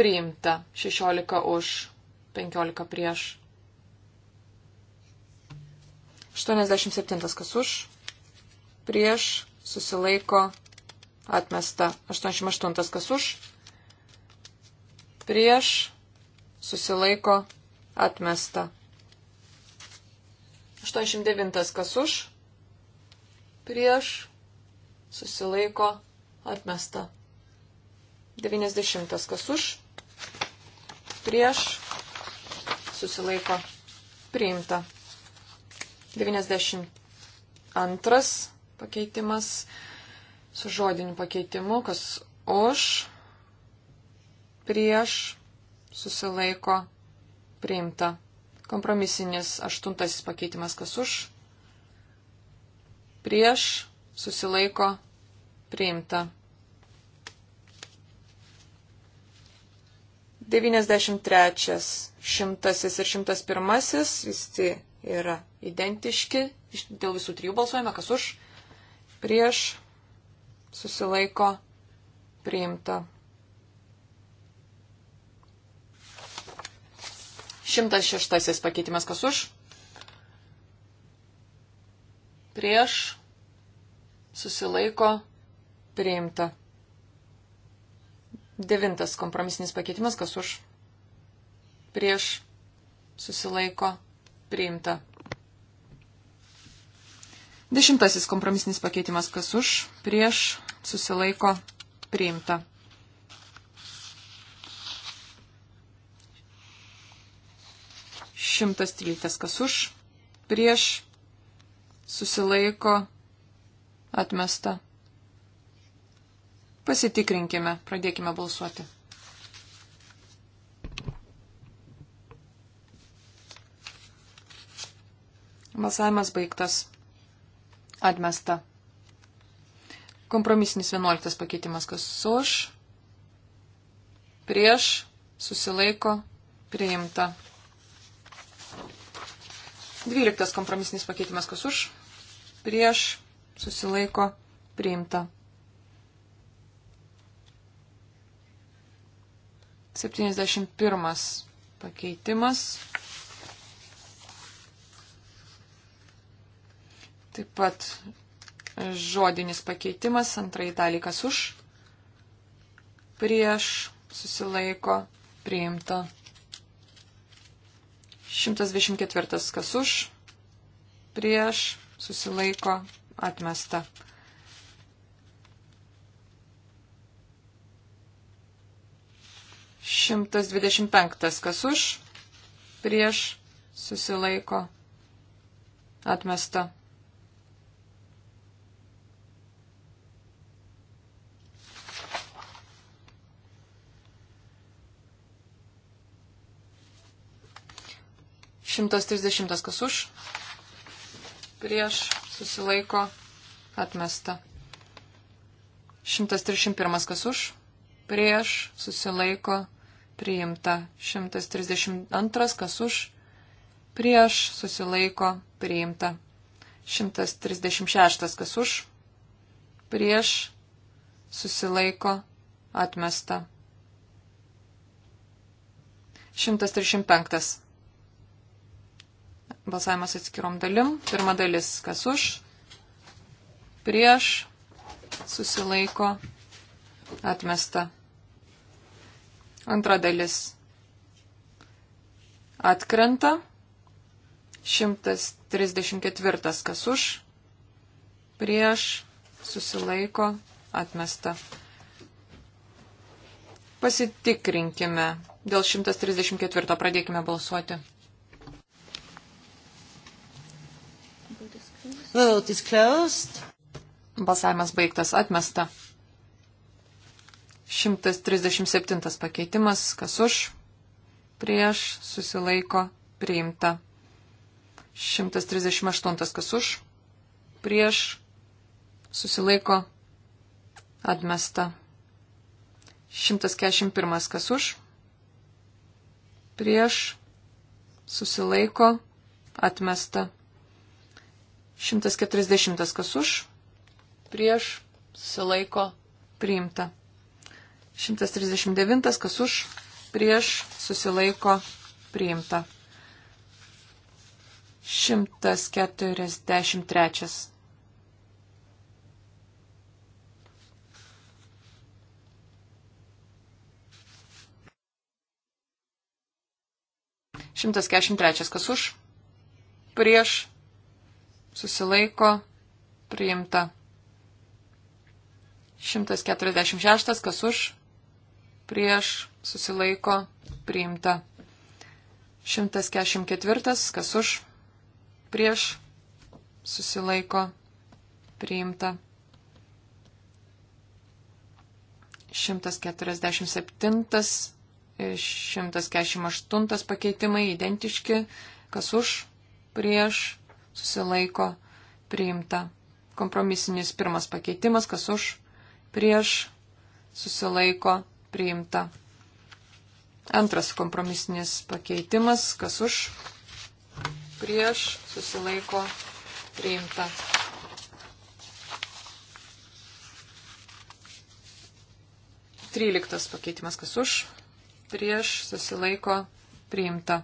Priimta 16 už, 15 prieš. 87 kas už, prieš, susilaiko, atmesta. 88 kas už, prieš, susilaiko, atmesta. 89 kas už, prieš, susilaiko, atmesta. 90 kas už, prieš, susilaiko, priimta. 92 pakeitimas su žodiniu pakeitimu, kas už, prieš, susilaiko, priimta. Kompromisinis aštuntasis pakeitimas, kas už, prieš, susilaiko, priimta. 93, 100 ir 101 visi yra identiški, dėl visų trijų balsuojame, kas už, prieš, susilaiko, priimta. 106 pakeitimas kas už? Prieš susilaiko priimta. Devintas kompromisinis pakeitimas kas už? Prieš susilaiko priimta. Dešimtasis kompromisinis pakeitimas kas už? Prieš susilaiko priimta. 113 kas už, prieš, susilaiko, atmesta. Pasitikrinkime, pradėkime balsuoti. Balsavimas baigtas. Atmesta. Kompromisinis 11 pakeitimas, kas už, prieš, susilaiko, priimta. 12 kompromisinis pakeitimas kas už, prieš, susilaiko, priimta. 71 pakeitimas. Taip pat žodinis pakeitimas, antrai dalykas už, prieš, susilaiko, priimta. 124 kas už, prieš, susilaiko, atmesta. Šimtas dvidešimt penktas, kas už, prieš, susilaiko, atmesta. 130 kas už, prieš, susilaiko, atmesta. 131 kas už, prieš, susilaiko, priimta. 132 kas už, prieš, susilaiko, priimta. 136 kas už, prieš, susilaiko, atmesta. 135 Balsavimas atskirom dalim. Pirma dalis, kas už, prieš, susilaiko, atmesta. Antra dalis, atkrenta. 134, kas už, prieš, susilaiko, atmesta. Pasitikrinkime. Dėl 134 pradėkime balsuoti. Vote is closed. Balsavimas baigtas atmesta. 137 pakeitimas, kas už, prieš, susilaiko, priimta. 138 kas už, prieš, susilaiko, atmesta. 141 kas už, prieš, susilaiko, atmesta. 140 kas už, prieš, susilaiko, priimta. 139 kas už, prieš, susilaiko, priimta. 143. Šimtas kešim trečias kas už, prieš, susilaiko, priimta. 146, kas už, prieš, susilaiko, priimta. 144, kas už, prieš, susilaiko, priimta. 147 ir 148 pakeitimai identiški, kas už, prieš, susilaiko priimta. Kompromisinis pirmas pakeitimas, kas už, prieš, susilaiko priimta. Antras kompromisinis pakeitimas, kas už, prieš, susilaiko priimta. Tryliktas pakeitimas, kas už, prieš, susilaiko priimta.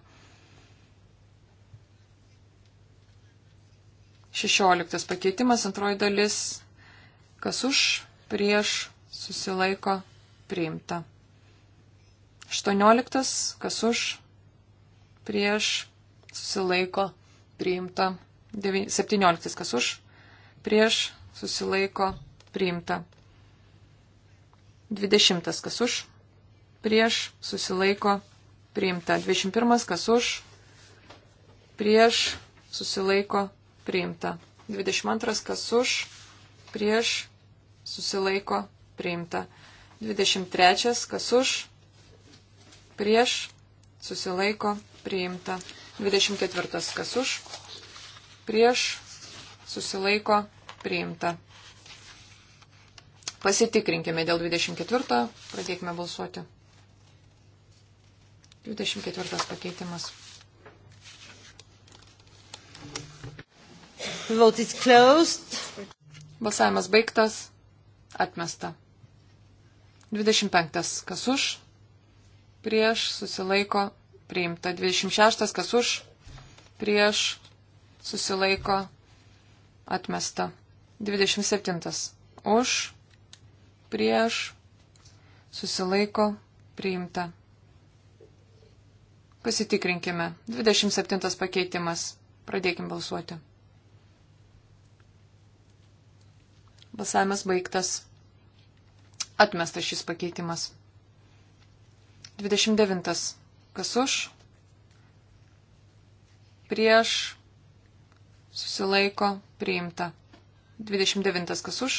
16 pakeitimas, antroji dalis, kas už, prieš, susilaiko, priimta. 18, kas už, prieš, susilaiko, priimta. 17, kas už, prieš, susilaiko, priimta. 20, kas už, prieš, susilaiko, priimta. 21, kas už, prieš, susilaiko, priimta. 22 kas už, prieš, susilaiko, priimta. 23 kas už, prieš, susilaiko, priimta. 24 kas už, prieš, susilaiko, priimta. Pasitikrinkime dėl 24, pradėkime balsuoti. 24 pakeitimas. The vote is closed. Balsavimas baigtas. Atmesta. 25. Kas už? Prieš susilaiko priimta. 26. Kas už? Prieš susilaiko atmesta. 27. Už? Prieš susilaiko priimta. Pasitikrinkime. 27. pakeitimas. Pradėkim balsuoti. Balsavimas baigtas. Atmestas šis pakeitimas. 29. Kas už? Prieš. Susilaiko. Priimta. 29. Kas už?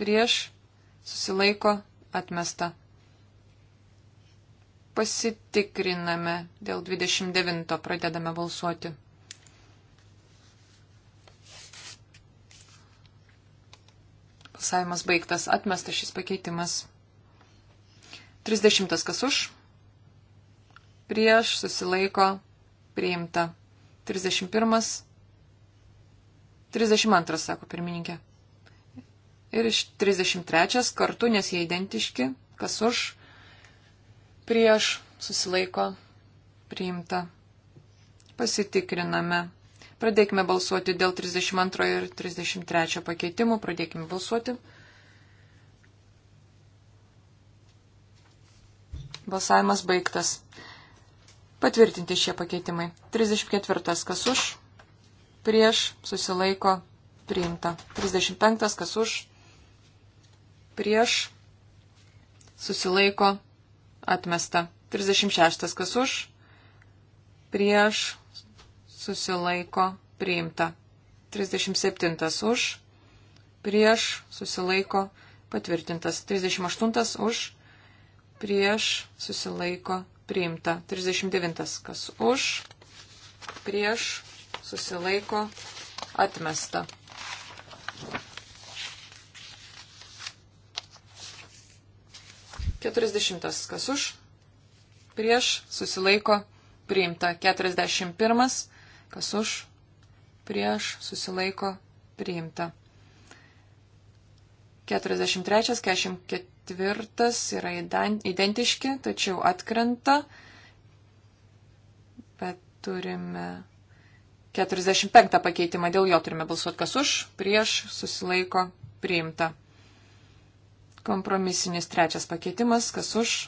Prieš. Susilaiko. Atmesta. Pasitikriname. Dėl 29 pradedame balsuoti. Balsavimas baigtas. Atmestas šis pakeitimas. 30. Kas už? Prieš susilaiko priimta. 31. 32, sako pirmininkė. Ir iš 33 kartu, nes jie identiški, kas už, prieš, susilaiko, priimta. Pasitikriname Pradėkime balsuoti dėl 32 ir 33 pakeitimų. Pradėkime balsuoti. Balsavimas baigtas. Patvirtinti šie pakeitimai. 34. Kas už? Prieš. Susilaiko. Priimta. 35. Kas už? Prieš. Susilaiko. Atmesta. 36. Kas už? Prieš susilaiko priimta. 37 už, prieš susilaiko patvirtintas. 38 už, prieš susilaiko priimta. 39 kas už, prieš susilaiko atmesta. Keturiasdešimtas kas už, prieš susilaiko priimta. Keturiasdešimt pirmas Kas už, prieš, susilaiko, priimta. 43, 44 yra identiški, tačiau atkrenta, bet turime 45 pakeitimą, dėl jo turime balsuoti kas už, prieš, susilaiko, priimta. Kompromisinis trečias pakeitimas, kas už,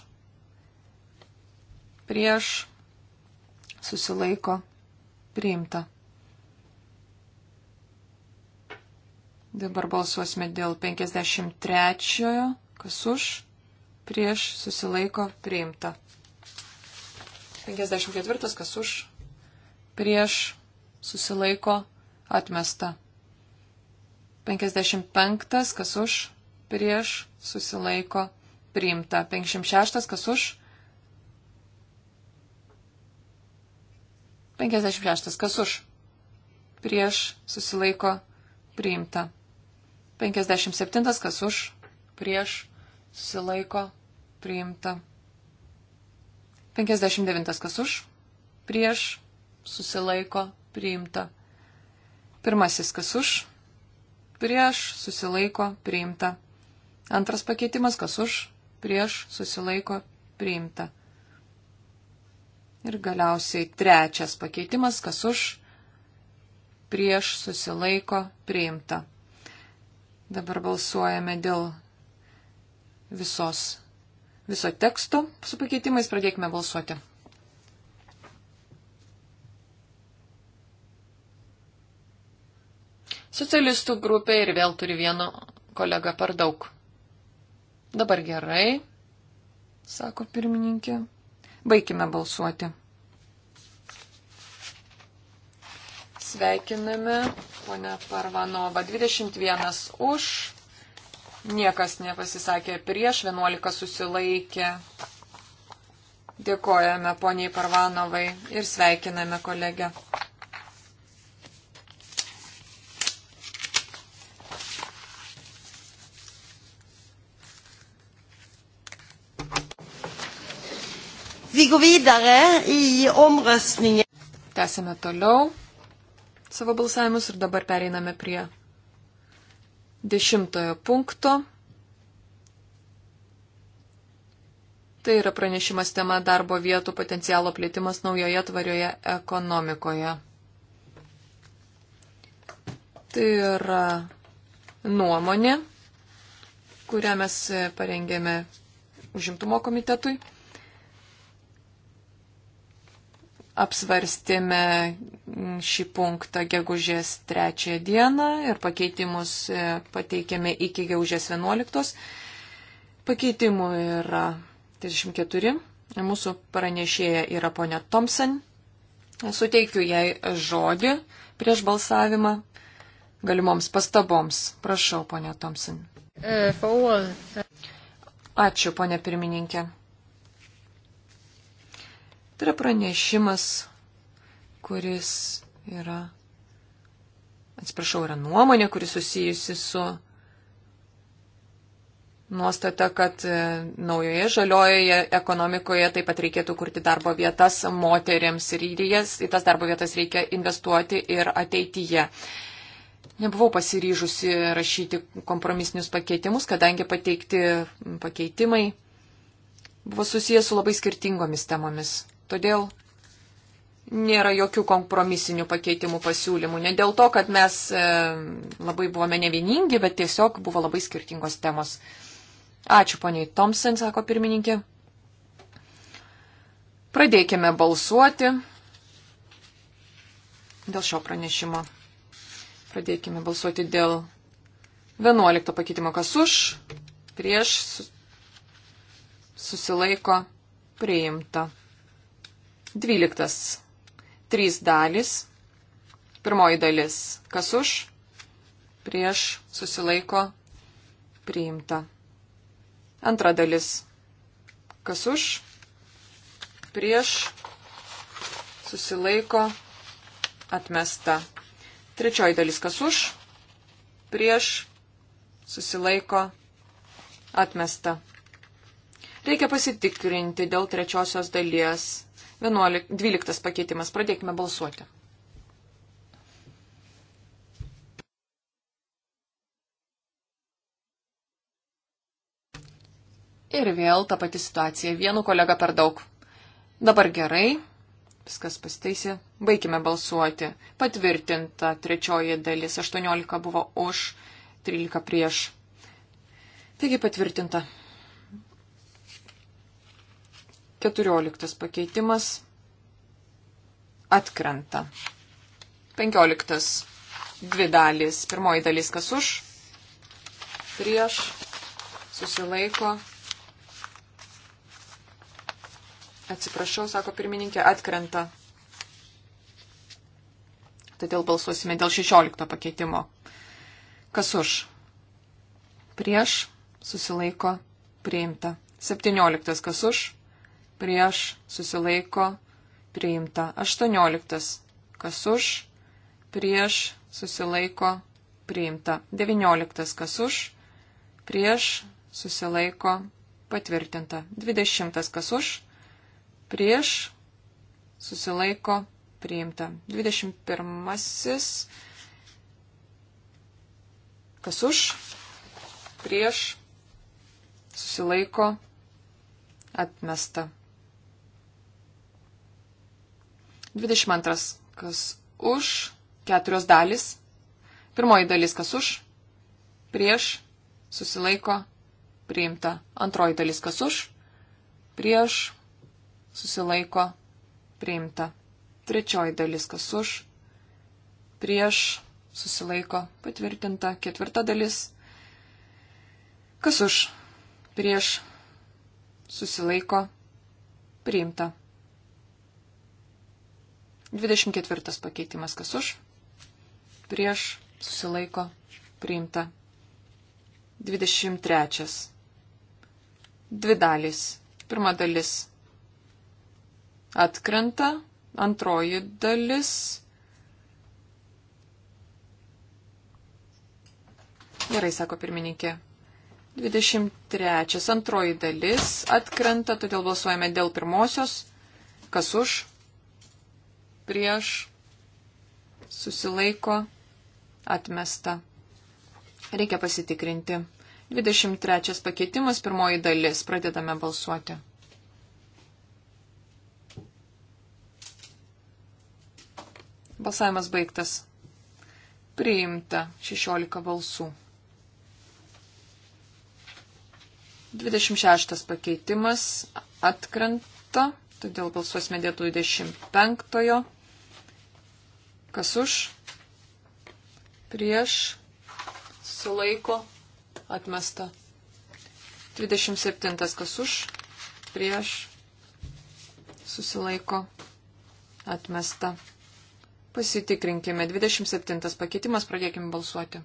prieš, susilaiko, priimta Priimta. Dabar balsuosime dėl 53-ojo, kas už, prieš, susilaiko, priimta. 54, kas už, prieš, susilaiko, atmesta. 55, kas už, prieš, susilaiko, priimta. 56, kas už, 56. Kas už? Prieš susilaiko priimta. 57. Kas už? Prieš susilaiko priimta. 59. Kas už? Prieš susilaiko priimta. Pirmasis kas už? Prieš susilaiko priimta. Antras pakeitimas kas už? Prieš susilaiko priimta. Ir galiausiai trečias pakeitimas, kas už, prieš susilaiko priimta. Dabar balsuojame dėl visos, viso teksto su pakeitimais, pradėkime balsuoti. Socialistų grupė ir vėl turi vieną kolegą per daug. Dabar gerai, sako pirmininkė. Baigime balsuoti. Sveikiname ponę Parvanovą. 21 už, niekas nepasisakė prieš, 11 susilaikė. Dėkojame poniai Parvanovai ir sveikiname kolegę. Tęsime toliau savo balsavimus ir dabar pereiname prie dešimtojo punkto. Tai yra pranešimas tema darbo vietų potencialo plėtimas naujoje tvarioje ekonomikoje. Tai yra nuomonė, kurią mes parengėme užimtumo komitetui. apsvarstėme šį punktą gegužės 3 dieną ir pakeitimus e, pateikėme iki gegužės 11. Pakeitimų yra 34. Mūsų pranešėja yra ponia Thompson. Suteikiu jai žodį prieš balsavimą galimoms pastaboms. Prašau, ponia Thompson. Uh, Ačiū, ponia pirmininkė. Tai yra pranešimas, kuris yra, atsiprašau, yra nuomonė, kuri susijusi su nuostata, kad e, naujoje žaliojoje ekonomikoje taip pat reikėtų kurti darbo vietas moteriams ir į, jas, į tas darbo vietas reikia investuoti ir ateityje. Nebuvau pasiryžusi rašyti kompromisinius pakeitimus, kadangi pateikti pakeitimai buvo susijęs su labai skirtingomis temomis. Todėl nėra jokių kompromisinių pakeitimų pasiūlymų. Ne dėl to, kad mes e, labai buvome nevieningi, bet tiesiog buvo labai skirtingos temos. Ačiū poniai Thompson, sako pirmininkė. Pradėkime balsuoti dėl šio pranešimo. Pradėkime balsuoti dėl 11 pakeitimo, kas už, prieš, susilaiko, priimta. 12. Trys dalys. Pirmoji dalis. Kas už? Prieš susilaiko priimta. Antra dalis. Kas už? Prieš susilaiko atmesta. Trečioji dalis. Kas už? Prieš susilaiko atmesta. Reikia pasitikrinti dėl trečiosios dalies. 11, 12 pakeitimas. Pradėkime balsuoti. Ir vėl ta pati situacija. Vienu kolega per daug. Dabar gerai. Viskas pasitaisė. Baigime balsuoti. Patvirtinta trečioji dalis. 18 buvo už, 13 prieš. Taigi patvirtinta. 14 pakeitimas atkrenta. 15. Dvi dalys. Pirmoji dalis kas už, prieš, susilaiko. Atsiprašau, sako pirmininkė, atkrenta. Todėl balsuosime dėl 16 pakeitimo. Kas už? Prieš, susilaiko, priimta. 17. Kas už? prieš, susilaiko, priimta. 18. Kas už, prieš, susilaiko, priimta. 19. Kas už, prieš, susilaiko, patvirtinta. 20. Kas už, prieš, susilaiko, priimta. 21. Kas už, prieš, susilaiko, atmesta. 22. Kas už? Keturios dalis. Pirmoji dalis kas už? Prieš. Susilaiko. Priimta. Antroji dalis kas už? Prieš. Susilaiko. Priimta. Trečioji dalis kas už? Prieš. Susilaiko. Patvirtinta. Ketvirta dalis. Kas už? Prieš. Susilaiko. Priimta. 24 pakeitimas kas už, prieš susilaiko priimta. 23. Dvi dalys. Pirma dalis atkrenta, antroji dalis. Gerai, sako pirmininkė. 23. Antroji dalis atkrenta, todėl balsuojame dėl pirmosios. Kas už? prieš, susilaiko, atmesta. Reikia pasitikrinti. 23 pakeitimas, pirmoji dalis. Pradedame balsuoti. Balsavimas baigtas. Priimta 16 balsų. 26 pakeitimas atkrenta, todėl balsuosime dėl 25. Kas už? Prieš. Sulaiko. Atmesta. 27. Kas už? Prieš. Susilaiko. Atmesta. Pasitikrinkime. 27. Pakeitimas. Pradėkime balsuoti.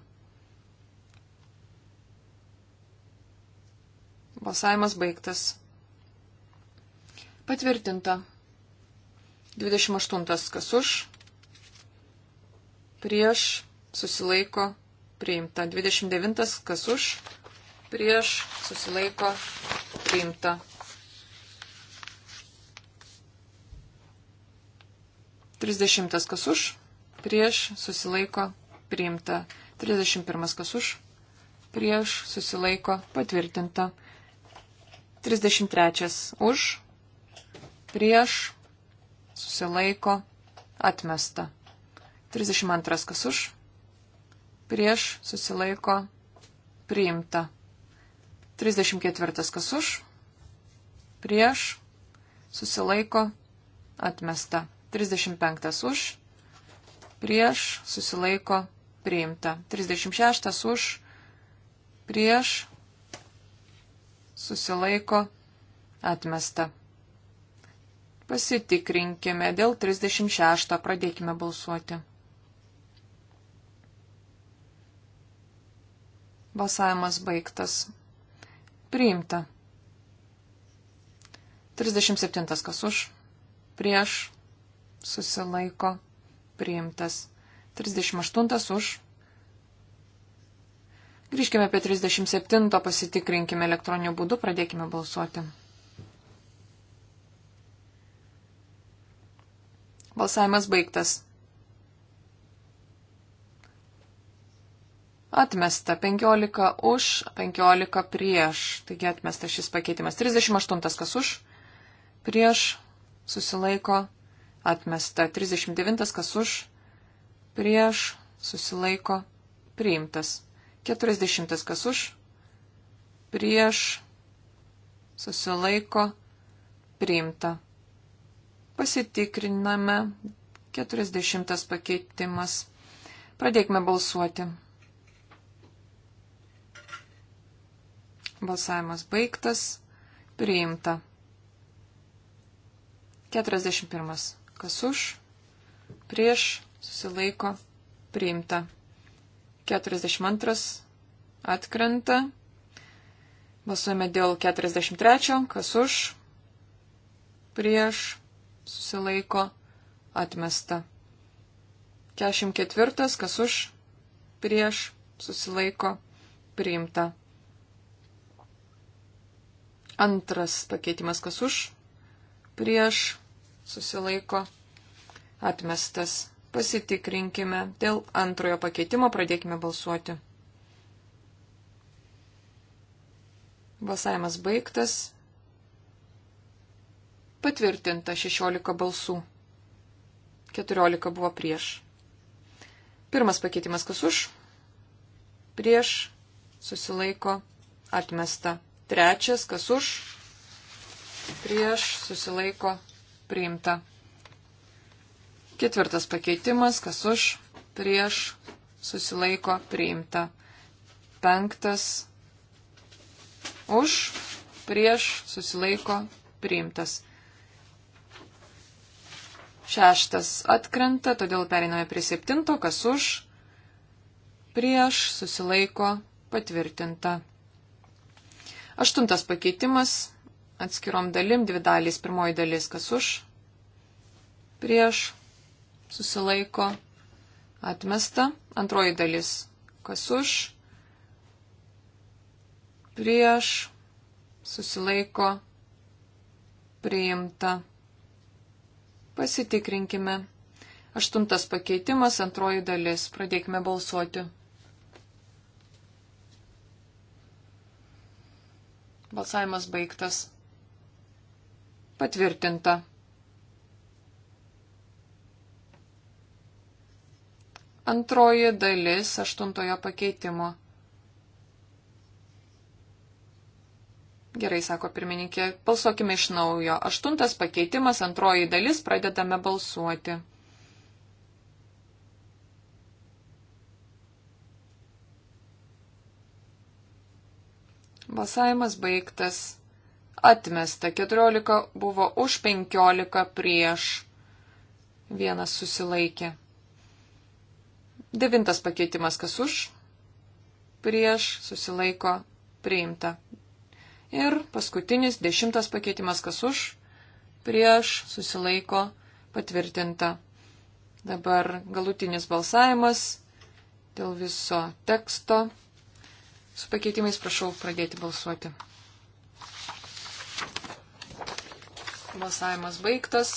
Balsavimas baigtas. Patvirtinta. 28. Kas už? prieš susilaiko priimta. 29 kas už, prieš susilaiko priimta. Trisdešimtas kas už, prieš susilaiko priimta. Trisdešimt pirmas kas už, prieš susilaiko patvirtinta. Trisdešimt trečias už, prieš susilaiko atmesta. 32 kas už, prieš susilaiko priimta. 34 kas už, prieš susilaiko atmesta. 35 už, prieš susilaiko priimta. 36 už, prieš susilaiko atmesta. Pasitikrinkime dėl 36, pradėkime balsuoti. Balsavimas baigtas. Priimta. 37. Kas už? Prieš. Susilaiko. Priimtas. 38. Už. Grįžkime apie 37. Pasitikrinkime elektroniniu būdu. Pradėkime balsuoti. Balsavimas baigtas. Atmesta 15 už, 15 prieš. Taigi atmesta šis pakeitimas. 38 kas už, prieš, susilaiko. Atmesta 39 kas už, prieš, susilaiko. Priimtas. 40 kas už, prieš, susilaiko. Priimta. Pasitikriname 40 pakeitimas. Pradėkime balsuoti. Balsavimas baigtas. Priimta. 41. Kas už? Prieš susilaiko. Priimta. 42. Atkrenta. Balsuojame dėl 43. Kas už? Prieš susilaiko. Atmesta. 44. Kas už? Prieš susilaiko. Priimta. Antras pakeitimas kas už, prieš, susilaiko, atmestas. Pasitikrinkime. Dėl antrojo pakeitimo pradėkime balsuoti. Balsavimas baigtas. Patvirtinta 16 balsų. 14 buvo prieš. Pirmas pakeitimas kas už, prieš, susilaiko, atmesta. Trečias, kas už, prieš, susilaiko, priimta. Ketvirtas pakeitimas, kas už, prieš, susilaiko, priimta. Penktas, už, prieš, susilaiko, priimtas. Šeštas atkrenta, todėl periname prie septinto, kas už, prieš, susilaiko, patvirtinta. Aštuntas pakeitimas atskirom dalim, dvi dalys, pirmoji dalis, kas už, prieš, susilaiko, atmesta, antroji dalis, kas už, prieš, susilaiko, priimta. Pasitikrinkime. Aštuntas pakeitimas, antroji dalis. Pradėkime balsuoti. Balsavimas baigtas. Patvirtinta. Antroji dalis aštuntojo pakeitimo. Gerai, sako pirmininkė, balsuokime iš naujo. Aštuntas pakeitimas, antroji dalis, pradedame balsuoti. Balsavimas baigtas. Atmesta 14 buvo už 15 prieš. Vienas susilaikė. Devintas pakeitimas kas už. Prieš susilaiko priimta. Ir paskutinis dešimtas pakeitimas kas už. Prieš susilaiko patvirtinta. Dabar galutinis balsavimas dėl viso teksto. Su pakeitimais prašau pradėti balsuoti. Balsavimas baigtas.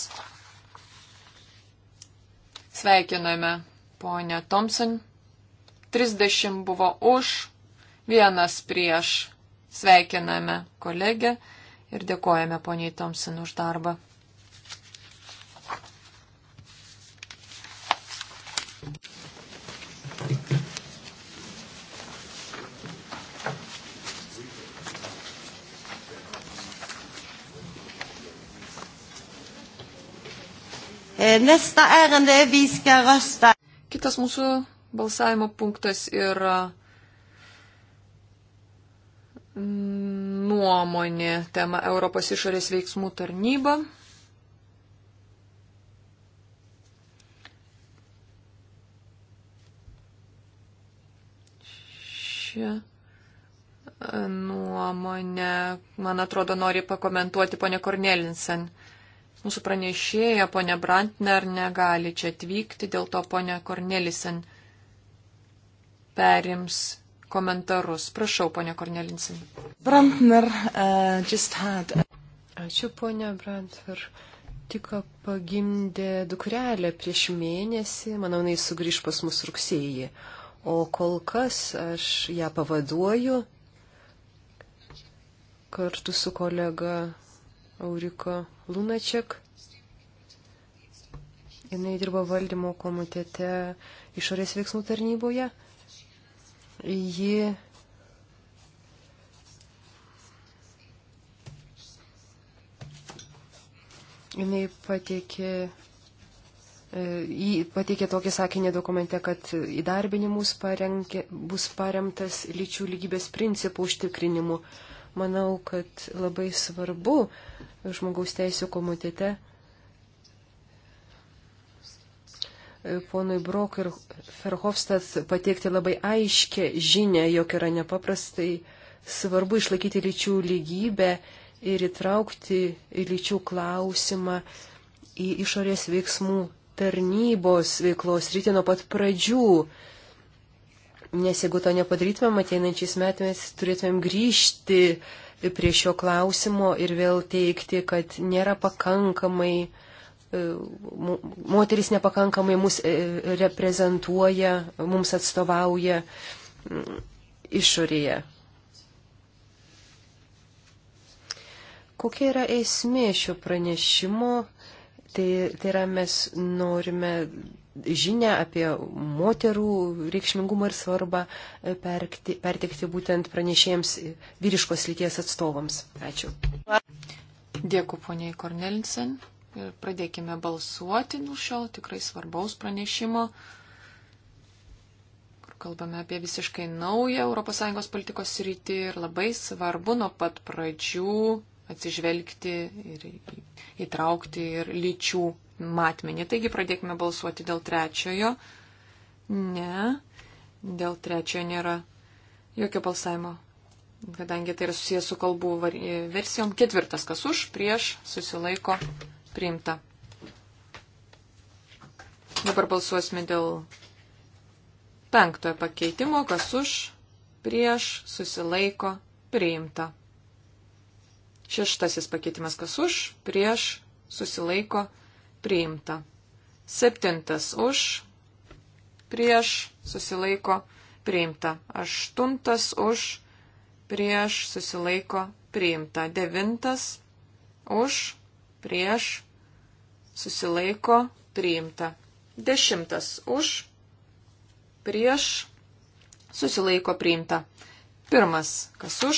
Sveikiname ponę Thompson. 30 buvo už, vienas prieš. Sveikiname kolegę ir dėkojame poniai Thompson už darbą. Eh, Nesta ärende vi ska rösta. Kitas mūsų balsavimo punktas yra mm, nuomonė tema Europos išorės veiksmų tarnyba. Šia e, nuomonė, man atrodo, nori pakomentuoti ponė Kornelinsen. Mūsų pranešėja ponė Brantner negali čia atvykti, dėl to ponė Kornelisen perims komentarus. Prašau, ponė Kornelinsen. Brantner uh, just had. Ačiū, ponė Brantner. Tik pagimdė dukrelę prieš mėnesį, manau, jinai sugrįž pas mus rugsėjį. O kol kas aš ją pavaduoju kartu su kolega Auriko Lunačiak. Jis dirbo valdymo komitete išorės veiksmų tarnyboje. Ji jinai pateikė, jį e, pateikė tokį sakinį dokumente, kad įdarbinimus parengė, bus paremtas lyčių lygybės principų užtikrinimu. Manau, kad labai svarbu uh, žmogaus teisų komitete ponui Brok ir Ferhofstas pateikti labai aiškę žinę, jog yra nepaprastai svarbu išlaikyti lyčių lygybę ir įtraukti lyčių klausimą į išorės veiksmų tarnybos veiklos rytį nuo pat pradžių. Nes jeigu to nepadarytumėm, ateinančiais metais turėtumėm grįžti uh, prie šio klausimo ir vėl teikti, kad nėra pakankamai, e, moteris nepakankamai mus e, reprezentuoja, mums atstovauja mm, išorėje. Kokia yra esmė šio pranešimo Tai, tai yra mes norime žinę apie moterų reikšmingumą ir svarbą e, perkti, pertikti būtent pranešėjams e, vyriškos lyties atstovams. Ačiū. Dėkui poniai Kornelinsen ir pradėkime balsuoti nuo šio tikrai svarbaus pranešimo, kur kalbame apie visiškai naują ES politikos rytį ir labai svarbu nuo pat pradžių atsižvelgti ir įtraukti ir lyčių matmenį. Taigi pradėkime balsuoti dėl trečiojo. Ne, dėl trečiojo nėra jokio balsavimo, kadangi tai yra susijęs su kalbų versijom. Ketvirtas, kas už, prieš, susilaiko, priimta. Dabar balsuosime dėl penktojo pakeitimo, kas už, prieš, susilaiko, priimta. Šeštasis pakeitimas kas už, prieš, susilaiko, priimta. Septintas už, prieš, susilaiko, priimta. Aštuntas už, prieš, susilaiko, priimta. Devintas už, prieš, susilaiko, priimta. Dešimtas už, prieš, susilaiko, priimta. Pirmas, kas už,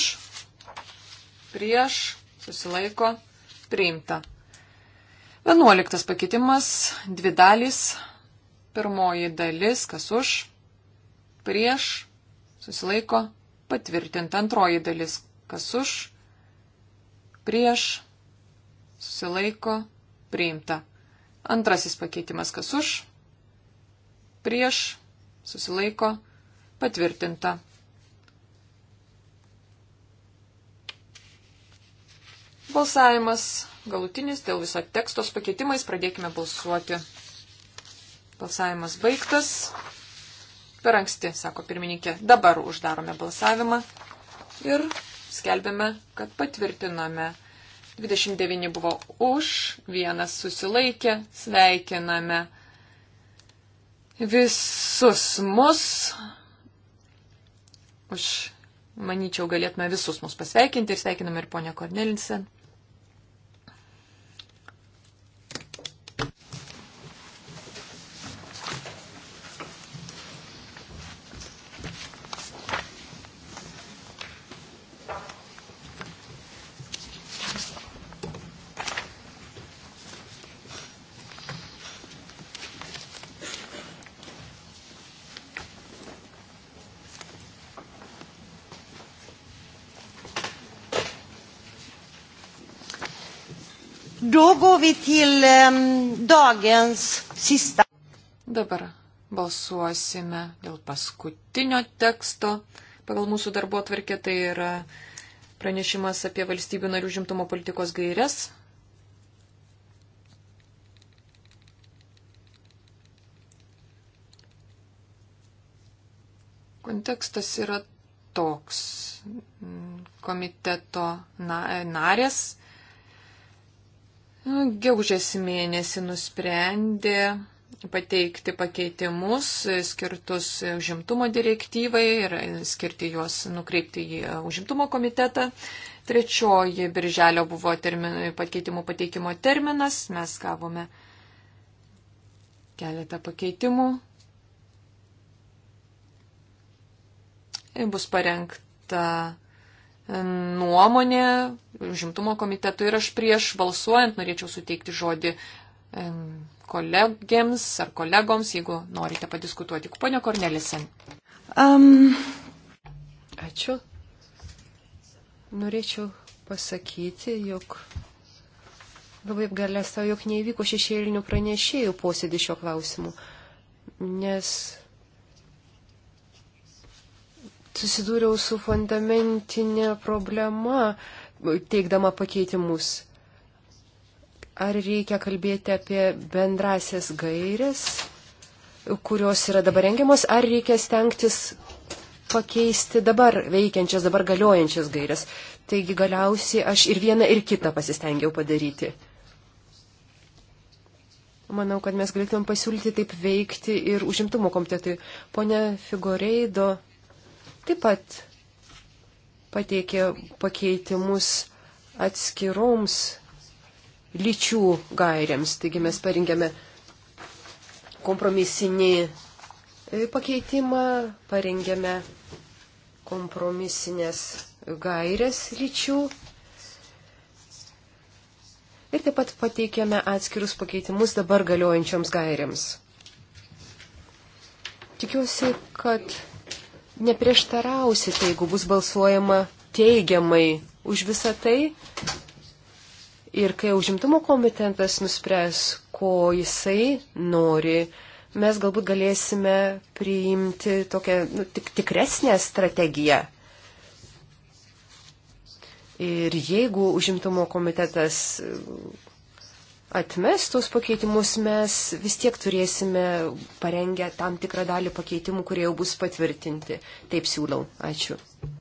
prieš, susilaiko, priimta. Vienuoliktas pakeitimas, dvi dalys, pirmoji dalis, kas už, prieš, susilaiko, patvirtinta antroji dalis, kas už, prieš, susilaiko, priimta. Antrasis pakeitimas, kas už, prieš, susilaiko, patvirtinta. Balsavimas galutinis dėl viso tekstos pakeitimais. Pradėkime balsuoti. Balsavimas baigtas. Per anksti, sako pirmininkė. Dabar uždarome balsavimą ir skelbėme, kad patvirtiname. 29 buvo už, vienas susilaikė, sveikiname visus mus. Už, manyčiau, galėtume visus mus pasveikinti ir sveikiname ir ponę Kornelinsen. går vi til um, ehm, dagens sista. Dabar balsuosime dėl paskutinio teksto. Pagal mūsų darbo atvarkė tai yra pranešimas apie valstybių narių žimtumo politikos gairias. Kontekstas yra toks. Komiteto narės Gegužės mėnesį nusprendė pateikti pakeitimus skirtus užimtumo direktyvai ir skirti juos nukreipti į užimtumo komitetą. Trečioji birželio buvo termin, pakeitimų pateikimo terminas. Mes gavome keletą pakeitimų. Bus parengta nuomonė žimtumo komitetu ir aš prieš balsuojant norėčiau suteikti žodį kolegėms ar kolegoms, jeigu norite padiskutuoti. Pone Kornelisen. Um, ačiū. Norėčiau pasakyti, jog labai apgalės tau, jog neįvyko šešėlinių pranešėjų posėdį šio klausimu, nes susidūriau su fundamentinė problema teikdama pakeitimus. Ar reikia kalbėti apie bendrasias gairės, kurios yra dabar rengiamos, ar reikia stengtis pakeisti dabar veikiančias, dabar galiojančias gairias. Taigi galiausiai aš ir vieną, ir kitą pasistengiau padaryti. Manau, kad mes galėtumėm pasiūlyti taip veikti ir užimtumo komitetui. Pone Figoreido taip pat pateikė pakeitimus atskiroms lyčių gairiams. Taigi mes parengėme kompromisinį e, pakeitimą, parengėme kompromisinės gairias lyčių. Ir taip pat pateikėme atskirus pakeitimus dabar galiojančioms gairiams. Tikiuosi, kad neprieštarausite, jeigu bus balsuojama teigiamai už visą tai. Ir kai užimtumo komitetas nuspręs, ko jisai nori, mes galbūt galėsime priimti tokią nu, tik, tikresnę strategiją. Ir jeigu užimtumo komitetas atmestus pakeitimus, mes vis tiek turėsime parengę tam tikrą dalį pakeitimų, kurie jau bus patvirtinti. Taip siūlau. Ačiū.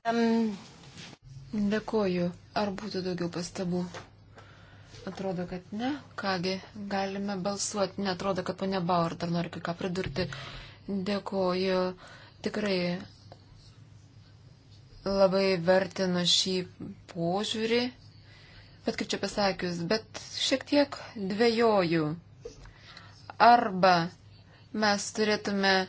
Um, dėkoju. Ar būtų daugiau pastabų? Atrodo, kad ne. Kągi, galime balsuoti. Netrodo, kad ponia Bauer dar nori kai ką pridurti. Dėkoju. Tikrai labai vertinu šį požiūrį bet kaip čia pasakius, bet šiek tiek dvėjoju. Arba mes turėtume e,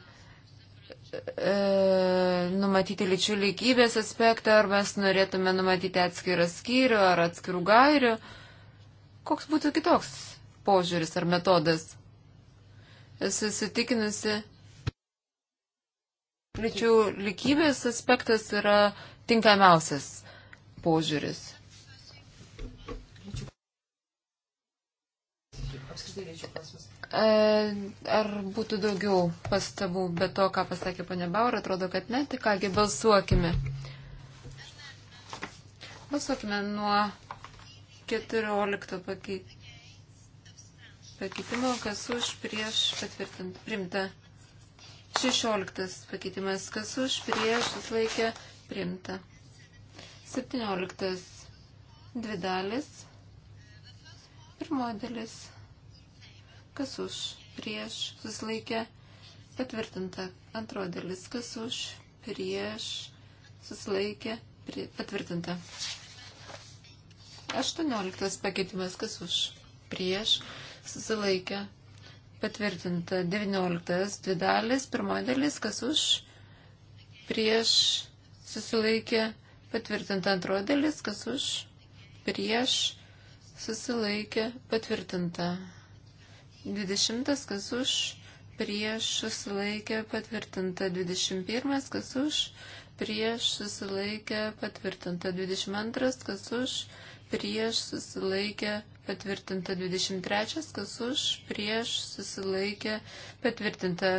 numatyti lyčių lygybės aspektą, ar mes norėtume numatyti atskirą skyrių ar atskirų gairių. Koks būtų kitoks požiūris ar metodas? Esu sutikinusi. Lyčių lygybės aspektas yra tinkamiausias požiūris. E, ar būtų daugiau pastabų, bet to, ką pasakė ponė Baur, atrodo, kad ne, tai kągi balsuokime. Balsuokime nuo 14 pakeitimo, kas už prieš patvirtint primta. 16 pakeitimas, kas už prieš susilaikė primta. 17 dvi dalis. Pirmoji dalis kas už, prieš, susilaikė, patvirtinta. Antroji dalis, kas už, prieš, susilaikė, prie, patvirtinta. Aštuonioliktas pakeitimas, kas už, prieš, susilaikė, patvirtinta. Devinioliktas, dvi dalis, pirmoji dalis, kas už, prieš, susilaikė, patvirtinta. Antroji dalis, kas už, prieš, susilaikė, patvirtinta. 20, kas už, prieš susilaikė patvirtinta 21, kas už, prieš susilaikė patvirtinta 22, kas už, prieš susilaikė patvirtinta 23, kas už, prieš susilaikė patvirtinta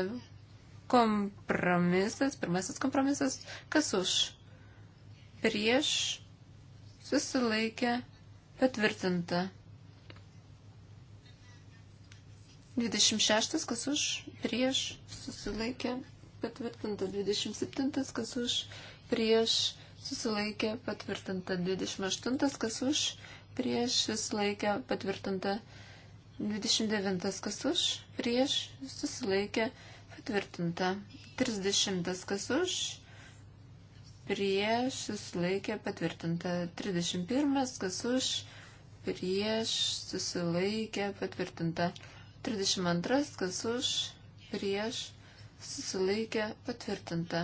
kompromisas, pirmasis kompromisas, kas už, prieš susilaikė patvirtinta. 26, kas už, prieš, susilaikė, patvirtinta 27, kas už, prieš, susilaikė, patvirtinta 28, kas už, prieš, susilaikė, patvirtinta 29, kas už, prieš, susilaikė, patvirtinta 30, kas už, prieš, susilaikė, patvirtinta 31, kas už, prieš, susilaikė, patvirtinta 32 32, kas už, prieš, susilaikė, patvirtinta.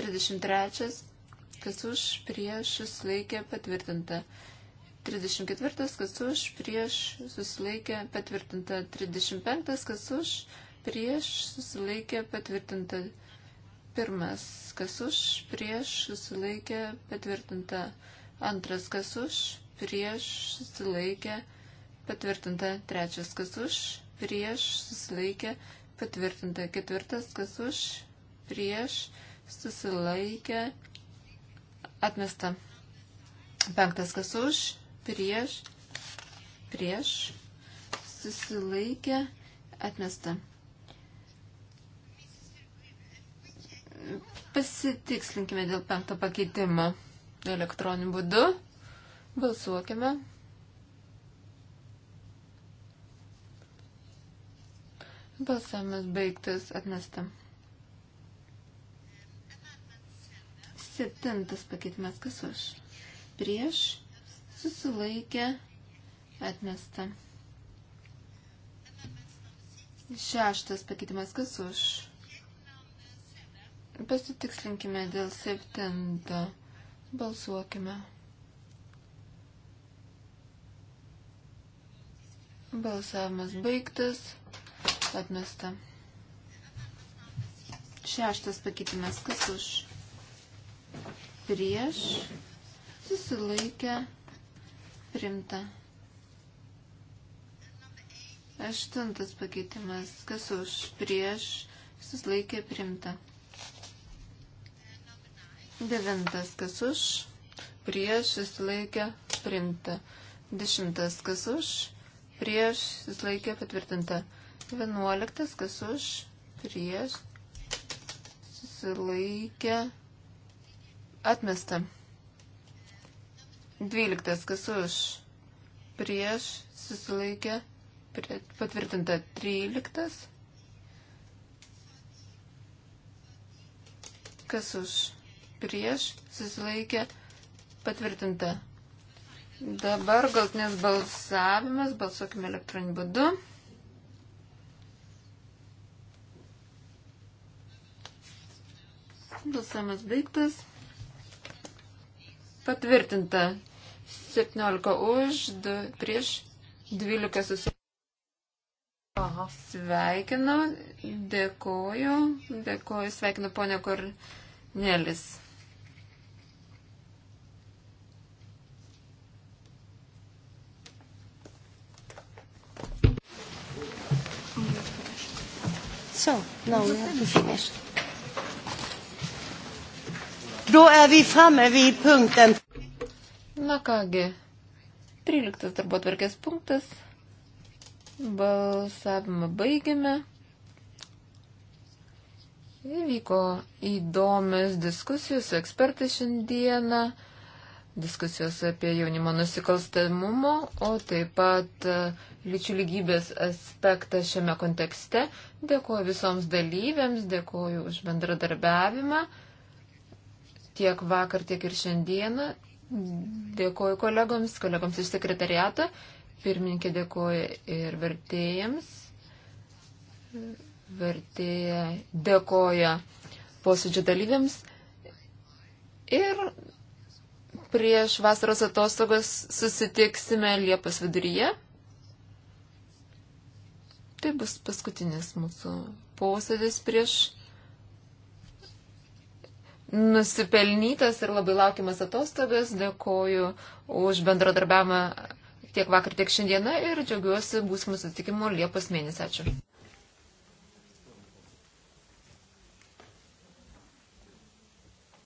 33, kas už, prieš, susilaikė, patvirtinta. 34, kas už, prieš, susilaikė, patvirtinta. 35, kas už, prieš, susilaikė, patvirtinta. Pirmas, kas už, prieš, susilaikė, patvirtinta. Antras, kas už, prieš, susilaikė, patvirtinta. Trečias, kas už, prieš, susilaikė, patvirtinta. Ketvirtas, kas už, prieš, susilaikė, atmesta. Penktas, kas už, prieš, prieš, susilaikė, atmesta. Pasitikslinkime dėl penkto pakeitimo elektroniniu būdu. Balsuokime. Balsavimas baigtas atmesta. Septintas pakeitimas kas už. Prieš susilaikė atmesta. Šeštas pakeitimas kas už. Pasitikslinkime dėl septinto. Balsuokime. Balsavimas baigtas atmesta. Šeštas pakeitimas, kas už, prieš, susilaikę, primta. Aštuntas pakeitimas, kas už, prieš, susilaikė, primta. Devintas, kas už, prieš, susilaikė, primta. Dešimtas, kas už, prieš, susilaikė, patvirtinta. 11, kas už, prieš, susilaikė, atmesta. 12, kas už, prieš, susilaikė, patvirtinta 13. Kas už, prieš, susilaikė, patvirtinta. Dabar galtinės balsavimas, balsuokime elektroniniu būdu. Balsavimas baigtas. Patvirtinta. 17 už, 2 prieš, 12 susitikimų. Sveikinu, dėkoju, dėkoju, sveikinu ponė Kornelis. So, now we have to finish. Na kągi, 13 darbo tvarkės punktas. Balsavimą baigėme. Įvyko įdomios diskusijos su ekspertais šiandieną, diskusijos apie jaunimo nusikalstamumo, o taip pat e, lyčių lygybės aspektą šiame kontekste. Dėkuoju visoms dalyviams, dėkuoju už bendradarbiavimą tiek vakar, tiek ir šiandieną. Dėkoju kolegoms, kolegoms iš sekretariato. Pirmininkė dėkoja ir vertėjams. Vertėja dėkoja posėdžio dalyviams. Ir prieš vasaros atostogas susitiksime Liepos viduryje. Tai bus paskutinis mūsų posėdis prieš nusipelnytas ir labai laukiamas atostogas. Dėkoju už bendradarbiavimą tiek vakar, tiek šiandieną ir džiaugiuosi būsimų susitikimų Liepos mėnesį. Ačiū.